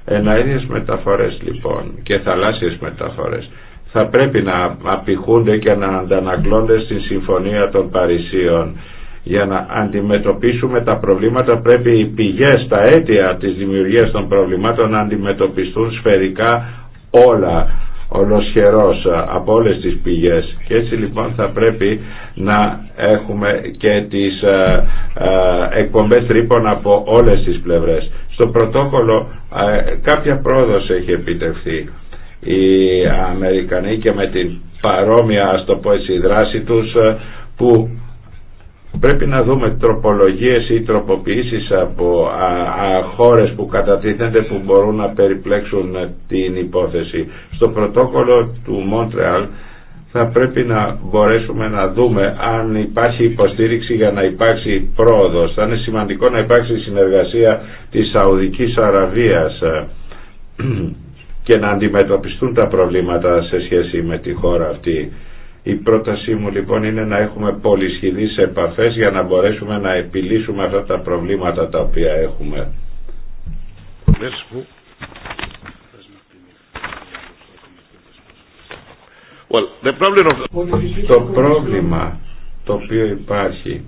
Εναίδιες μεταφορές λοιπόν και θαλάσσιες μεταφορές θα πρέπει να απηχούνται και να αντανακλώνται στην Συμφωνία των Παρισίων. Για να αντιμετωπίσουμε τα προβλήματα πρέπει οι πηγές, τα αίτια της δημιουργίας των προβλημάτων να αντιμετωπιστούν σφαιρικά όλα ολοσχερός ε, από όλες τις πηγές και έτσι λοιπόν θα πρέπει να έχουμε και τις ε, ε, εκπομπές τρύπων από όλες τις πλευρές. Στο πρωτόκολλο κάποια πρόοδος έχει επιτευχθεί. Οι Αμερικανοί και με την παρόμοια, α το πω δράση τους που πρέπει να δούμε τροπολογίες ή τροποποιήσεις από α, χώρες που κατατίθενται που μπορούν να περιπλέξουν την υπόθεση. Στο πρωτόκολλο του Μόντρεαλ θα πρέπει να μπορέσουμε να δούμε αν υπάρχει υποστήριξη για να υπάρξει πρόοδος. Θα είναι σημαντικό να υπάρξει συνεργασία της Σαουδικής Αραβίας *clears throat* και να αντιμετωπιστούν τα προβλήματα σε σχέση με τη χώρα αυτή η πρότασή μου λοιπόν είναι να έχουμε πολυσχηδείς επαφές για να μπορέσουμε να επιλύσουμε αυτά τα προβλήματα τα οποία έχουμε. Το πρόβλημα το οποίο υπάρχει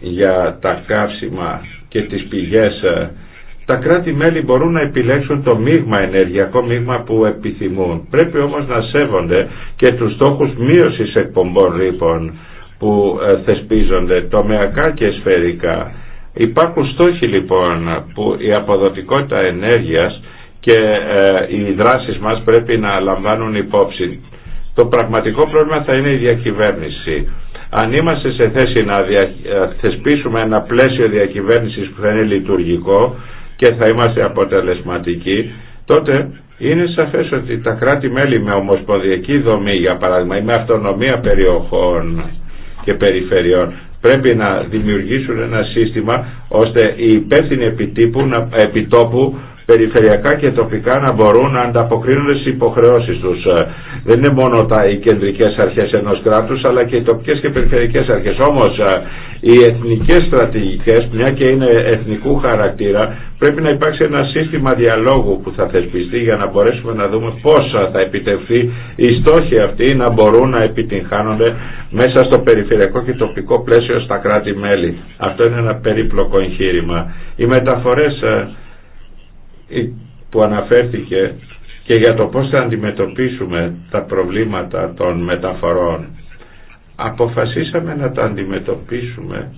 για τα καύσιμα και τις πηγές ε, τα κράτη-μέλη μπορούν να επιλέξουν το μείγμα, ενεργειακό μείγμα που επιθυμούν. Πρέπει όμως να σέβονται και τους στόχους μείωσης εκπομπών ρήπων που ε, θεσπίζονται τομεακά και σφαιρικά. Υπάρχουν στόχοι λοιπόν που η αποδοτικότητα ενέργειας και ε, οι δράσεις μας πρέπει να λαμβάνουν υπόψη. Το πραγματικό πρόβλημα θα είναι η διακυβέρνηση. Αν είμαστε σε θέση να ε, θεσπίσουμε ένα πλαίσιο διακυβέρνησης που θα είναι λειτουργικό, και θα είμαστε αποτελεσματικοί, τότε είναι σαφές ότι τα κράτη-μέλη με ομοσπονδιακή δομή, για παράδειγμα, ή με αυτονομία περιοχών και περιφερειών, πρέπει να δημιουργήσουν ένα σύστημα ώστε οι υπεύθυνοι επιτύπου, επιτόπου περιφερειακά και τοπικά να μπορούν να ανταποκρίνονται στις υποχρεώσει του. Ε, δεν είναι μόνο τα οι κεντρικές αρχές ενός κράτους αλλά και οι τοπικέ και περιφερειακές αρχέ. Όμω ε, οι εθνικέ στρατηγικέ, μια και είναι εθνικού χαρακτήρα, πρέπει να υπάρξει ένα σύστημα διαλόγου που θα θεσπιστεί για να μπορέσουμε να δούμε πώ θα επιτευχθεί οι στόχοι αυτοί να μπορούν να επιτυγχάνονται μέσα στο περιφερειακό και τοπικό πλαίσιο στα κράτη-μέλη. Αυτό είναι ένα περίπλοκο εγχείρημα. Οι μεταφορές ε, ε, που αναφέρθηκε και για το πώς θα αντιμετωπίσουμε τα προβλήματα των μεταφορών αποφασίσαμε να τα αντιμετωπίσουμε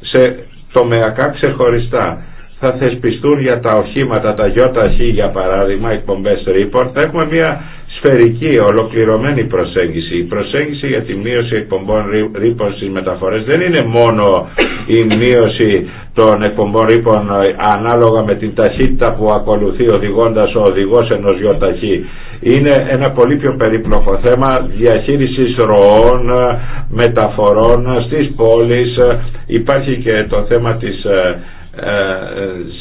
σε τομεακά ξεχωριστά θα θεσπιστούν για τα οχήματα, τα ΙΧ για παράδειγμα, εκπομπές report, θα έχουμε μια σφαιρική, ολοκληρωμένη προσέγγιση. Η προσέγγιση για τη μείωση εκπομπών report στις μεταφορές δεν είναι μόνο η μείωση των εκπομπών ε, ανάλογα με την ταχύτητα που ακολουθεί οδηγώντας ο οδηγός ενός γιοταχή. Είναι ένα πολύ πιο περίπλοκο θέμα διαχείρισης ροών, ε, μεταφορών ε, στις πόλεις. Υπάρχει και το θέμα της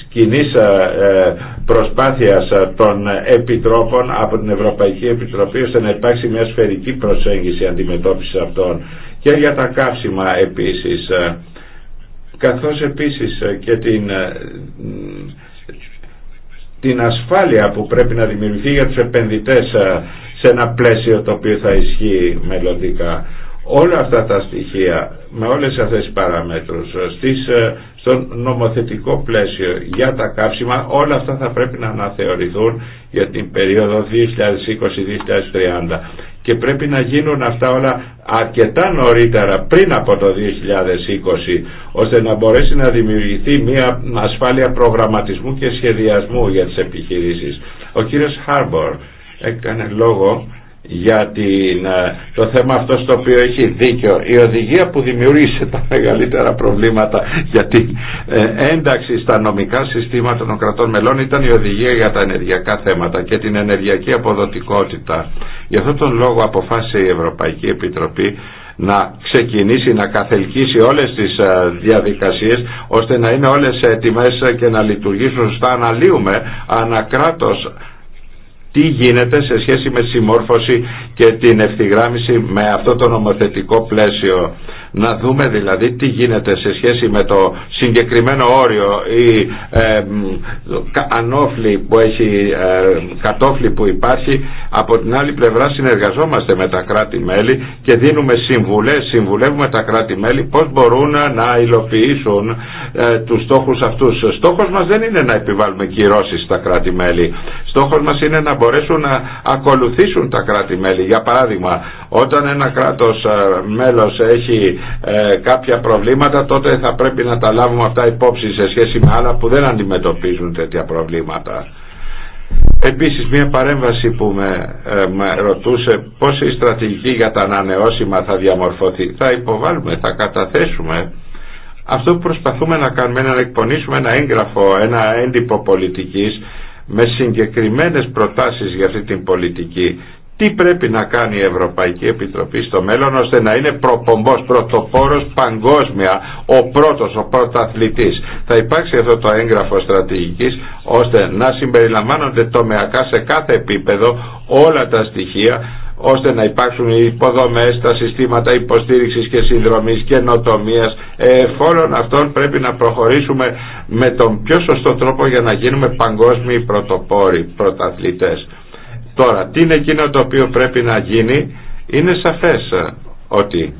κοινή προσπάθειας των επιτρόπων από την Ευρωπαϊκή Επιτροπή ώστε να υπάρξει μια σφαιρική προσέγγιση αντιμετώπισης αυτών και για τα καύσιμα επίσης καθώς επίσης ε, και την, ε, την ασφάλεια που πρέπει να δημιουργηθεί για τους επενδυτές ε, σε ένα πλαίσιο το οποίο θα ισχύει μελλοντικά. Όλα αυτά τα στοιχεία με όλες αυτές τις παραμέτρους στις, στο νομοθετικό πλαίσιο για τα κάψιμα όλα αυτά θα πρέπει να αναθεωρηθούν για την περίοδο 2020-2030 και πρέπει να γίνουν αυτά όλα αρκετά νωρίτερα πριν από το 2020 ώστε να μπορέσει να δημιουργηθεί μια ασφάλεια προγραμματισμού και σχεδιασμού για τις επιχειρήσεις. Ο κύριος Χάρμπορ έκανε λόγο για την, ε, το θέμα αυτό στο οποίο έχει δίκιο. Η οδηγία που δημιούργησε τα μεγαλύτερα προβλήματα για την ε, ένταξη στα νομικά συστήματα των κρατών μελών ήταν η οδηγία για τα ενεργειακά θέματα και την ενεργειακή αποδοτικότητα. Γι' αυτόν τον λόγο αποφάσισε η Ευρωπαϊκή Επιτροπή να ξεκινήσει να καθελκύσει όλες τις ε, διαδικασίες ώστε να είναι όλες έτοιμες και να λειτουργήσουν σωστά αναλύουμε ανακράτος τι γίνεται σε σχέση με τη συμμόρφωση και την ευθυγράμμιση με αυτό το νομοθετικό πλαίσιο. Να δούμε δηλαδή τι γίνεται σε σχέση με το συγκεκριμένο όριο ή ε, ανόφλη που έχει, κατόφλη που υπάρχει. Από την άλλη πλευρά συνεργαζόμαστε με τα κράτη-μέλη και δίνουμε συμβουλές, συμβουλεύουμε τα κράτη-μέλη πώς μπορούν να υλοποιήσουν ε, τους στόχους αυτούς. Στόχος μας δεν είναι να επιβάλλουμε κυρώσεις στα κράτη-μέλη. Στόχος μας είναι να μπορέσουν να ακολουθήσουν τα κράτη-μέλη. Για παράδειγμα, όταν ένα κράτος ε, μέλος έχει ε, κάποια προβλήματα τότε θα πρέπει να τα λάβουμε αυτά υπόψη σε σχέση με άλλα που δεν αντιμετωπίζουν τέτοια προβλήματα. Επίσης μια παρέμβαση που με, ε, ρωτούσε πώς η στρατηγική για τα ανανεώσιμα θα διαμορφωθεί. Θα υποβάλουμε, θα καταθέσουμε. Αυτό που προσπαθούμε να κάνουμε είναι να εκπονήσουμε ένα έγγραφο, ένα έντυπο πολιτικής με συγκεκριμένες προτάσεις για αυτή την πολιτική τι πρέπει να κάνει η Ευρωπαϊκή Επιτροπή στο μέλλον ώστε να είναι προπομπός, πρωτοπόρος παγκόσμια ο πρώτος, ο πρωταθλητής. Θα υπάρξει αυτό το έγγραφο στρατηγικής ώστε να συμπεριλαμβάνονται τομεακά σε κάθε επίπεδο όλα τα στοιχεία ώστε να υπάρξουν οι υποδομές, τα συστήματα υποστήριξης και συνδρομής και νοτομίας. Εφόλων αυτών πρέπει να προχωρήσουμε με τον πιο σωστό τρόπο για να γίνουμε παγκόσμιοι πρωτοπόροι, πρωταθλητές. Τώρα, τι είναι εκείνο το οποίο πρέπει να γίνει, είναι σαφές ε, ότι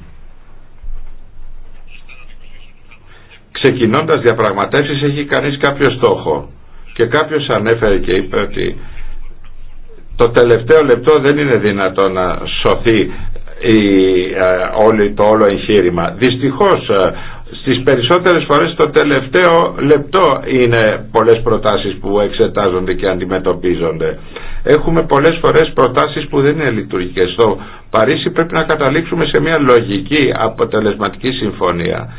ξεκινώντας διαπραγματεύσεις έχει κανείς κάποιο στόχο και κάποιος ανέφερε και είπε ότι το τελευταίο λεπτό δεν είναι δυνατό να σωθεί η, ε, το όλο εγχείρημα. Δυστυχώς ε, στις περισσότερες φορές το τελευταίο λεπτό είναι πολλές προτάσεις που εξετάζονται και αντιμετωπίζονται. Έχουμε πολλές φορές προτάσεις που δεν είναι λειτουργικές. Στο Παρίσι πρέπει να καταλήξουμε σε μια λογική αποτελεσματική συμφωνία.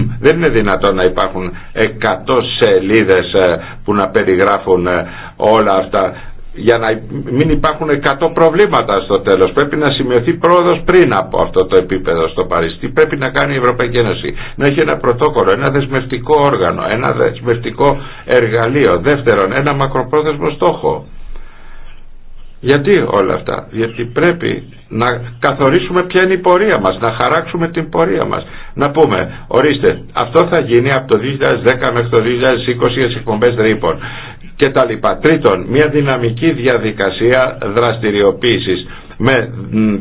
*clears throat* Δεν είναι δυνατόν να υπάρχουν 100 σελίδες ε, που να περιγράφουν ε, όλα αυτά για να μην υπάρχουν 100 προβλήματα στο τέλος. Πρέπει να σημειωθεί πρόοδος πριν από αυτό το επίπεδο στο Παρίσι. Τι πρέπει να κάνει η Ευρωπαϊκή Ένωση. Να έχει ένα πρωτόκολλο, ένα δεσμευτικό όργανο, ένα δεσμευτικό εργαλείο. Δεύτερον, ένα μακροπρόθεσμο στόχο. Γιατί όλα αυτά. Γιατί πρέπει να καθορίσουμε ποια είναι η πορεία μας, να χαράξουμε την πορεία μας. Να πούμε, ορίστε, αυτό θα γίνει από το 2010 μέχρι το 2020 για τις εκπομπές ρήπων και τα Τρίτον, μια δυναμική διαδικασία δραστηριοποίησης με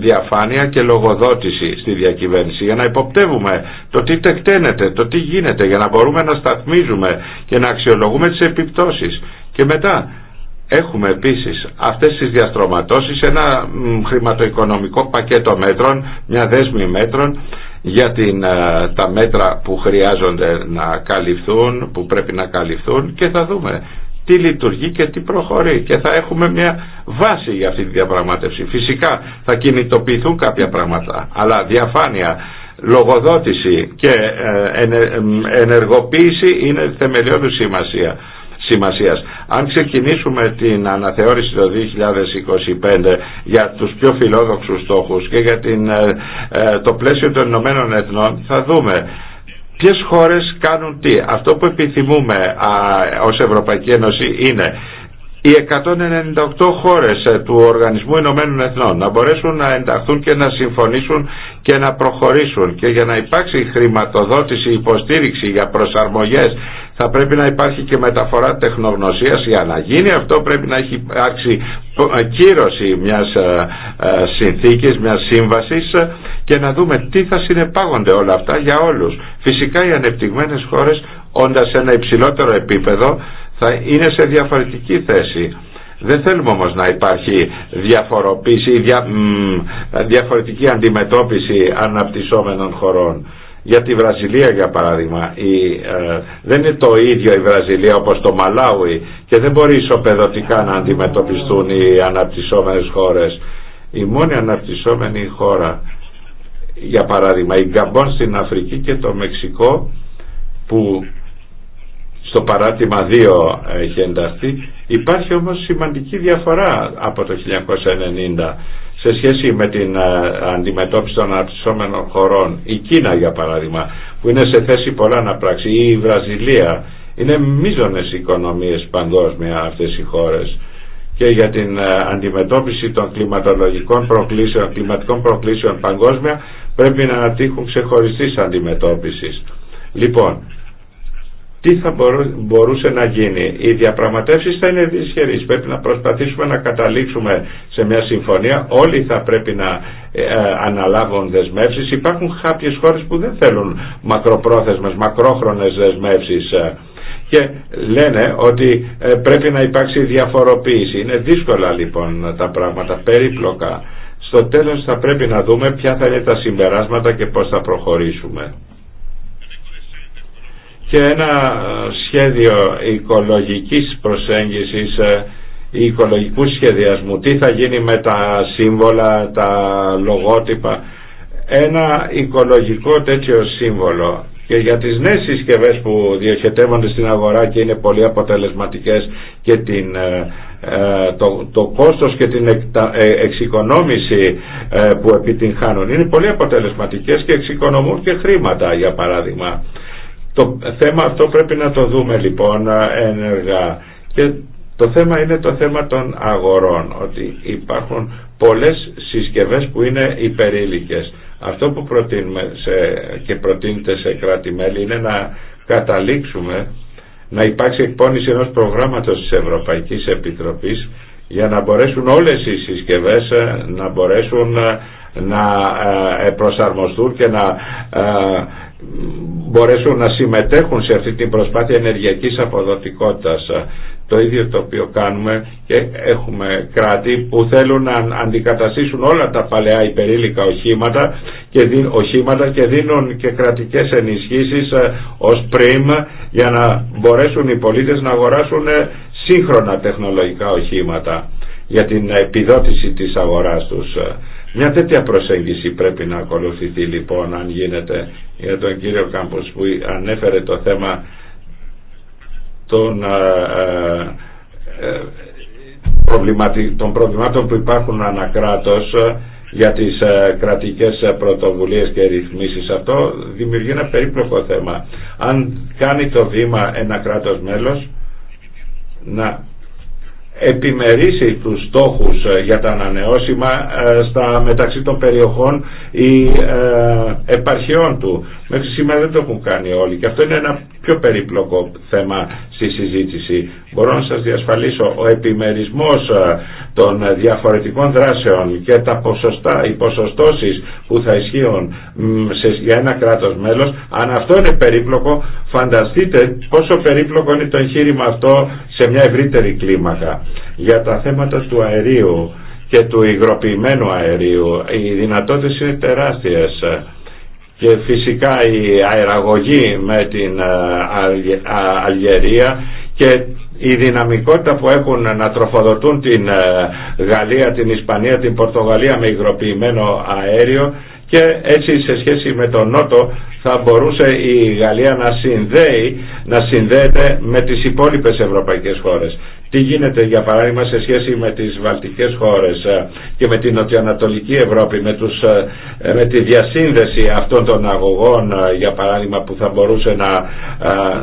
διαφάνεια και λογοδότηση στη διακυβέρνηση για να υποπτεύουμε το τι τεκταίνεται, το τι γίνεται για να μπορούμε να σταθμίζουμε και να αξιολογούμε τις επιπτώσεις και μετά έχουμε επίσης αυτές τις διαστρωματώσεις ένα χρηματοοικονομικό πακέτο μέτρων, μια δέσμη μέτρων για την, ε, τα μέτρα που χρειάζονται να καλυφθούν, που πρέπει να καλυφθούν και θα δούμε τι λειτουργεί και τι προχωρεί και θα έχουμε μια βάση για αυτή τη διαπραγμάτευση. Φυσικά θα κινητοποιηθούν κάποια πράγματα, αλλά διαφάνεια, λογοδότηση και ε, ε, ενεργοποίηση είναι θεμελιώδη σημασία. Σημασίας. Αν ξεκινήσουμε την αναθεώρηση το 2025 για τους πιο φιλόδοξους στόχους και για την, ε, το πλαίσιο των Ηνωμένων Εθνών θα δούμε Ποιες χώρες κάνουν τι. Αυτό που επιθυμούμε α, ως Ευρωπαϊκή Ένωση είναι οι 198 χώρες ε, του Οργανισμού Ηνωμένων Εθνών να μπορέσουν να ενταχθούν και να συμφωνήσουν και να προχωρήσουν και για να υπάρξει χρηματοδότηση, υποστήριξη για προσαρμογές θα πρέπει να υπάρχει και μεταφορά τεχνογνωσίας για να γίνει αυτό πρέπει να έχει υπάρξει ε, κύρωση μιας ε, ε, συνθήκης, μιας σύμβασης και να δούμε τι θα συνεπάγονται όλα αυτά για όλους. Φυσικά οι ανεπτυγμένες χώρες όντας ένα υψηλότερο επίπεδο θα είναι σε διαφορετική θέση. Δεν θέλουμε όμως να υπάρχει διαφοροποίηση, δια, διαφορετική αντιμετώπιση αναπτυσσόμενων χωρών. Για τη Βραζιλία για παράδειγμα, η, ε, δεν είναι το ίδιο η Βραζιλία όπως το Μαλάουι και δεν μπορεί ισοπεδωτικά να αντιμετωπιστούν οι αναπτυσσόμενες χώρες. Η μόνη αναπτυσσόμενη χώρα, για παράδειγμα η Γκαμπών στην Αφρική και το Μεξικό που στο παράτημα 2 έχει ενταχθεί, υπάρχει όμως σημαντική διαφορά από το 1990 σε σχέση με την ε, αντιμετώπιση των αναπτυσσόμενων χωρών. Η Κίνα για παράδειγμα που είναι σε θέση πολλά να πράξει ή η Βραζιλία είναι μίζονες οικονομίες παγκόσμια αυτές οι χώρες και για την ε, αντιμετώπιση των κλιματολογικών προκλήσεων, κλιματικών προκλήσεων παγκόσμια πρέπει να τύχουν ξεχωριστής αντιμετώπισης. Λοιπόν, τι θα μπορούσε να γίνει. Οι διαπραγματεύσεις θα είναι δυσχερείς. Πρέπει να προσπαθήσουμε να καταλήξουμε σε μια συμφωνία. Όλοι θα πρέπει να ε, ε, αναλάβουν δεσμεύσεις. Υπάρχουν κάποιες χώρες που δεν θέλουν μακροπρόθεσμες, μακρόχρονες δεσμεύσεις ε, και λένε ότι πρέπει να υπάρξει διαφοροποίηση. Είναι δύσκολα λοιπόν τα πράγματα, περίπλοκα. Στο τέλος θα πρέπει να δούμε ποια θα είναι τα συμπεράσματα και πώς θα προχωρήσουμε και ένα ε, σχέδιο οικολογικής προσέγγισης ή ε, οικολογικού σχεδιασμού. Τι θα γίνει με τα σύμβολα, τα λογότυπα. Ένα οικολογικό τέτοιο σύμβολο και για τις νέες συσκευές που διοχετεύονται στην αγορά και είναι πολύ αποτελεσματικές και την, ε, το, το κόστος και την εξοικονόμηση που επιτυγχάνουν είναι πολύ αποτελεσματικές και εξοικονομούν και χρήματα για παράδειγμα. Το θέμα αυτό πρέπει να το δούμε λοιπόν ενεργά. Και το θέμα είναι το θέμα των αγορών, ότι υπάρχουν πολλές συσκευές που είναι υπερήλικες. Αυτό που προτείνουμε σε, και προτείνεται σε κράτη-μέλη είναι να καταλήξουμε να υπάρξει εκπόνηση ενός προγράμματος της Ευρωπαϊκής Επιτροπής για να μπορέσουν όλες οι συσκευές ε, να μπορέσουν ε, να ε, προσαρμοστούν και να ε, μπορέσουν να συμμετέχουν σε αυτή την προσπάθεια ενεργειακής αποδοτικότητας. Το ίδιο το οποίο κάνουμε και έχουμε κράτη που θέλουν να αντικαταστήσουν όλα τα παλαιά υπερήλικα οχήματα και, δίνουν, οχήματα και δίνουν και κρατικές ενισχύσεις ε, ως πριμ για να μπορέσουν οι πολίτες να αγοράσουν σύγχρονα τεχνολογικά οχήματα για την επιδότηση της αγοράς τους. Μια τέτοια προσέγγιση πρέπει να ακολουθηθεί λοιπόν αν γίνεται για τον κύριο Κάμπος που ανέφερε το θέμα των ε, ε, των προβλημάτων που υπάρχουν ανακράτως ε, για τις κρατικές πρωτοβουλίες και ρυθμίσεις. Αυτό δημιουργεί ένα περίπλοκο θέμα. Αν κάνει το βήμα ένα κράτος μέλος να επιμερίσει τους στόχους ε, για τα ανανεώσιμα ε, στα μεταξύ των περιοχών ή ε, επαρχιών του. Μέχρι σήμερα δεν το έχουν κάνει όλοι και αυτό είναι ένα πιο περίπλοκο θέμα στη συζήτηση. Μπορώ να σας διασφαλίσω ο επιμερισμός των διαφορετικών δράσεων και τα ποσοστά, οι ποσοστώσεις που θα ισχύουν για ένα κράτος μέλος, αν αυτό είναι περίπλοκο, φανταστείτε πόσο περίπλοκο είναι το εγχείρημα αυτό σε μια ευρύτερη κλίμακα. Για τα θέματα του αερίου και του υγροποιημένου αερίου οι δυνατότητες είναι τεράστιες και φυσικά η αεραγωγή με την ε, Αλγερία και η δυναμικότητα που έχουν να τροφοδοτούν την ε, Γαλλία, την Ισπανία, την Πορτογαλία με υγροποιημένο αέριο και έτσι σε σχέση με τον Νότο θα μπορούσε η Γαλλία να συνδέει, να συνδέεται με τις υπόλοιπες ευρωπαϊκές χώρες. Τι γίνεται για παράδειγμα σε σχέση με τις βαλτικές χώρες ε, και με την νοτιοανατολική Ευρώπη, με, τους, ε, τη διασύνδεση αυτών των αγωγών ε, για παράδειγμα που θα, μπορούσε να,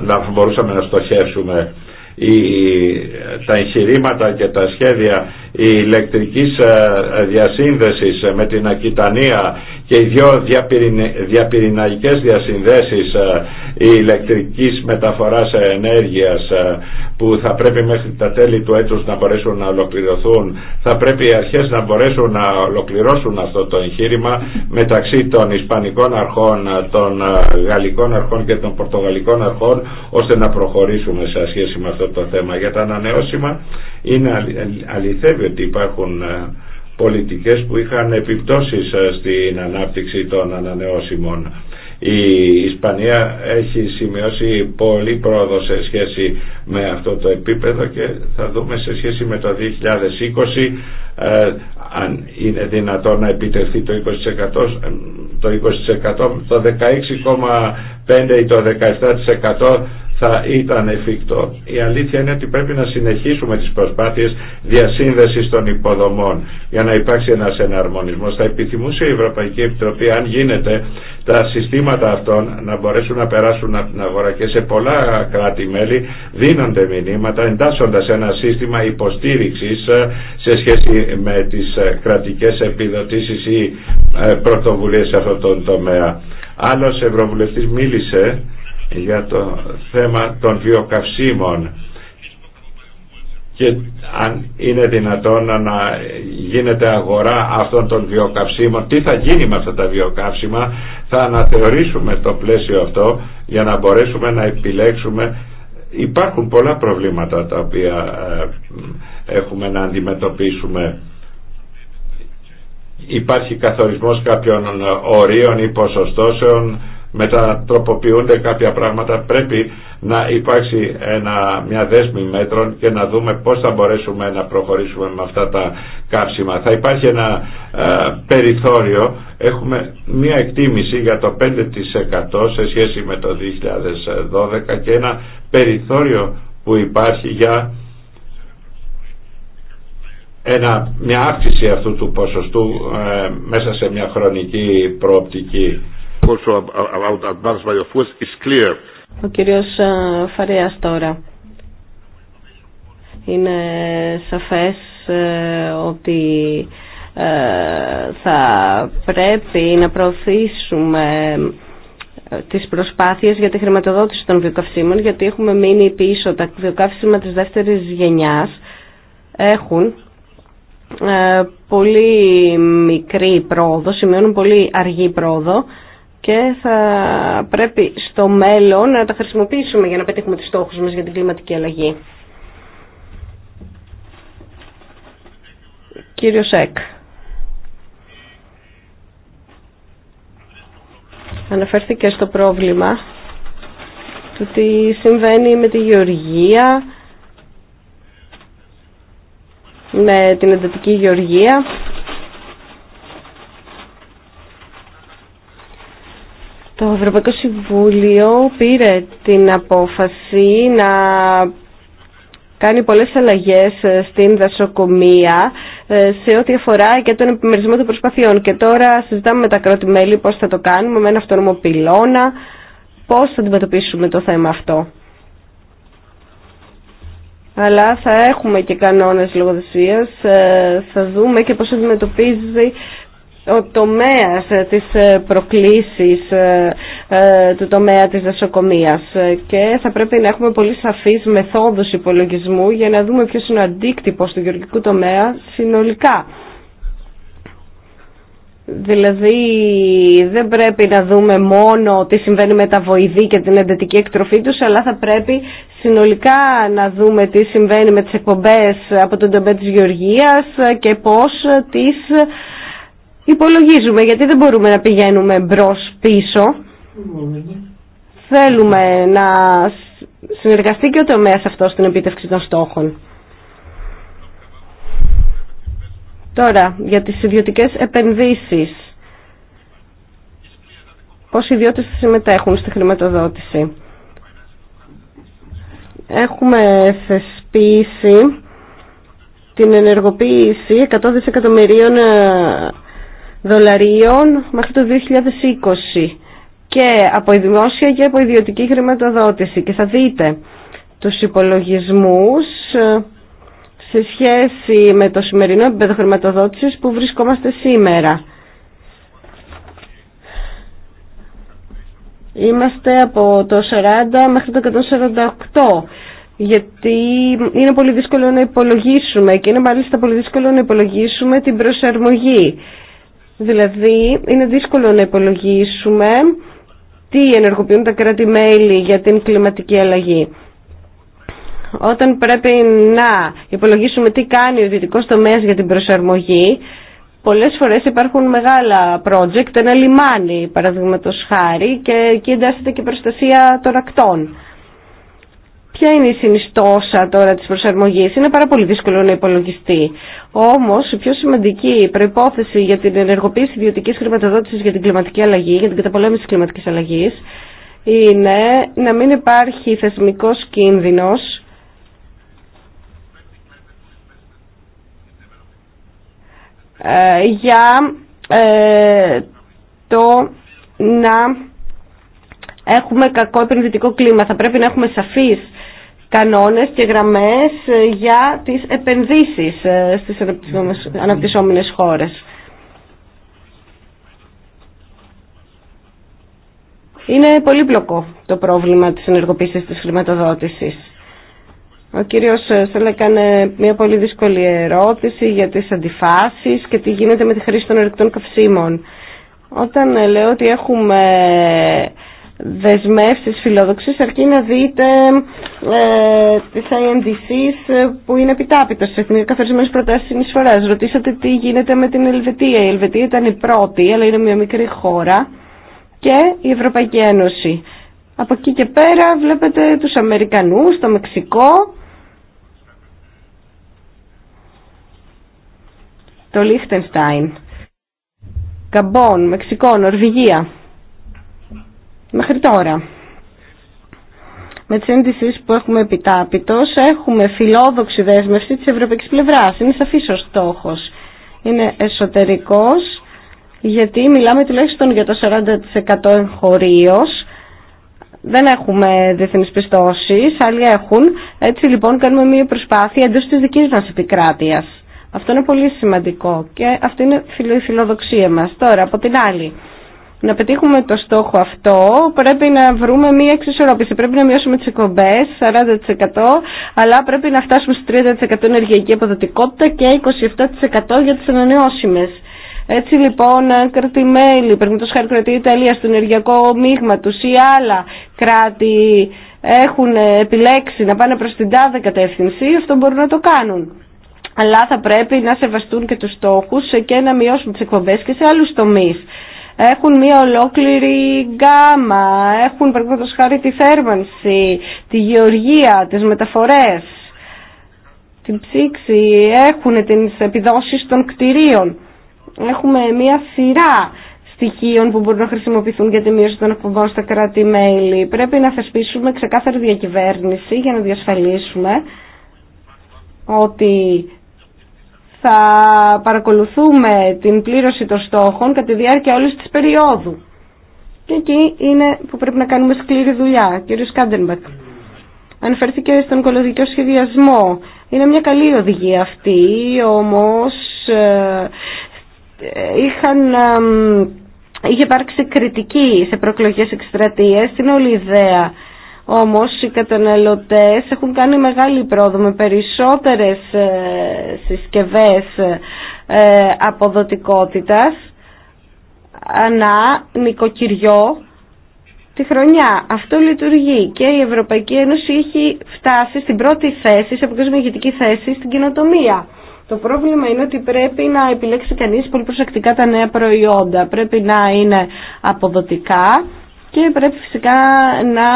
να μπορούσαμε να στοχεύσουμε τα εγχειρήματα και τα σχέδια η ηλεκτρικής ε, διασύνδεσης με την Ακητανία και οι δύο διαπυρηναϊκές διασυνδέσεις ε, η ηλεκτρικής μεταφοράς ενέργειας ε, που θα πρέπει μέχρι τα τέλη του έτους να μπορέσουν να ολοκληρωθούν θα πρέπει οι αρχές να μπορέσουν να ολοκληρώσουν αυτό το εγχείρημα μεταξύ των Ισπανικών αρχών των Γαλλικών αρχών και των Πορτογαλικών αρχών ώστε να προχωρήσουμε σε σχέση με αυτό αυτό το θέμα. Για τα ανανεώσιμα είναι αληθεύει ότι υπάρχουν ε, πολιτικές που είχαν επιπτώσεις ε, στην ανάπτυξη των ανανεώσιμων. Η Ισπανία έχει σημειώσει πολύ πρόοδο σε σχέση με αυτό το επίπεδο και θα δούμε σε σχέση με το 2020 ε, αν είναι δυνατό να επιτευχθεί το 20%, το 20%, το 16,5% ή το 17% θα ήταν εφικτό. Η αλήθεια είναι ότι πρέπει να συνεχίσουμε τις προσπάθειες διασύνδεσης των υποδομών για να υπάρξει ένας εναρμονισμός. Θα επιθυμούσε η Ευρωπαϊκή Επιτροπή, αν γίνεται, τα συστήματα αυτών να μπορέσουν να περάσουν από την αγορά και σε πολλά κράτη-μέλη δίνονται μηνύματα εντάσσοντας ένα σύστημα υποστήριξης ε, σε σχέση με τις ε, κρατικές επιδοτήσεις ή ε, πρωτοβουλίες σε αυτόν τον τομέα. Άλλος Ευρωβουλευτής μίλησε για το θέμα των βιοκαυσίμων και αν είναι δυνατόν να γίνεται αγορά αυτών των βιοκαυσίμων τι θα γίνει με αυτά τα βιοκαύσιμα θα αναθεωρήσουμε το πλαίσιο αυτό για να μπορέσουμε να επιλέξουμε υπάρχουν πολλά προβλήματα τα οποία ε, έχουμε να αντιμετωπίσουμε υπάρχει καθορισμός κάποιων ορίων ή ποσοστώσεων μετατροποποιούνται κάποια πράγματα πρέπει να υπάρξει ένα, μια δέσμη μέτρων και να δούμε πώς θα μπορέσουμε να προχωρήσουμε με αυτά τα κάψιμα. Θα υπάρχει ένα ε, περιθώριο, έχουμε μια εκτίμηση για το 5% σε σχέση με το 2012 και ένα περιθώριο που υπάρχει για ένα, μια αύξηση αυτού του ποσοστού ε, μέσα σε μια χρονική προοπτική. Ο κύριος ε, Φαρέας τώρα. Είναι σαφές ε, ότι ε, θα πρέπει να προωθήσουμε τις προσπάθειες για τη χρηματοδότηση των βιοκαυσίμων γιατί έχουμε μείνει πίσω τα βιοκαύσιμα της δεύτερης γενιάς έχουν πολύ μικρή πρόοδο, σημειώνουν πολύ αργή πρόοδο και θα πρέπει στο μέλλον να τα χρησιμοποιήσουμε για να πετύχουμε τους στόχους μας για την κλιματική αλλαγή. Κύριο Σέκ. Αναφέρθηκε στο πρόβλημα του τι συμβαίνει με τη γεωργία, με την εντατική γεωργία Το Ευρωπαϊκό Συμβούλιο πήρε την απόφαση να κάνει πολλές αλλαγές στην δασοκομεία ε, σε ό,τι αφορά και τον επιμερισμό των προσπαθειών. Και τώρα συζητάμε με τα κρότη μελη πώς θα το κάνουμε με ένα αυτόνομο πυλώνα, πώς θα αντιμετωπίσουμε το θέμα αυτό. Αλλά θα έχουμε και κανόνες λογοδοσίας, ε, θα δούμε και πώς αντιμετωπίζει ο τομέας ε, της ε, προκλήσεις ε, του τομέα της δασοκομείας και θα πρέπει να έχουμε πολύ σαφείς μεθόδους υπολογισμού για να δούμε ποιος είναι ο αντίκτυπος του γεωργικού τομέα συνολικά. Δηλαδή δεν πρέπει να δούμε μόνο τι συμβαίνει με τα βοηδή και την εντατική εκτροφή τους αλλά θα πρέπει συνολικά να δούμε τι συμβαίνει με τις εκπομπές από τον τομέα της γεωργίας και πώς τις υπολογίζουμε γιατί δεν μπορούμε να πηγαίνουμε μπρος-πίσω. Θέλουμε να συνεργαστεί και ο τομέας αυτό στην επίτευξη των στόχων. Τώρα, για τις ιδιωτικές επενδύσεις. Πώς ιδιώτες θα συμμετέχουν στη χρηματοδότηση. Έχουμε θεσπίσει την ενεργοποίηση 100 δισεκατομμυρίων ε, δολαρίων μέχρι το 2020 και από η δημόσια και από ιδιωτική χρηματοδότηση και θα δείτε τους υπολογισμούς ε, σε σχέση με το σημερινό επίπεδο χρηματοδότησης που βρισκόμαστε σήμερα. Είμαστε από το 40 μέχρι το 148 γιατί είναι πολύ δύσκολο να υπολογίσουμε και είναι μάλιστα πολύ δύσκολο να υπολογίσουμε την προσαρμογή Δηλαδή, είναι δύσκολο να υπολογίσουμε τι ενεργοποιούν τα κράτη-μέλη για την κλιματική αλλαγή. Όταν πρέπει να υπολογίσουμε τι κάνει ο δυτικός τομέας για την προσαρμογή, πολλές φορές υπάρχουν μεγάλα project, ένα λιμάνι παραδείγματος χάρη και εκεί εντάσσεται και προστασία των ακτών. Ποια είναι η συνιστόσα τώρα της προσαρμογής. Είναι πάρα πολύ δύσκολο να υπολογιστεί. Όμως η πιο σημαντική προϋπόθεση για την ενεργοποίηση ιδιωτική χρηματοδότησης για την κλιματική αλλαγή, για την καταπολέμηση της κλιματικής αλλαγής, είναι να μην υπάρχει θεσμικός κίνδυνος ε, για ε, το να έχουμε κακό επενδυτικό κλίμα. Θα πρέπει να έχουμε σαφείς κανόνες και γραμμές ε, για τις επενδύσεις ε, στις αναπτυσσόμενες χώρες. Είναι πολύπλοκο το πρόβλημα της ενεργοποίησης της χρηματοδότησης. Ο κύριος ε, Σέλα έκανε μια πολύ δύσκολη ερώτηση για τις αντιφάσεις και τι γίνεται με τη χρήση των ερεκτών καυσίμων. Όταν λέω ότι έχουμε δεσμεύσεις φιλόδοξες αρκεί να δείτε ε, τις INDCs ε, που είναι επιτάπητος στις εθνικές καθορισμένες προτάσεις συνεισφοράς. Ρωτήσατε τι γίνεται με την Ελβετία. Η Ελβετία ήταν η πρώτη, αλλά είναι μια μικρή χώρα και η Ευρωπαϊκή Ένωση. Από εκεί και πέρα βλέπετε τους Αμερικανούς, το Μεξικό, το Λίχτενστάιν, Καμπόν, Μεξικό, Νορβηγία μέχρι τώρα. Με τις ένδυσεις που έχουμε επιτάπητος έχουμε φιλόδοξη δέσμευση της ευρωπαϊκής πλευράς. Είναι σαφής ο στόχος. Είναι εσωτερικός γιατί μιλάμε τουλάχιστον για το 40% εγχωρίως. Δεν έχουμε διεθνείς πιστώσεις, άλλοι έχουν. Έτσι λοιπόν κάνουμε μία προσπάθεια εντός της δικής μας επικράτειας. Αυτό είναι πολύ σημαντικό και αυτή είναι η φιλοδοξία μας. Τώρα από την άλλη να πετύχουμε το στόχο αυτό πρέπει να βρούμε μία εξισορρόπηση. Πρέπει να μειώσουμε τις εκπομπές 40% αλλά πρέπει να φτάσουμε στο 30% ενεργειακή αποδοτικότητα και 27% για τις ανανεώσιμες. Έτσι λοιπόν, κρατημέλη, πρέπει να χάρη κρατεί η Ιταλία στο ενεργειακό μείγμα τους ή άλλα κράτη έχουν επιλέξει να πάνε προς την τάδε κατεύθυνση, αυτό μπορούν να το κάνουν αλλά θα πρέπει να σεβαστούν και τους στόχους και να μειώσουν τις εκπομπές και σε άλλους τομείς έχουν μια ολόκληρη γκάμα, έχουν παραδείγματος χάρη τη θέρμανση, τη γεωργία, τις μεταφορές, την ψήξη, έχουν τις επιδόσεις των κτηρίων. Έχουμε μια σειρά στοιχείων που μπορούν να χρησιμοποιηθούν για τη μείωση των εκπομπών στα κράτη-μέλη. Πρέπει να θεσπίσουμε ξεκάθαρη διακυβέρνηση για να διασφαλίσουμε ότι θα παρακολουθούμε την πλήρωση των στόχων κατά τη διάρκεια όλης της περίοδου. Και εκεί είναι που πρέπει να κάνουμε σκληρή δουλειά. Κύριος Κάντενμπεκ, αναφέρθηκε στον οικολογικό σχεδιασμό. Είναι μια καλή οδηγία αυτή, όμως ε, είχαν, είχε υπάρξει κριτική σε προκλογές εκστρατείες, στην όλη ιδέα όμως οι καταναλωτές έχουν κάνει μεγάλη πρόοδο με περισσότερες ε, συσκευές ε, αποδοτικότητας ανά νοικοκυριό τη χρονιά. Αυτό λειτουργεί και η Ευρωπαϊκή Ένωση έχει φτάσει στην πρώτη θέση, σε αποκλεισμένη ηγετική θέση, στην κοινοτομία. Το πρόβλημα είναι ότι πρέπει να επιλέξει κανείς πολύ προσεκτικά τα νέα προϊόντα. Πρέπει να είναι αποδοτικά και πρέπει φυσικά να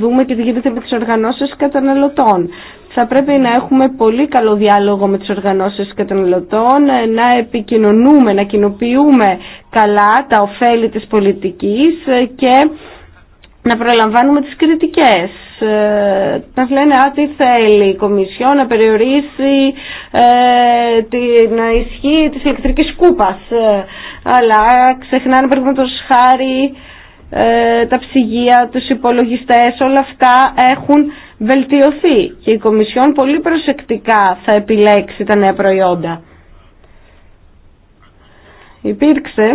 δούμε και τι γίνεται με τις οργανώσεις καταναλωτών. Θα πρέπει να έχουμε πολύ καλό διάλογο με τις οργανώσεις καταναλωτών, να επικοινωνούμε, να κοινοποιούμε καλά τα ωφέλη της πολιτικής και να προλαμβάνουμε τις κριτικές. Να λένε α, τι θέλει η Κομισιό να περιορίσει ε, την ισχύ της ηλεκτρικής κούπας. Ε, αλλά ξεχνάνε, παραδείγματος χάρη, ε, τα ψυγεία, τους υπολογιστές, όλα αυτά έχουν βελτιωθεί και η Κομισιόν πολύ προσεκτικά θα επιλέξει τα νέα προϊόντα. Υπήρξε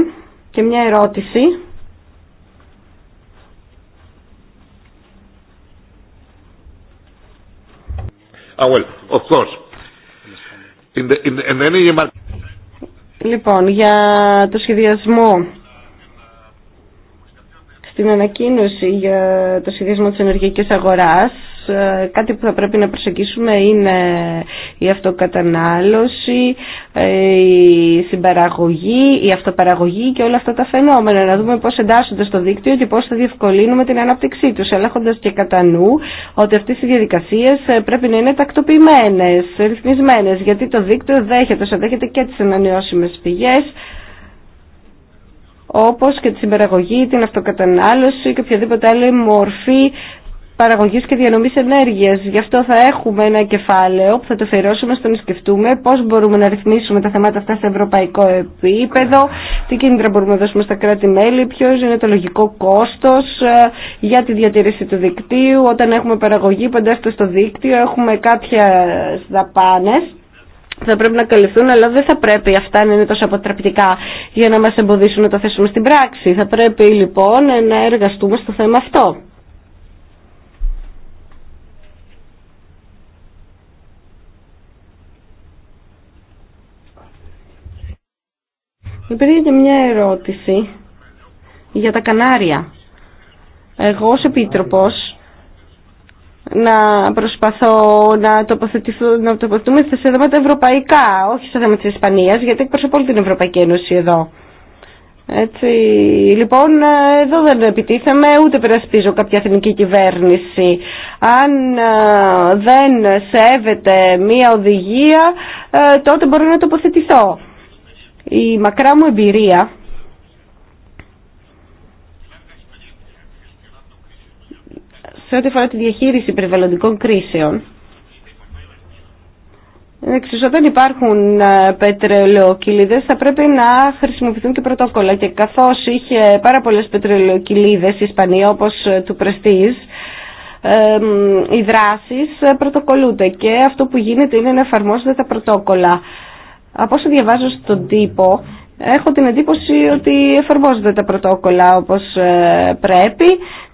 και μια ερώτηση ah, well, of course. In the, in Λοιπόν, για το σχεδιασμό στην ανακοίνωση για το σχεδιασμό της ενεργειακής αγοράς ε, κάτι που θα πρέπει να προσεγγίσουμε είναι η αυτοκατανάλωση, ε, η συμπαραγωγή, η αυτοπαραγωγή και όλα αυτά τα φαινόμενα. Να δούμε πώς εντάσσονται στο δίκτυο και πώς θα διευκολύνουμε την ανάπτυξή τους, ελέγχοντας και κατά νου ότι αυτές οι διαδικασίες ε, πρέπει να είναι τακτοποιημένες, ρυθμισμένες, γιατί το δίκτυο δέχεται, δέχεται και τις ανανεώσιμες πηγές, όπως και τη συμπεραγωγή, την αυτοκατανάλωση και οποιαδήποτε άλλη μορφή παραγωγής και διανομής ενέργειας. Γι' αυτό θα έχουμε ένα κεφάλαιο που θα το αφιερώσουμε στο να σκεφτούμε πώς μπορούμε να ρυθμίσουμε τα θέματα αυτά σε ευρωπαϊκό επίπεδο, τι κίνητρα μπορούμε να δώσουμε στα κράτη-μέλη, ποιο είναι το λογικό κόστος ε, για τη διατήρηση του δικτύου. Όταν έχουμε παραγωγή παντά στο δίκτυο έχουμε κάποιες δαπάνες θα πρέπει να καλυφθούν, αλλά δεν θα πρέπει αυτά να είναι τόσο αποτρεπτικά για να μας εμποδίσουν να το θέσουμε στην πράξη. Θα πρέπει λοιπόν να εργαστούμε στο θέμα αυτό. Υπήρχε και μια ερώτηση για τα Κανάρια. Εγώ ως Επίτροπος να προσπαθώ να, να τοποθετούμε στα θέματα ευρωπαϊκά, όχι στα θέματα της Ισπανίας, γιατί εκπροσωπώ όλη την Ευρωπαϊκή Ένωση εδώ. Έτσι, λοιπόν, ε, εδώ δεν επιτίθεμαι, ούτε περασπίζω κάποια εθνική κυβέρνηση. Αν ε, δεν σέβεται μία οδηγία, ε, τότε μπορώ να τοποθετηθώ. Η μακρά μου εμπειρία σε ό,τι αφορά τη διαχείριση περιβαλλοντικών κρίσεων, Εξής, όταν υπάρχουν ε, πετρελαιοκυλίδες θα πρέπει να χρησιμοποιηθούν και πρωτόκολλα και καθώς είχε πάρα πολλές πετρελαιοκυλίδες η Ισπανία όπως ε, του Πρεστής ε, οι δράσεις πρωτοκολλούνται και αυτό που γίνεται είναι να εφαρμόζονται τα πρωτόκολλα. Από όσο διαβάζω στον τύπο έχω την εντύπωση ότι εφαρμόζονται τα πρωτόκολλα όπως πρέπει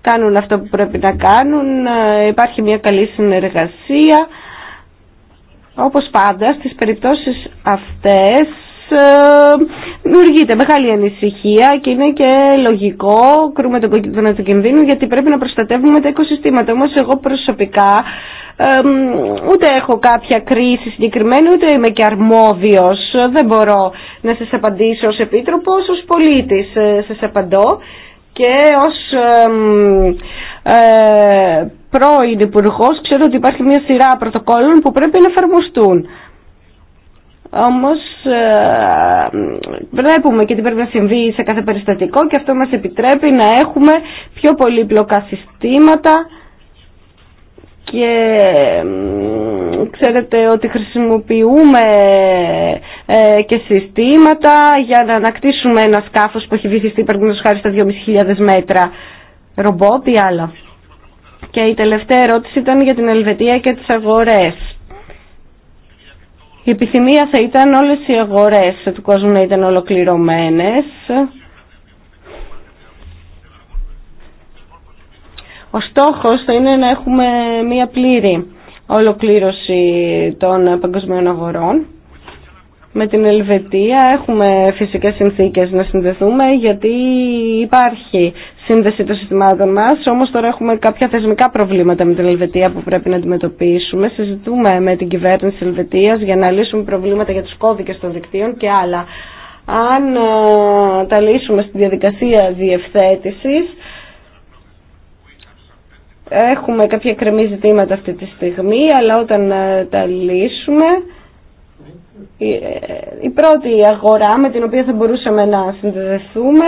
κάνουν αυτό που πρέπει να κάνουν, ε, υπάρχει μια καλή συνεργασία. Όπως πάντα στις περιπτώσεις αυτές ε, δημιουργείται μεγάλη ανησυχία και είναι και λογικό, κρούμε τον κόκκινο του κινδύνου γιατί πρέπει να προστατεύουμε τα οικοσυστήματα. Όμως εγώ προσωπικά ούτε έχω κάποια κρίση συγκεκριμένη, ούτε είμαι και αρμόδιος. Δεν μπορώ να σας απαντήσω ως επίτροπος, ως πολίτης ε, σας απαντώ και ως ε, πρώην υπουργό, ξέρω ότι υπάρχει μια σειρά πρωτοκόλων που πρέπει να εφαρμοστούν. Όμως ε, βλέπουμε και τι πρέπει να συμβεί σε κάθε περιστατικό και αυτό μας επιτρέπει να έχουμε πιο πολύπλοκα συστήματα και ξέρετε ότι χρησιμοποιούμε ε, και συστήματα για να ανακτήσουμε ένα σκάφος που έχει βυθιστεί παραδείγματος χάρη στα 2.500 μέτρα ρομπότ ή άλλα. Και η τελευταία ερώτηση ήταν για την Ελβετία και τις αγορές. Η επιθυμία θα ήταν όλες οι αγορές του κόσμου να ήταν ολοκληρωμένες Ο στόχος θα είναι να έχουμε μία πλήρη ολοκλήρωση των παγκοσμίων αγορών. Με την Ελβετία έχουμε φυσικές συνθήκες να συνδεθούμε γιατί υπάρχει σύνδεση των συστημάτων μας, όμως τώρα έχουμε κάποια θεσμικά προβλήματα με την Ελβετία που πρέπει να αντιμετωπίσουμε. Συζητούμε με την κυβέρνηση της Ελβετίας για να λύσουμε προβλήματα για τους κώδικες των δικτύων και άλλα. Αν ε, τα λύσουμε στη διαδικασία διευθέτησης, Έχουμε κάποια κρεμή ζητήματα αυτή τη στιγμή, αλλά όταν ε, τα λύσουμε, ε, η πρώτη αγορά με την οποία θα μπορούσαμε να συνδεθούμε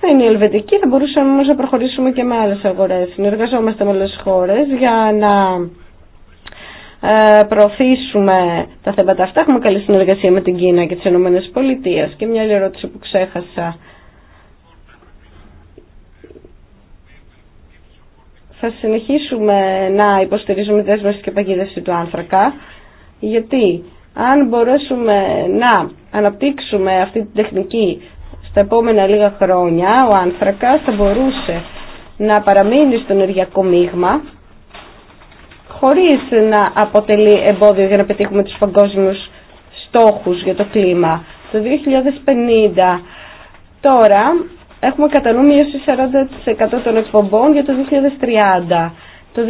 θα είναι η Ελβετική, θα μπορούσαμε όμως να προχωρήσουμε και με άλλες αγορές. Συνεργαζόμαστε με άλλες χώρες για να ε, προωθήσουμε τα θέματα αυτά. Έχουμε καλή συνεργασία με την Κίνα και τις ΗΠΑ. Και μια άλλη ερώτηση που ξέχασα. θα συνεχίσουμε να υποστηρίζουμε τη δέσμευση και παγίδευση του άνθρακα, γιατί αν μπορέσουμε να αναπτύξουμε αυτή την τεχνική στα επόμενα λίγα χρόνια, ο Άνθρακα θα μπορούσε να παραμείνει στο ενεργειακό μείγμα, χωρίς να αποτελεί εμπόδιο για να πετύχουμε τους παγκόσμιους στόχους για το κλίμα. Το 2050 τώρα έχουμε κατά νου μείωση 40% των εκπομπών για το 2030. Το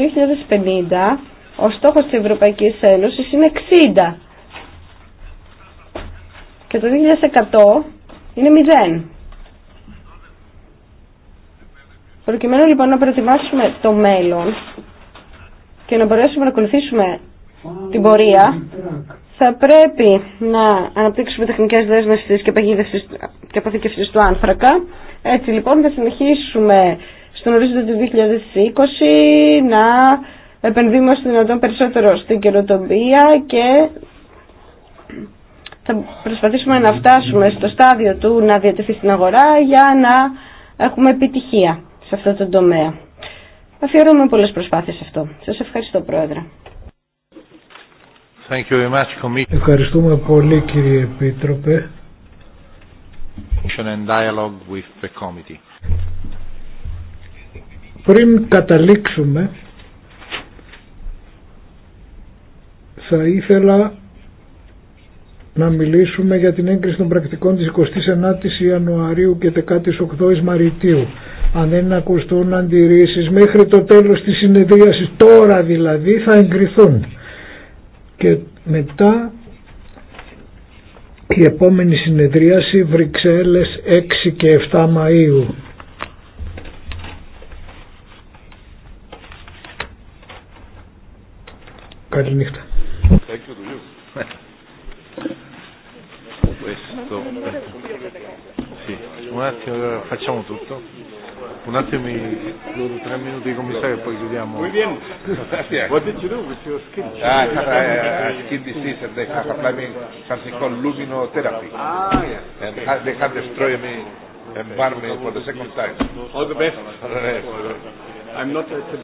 2050 ο στόχος της Ευρωπαϊκής Ένωσης είναι 60. Και το 2100 είναι 0. Προκειμένου λοιπόν να προετοιμάσουμε το μέλλον και να μπορέσουμε να ακολουθήσουμε την πορεία, θα πρέπει να αναπτύξουμε τεχνικές δέσμευσης και, και αποθήκευσης του άνθρακα, έτσι λοιπόν θα συνεχίσουμε στον ορίζοντα του 2020 να επενδύουμε όσο δυνατόν περισσότερο στην καιροτομία και θα προσπαθήσουμε να φτάσουμε στο στάδιο του να διατεθεί στην αγορά για να έχουμε επιτυχία σε αυτό το τομέα. Αφιερώνουμε πολλές προσπάθειες σε αυτό. Σας ευχαριστώ Πρόεδρε. Ευχαριστούμε πολύ κύριε Επίτροπε. Πριν καταλήξουμε, θα ήθελα να μιλήσουμε για την έγκριση των πρακτικών της 29ης Ιανουαρίου και 18ης Μαρτίου, Αν δεν ακουστούν αντιρρήσεις μέχρι το τέλος της συνεδρίασης, τώρα δηλαδή, θα εγκριθούν. Και μετά η επόμενη συνεδρίαση Βρυξέλλες 6 και 7 Μαΐου. Καληνύχτα. Ευχαριστώ un attimo Un attimo, loro tre minuti di commissario e poi chiudiamo. Muy bien. What did you do with your skin? Ah, I have a, skin disease and they have applied me something called luminotherapy. Ah, yes. And they have destroyed me and burned me for the second time. All the best. I'm not...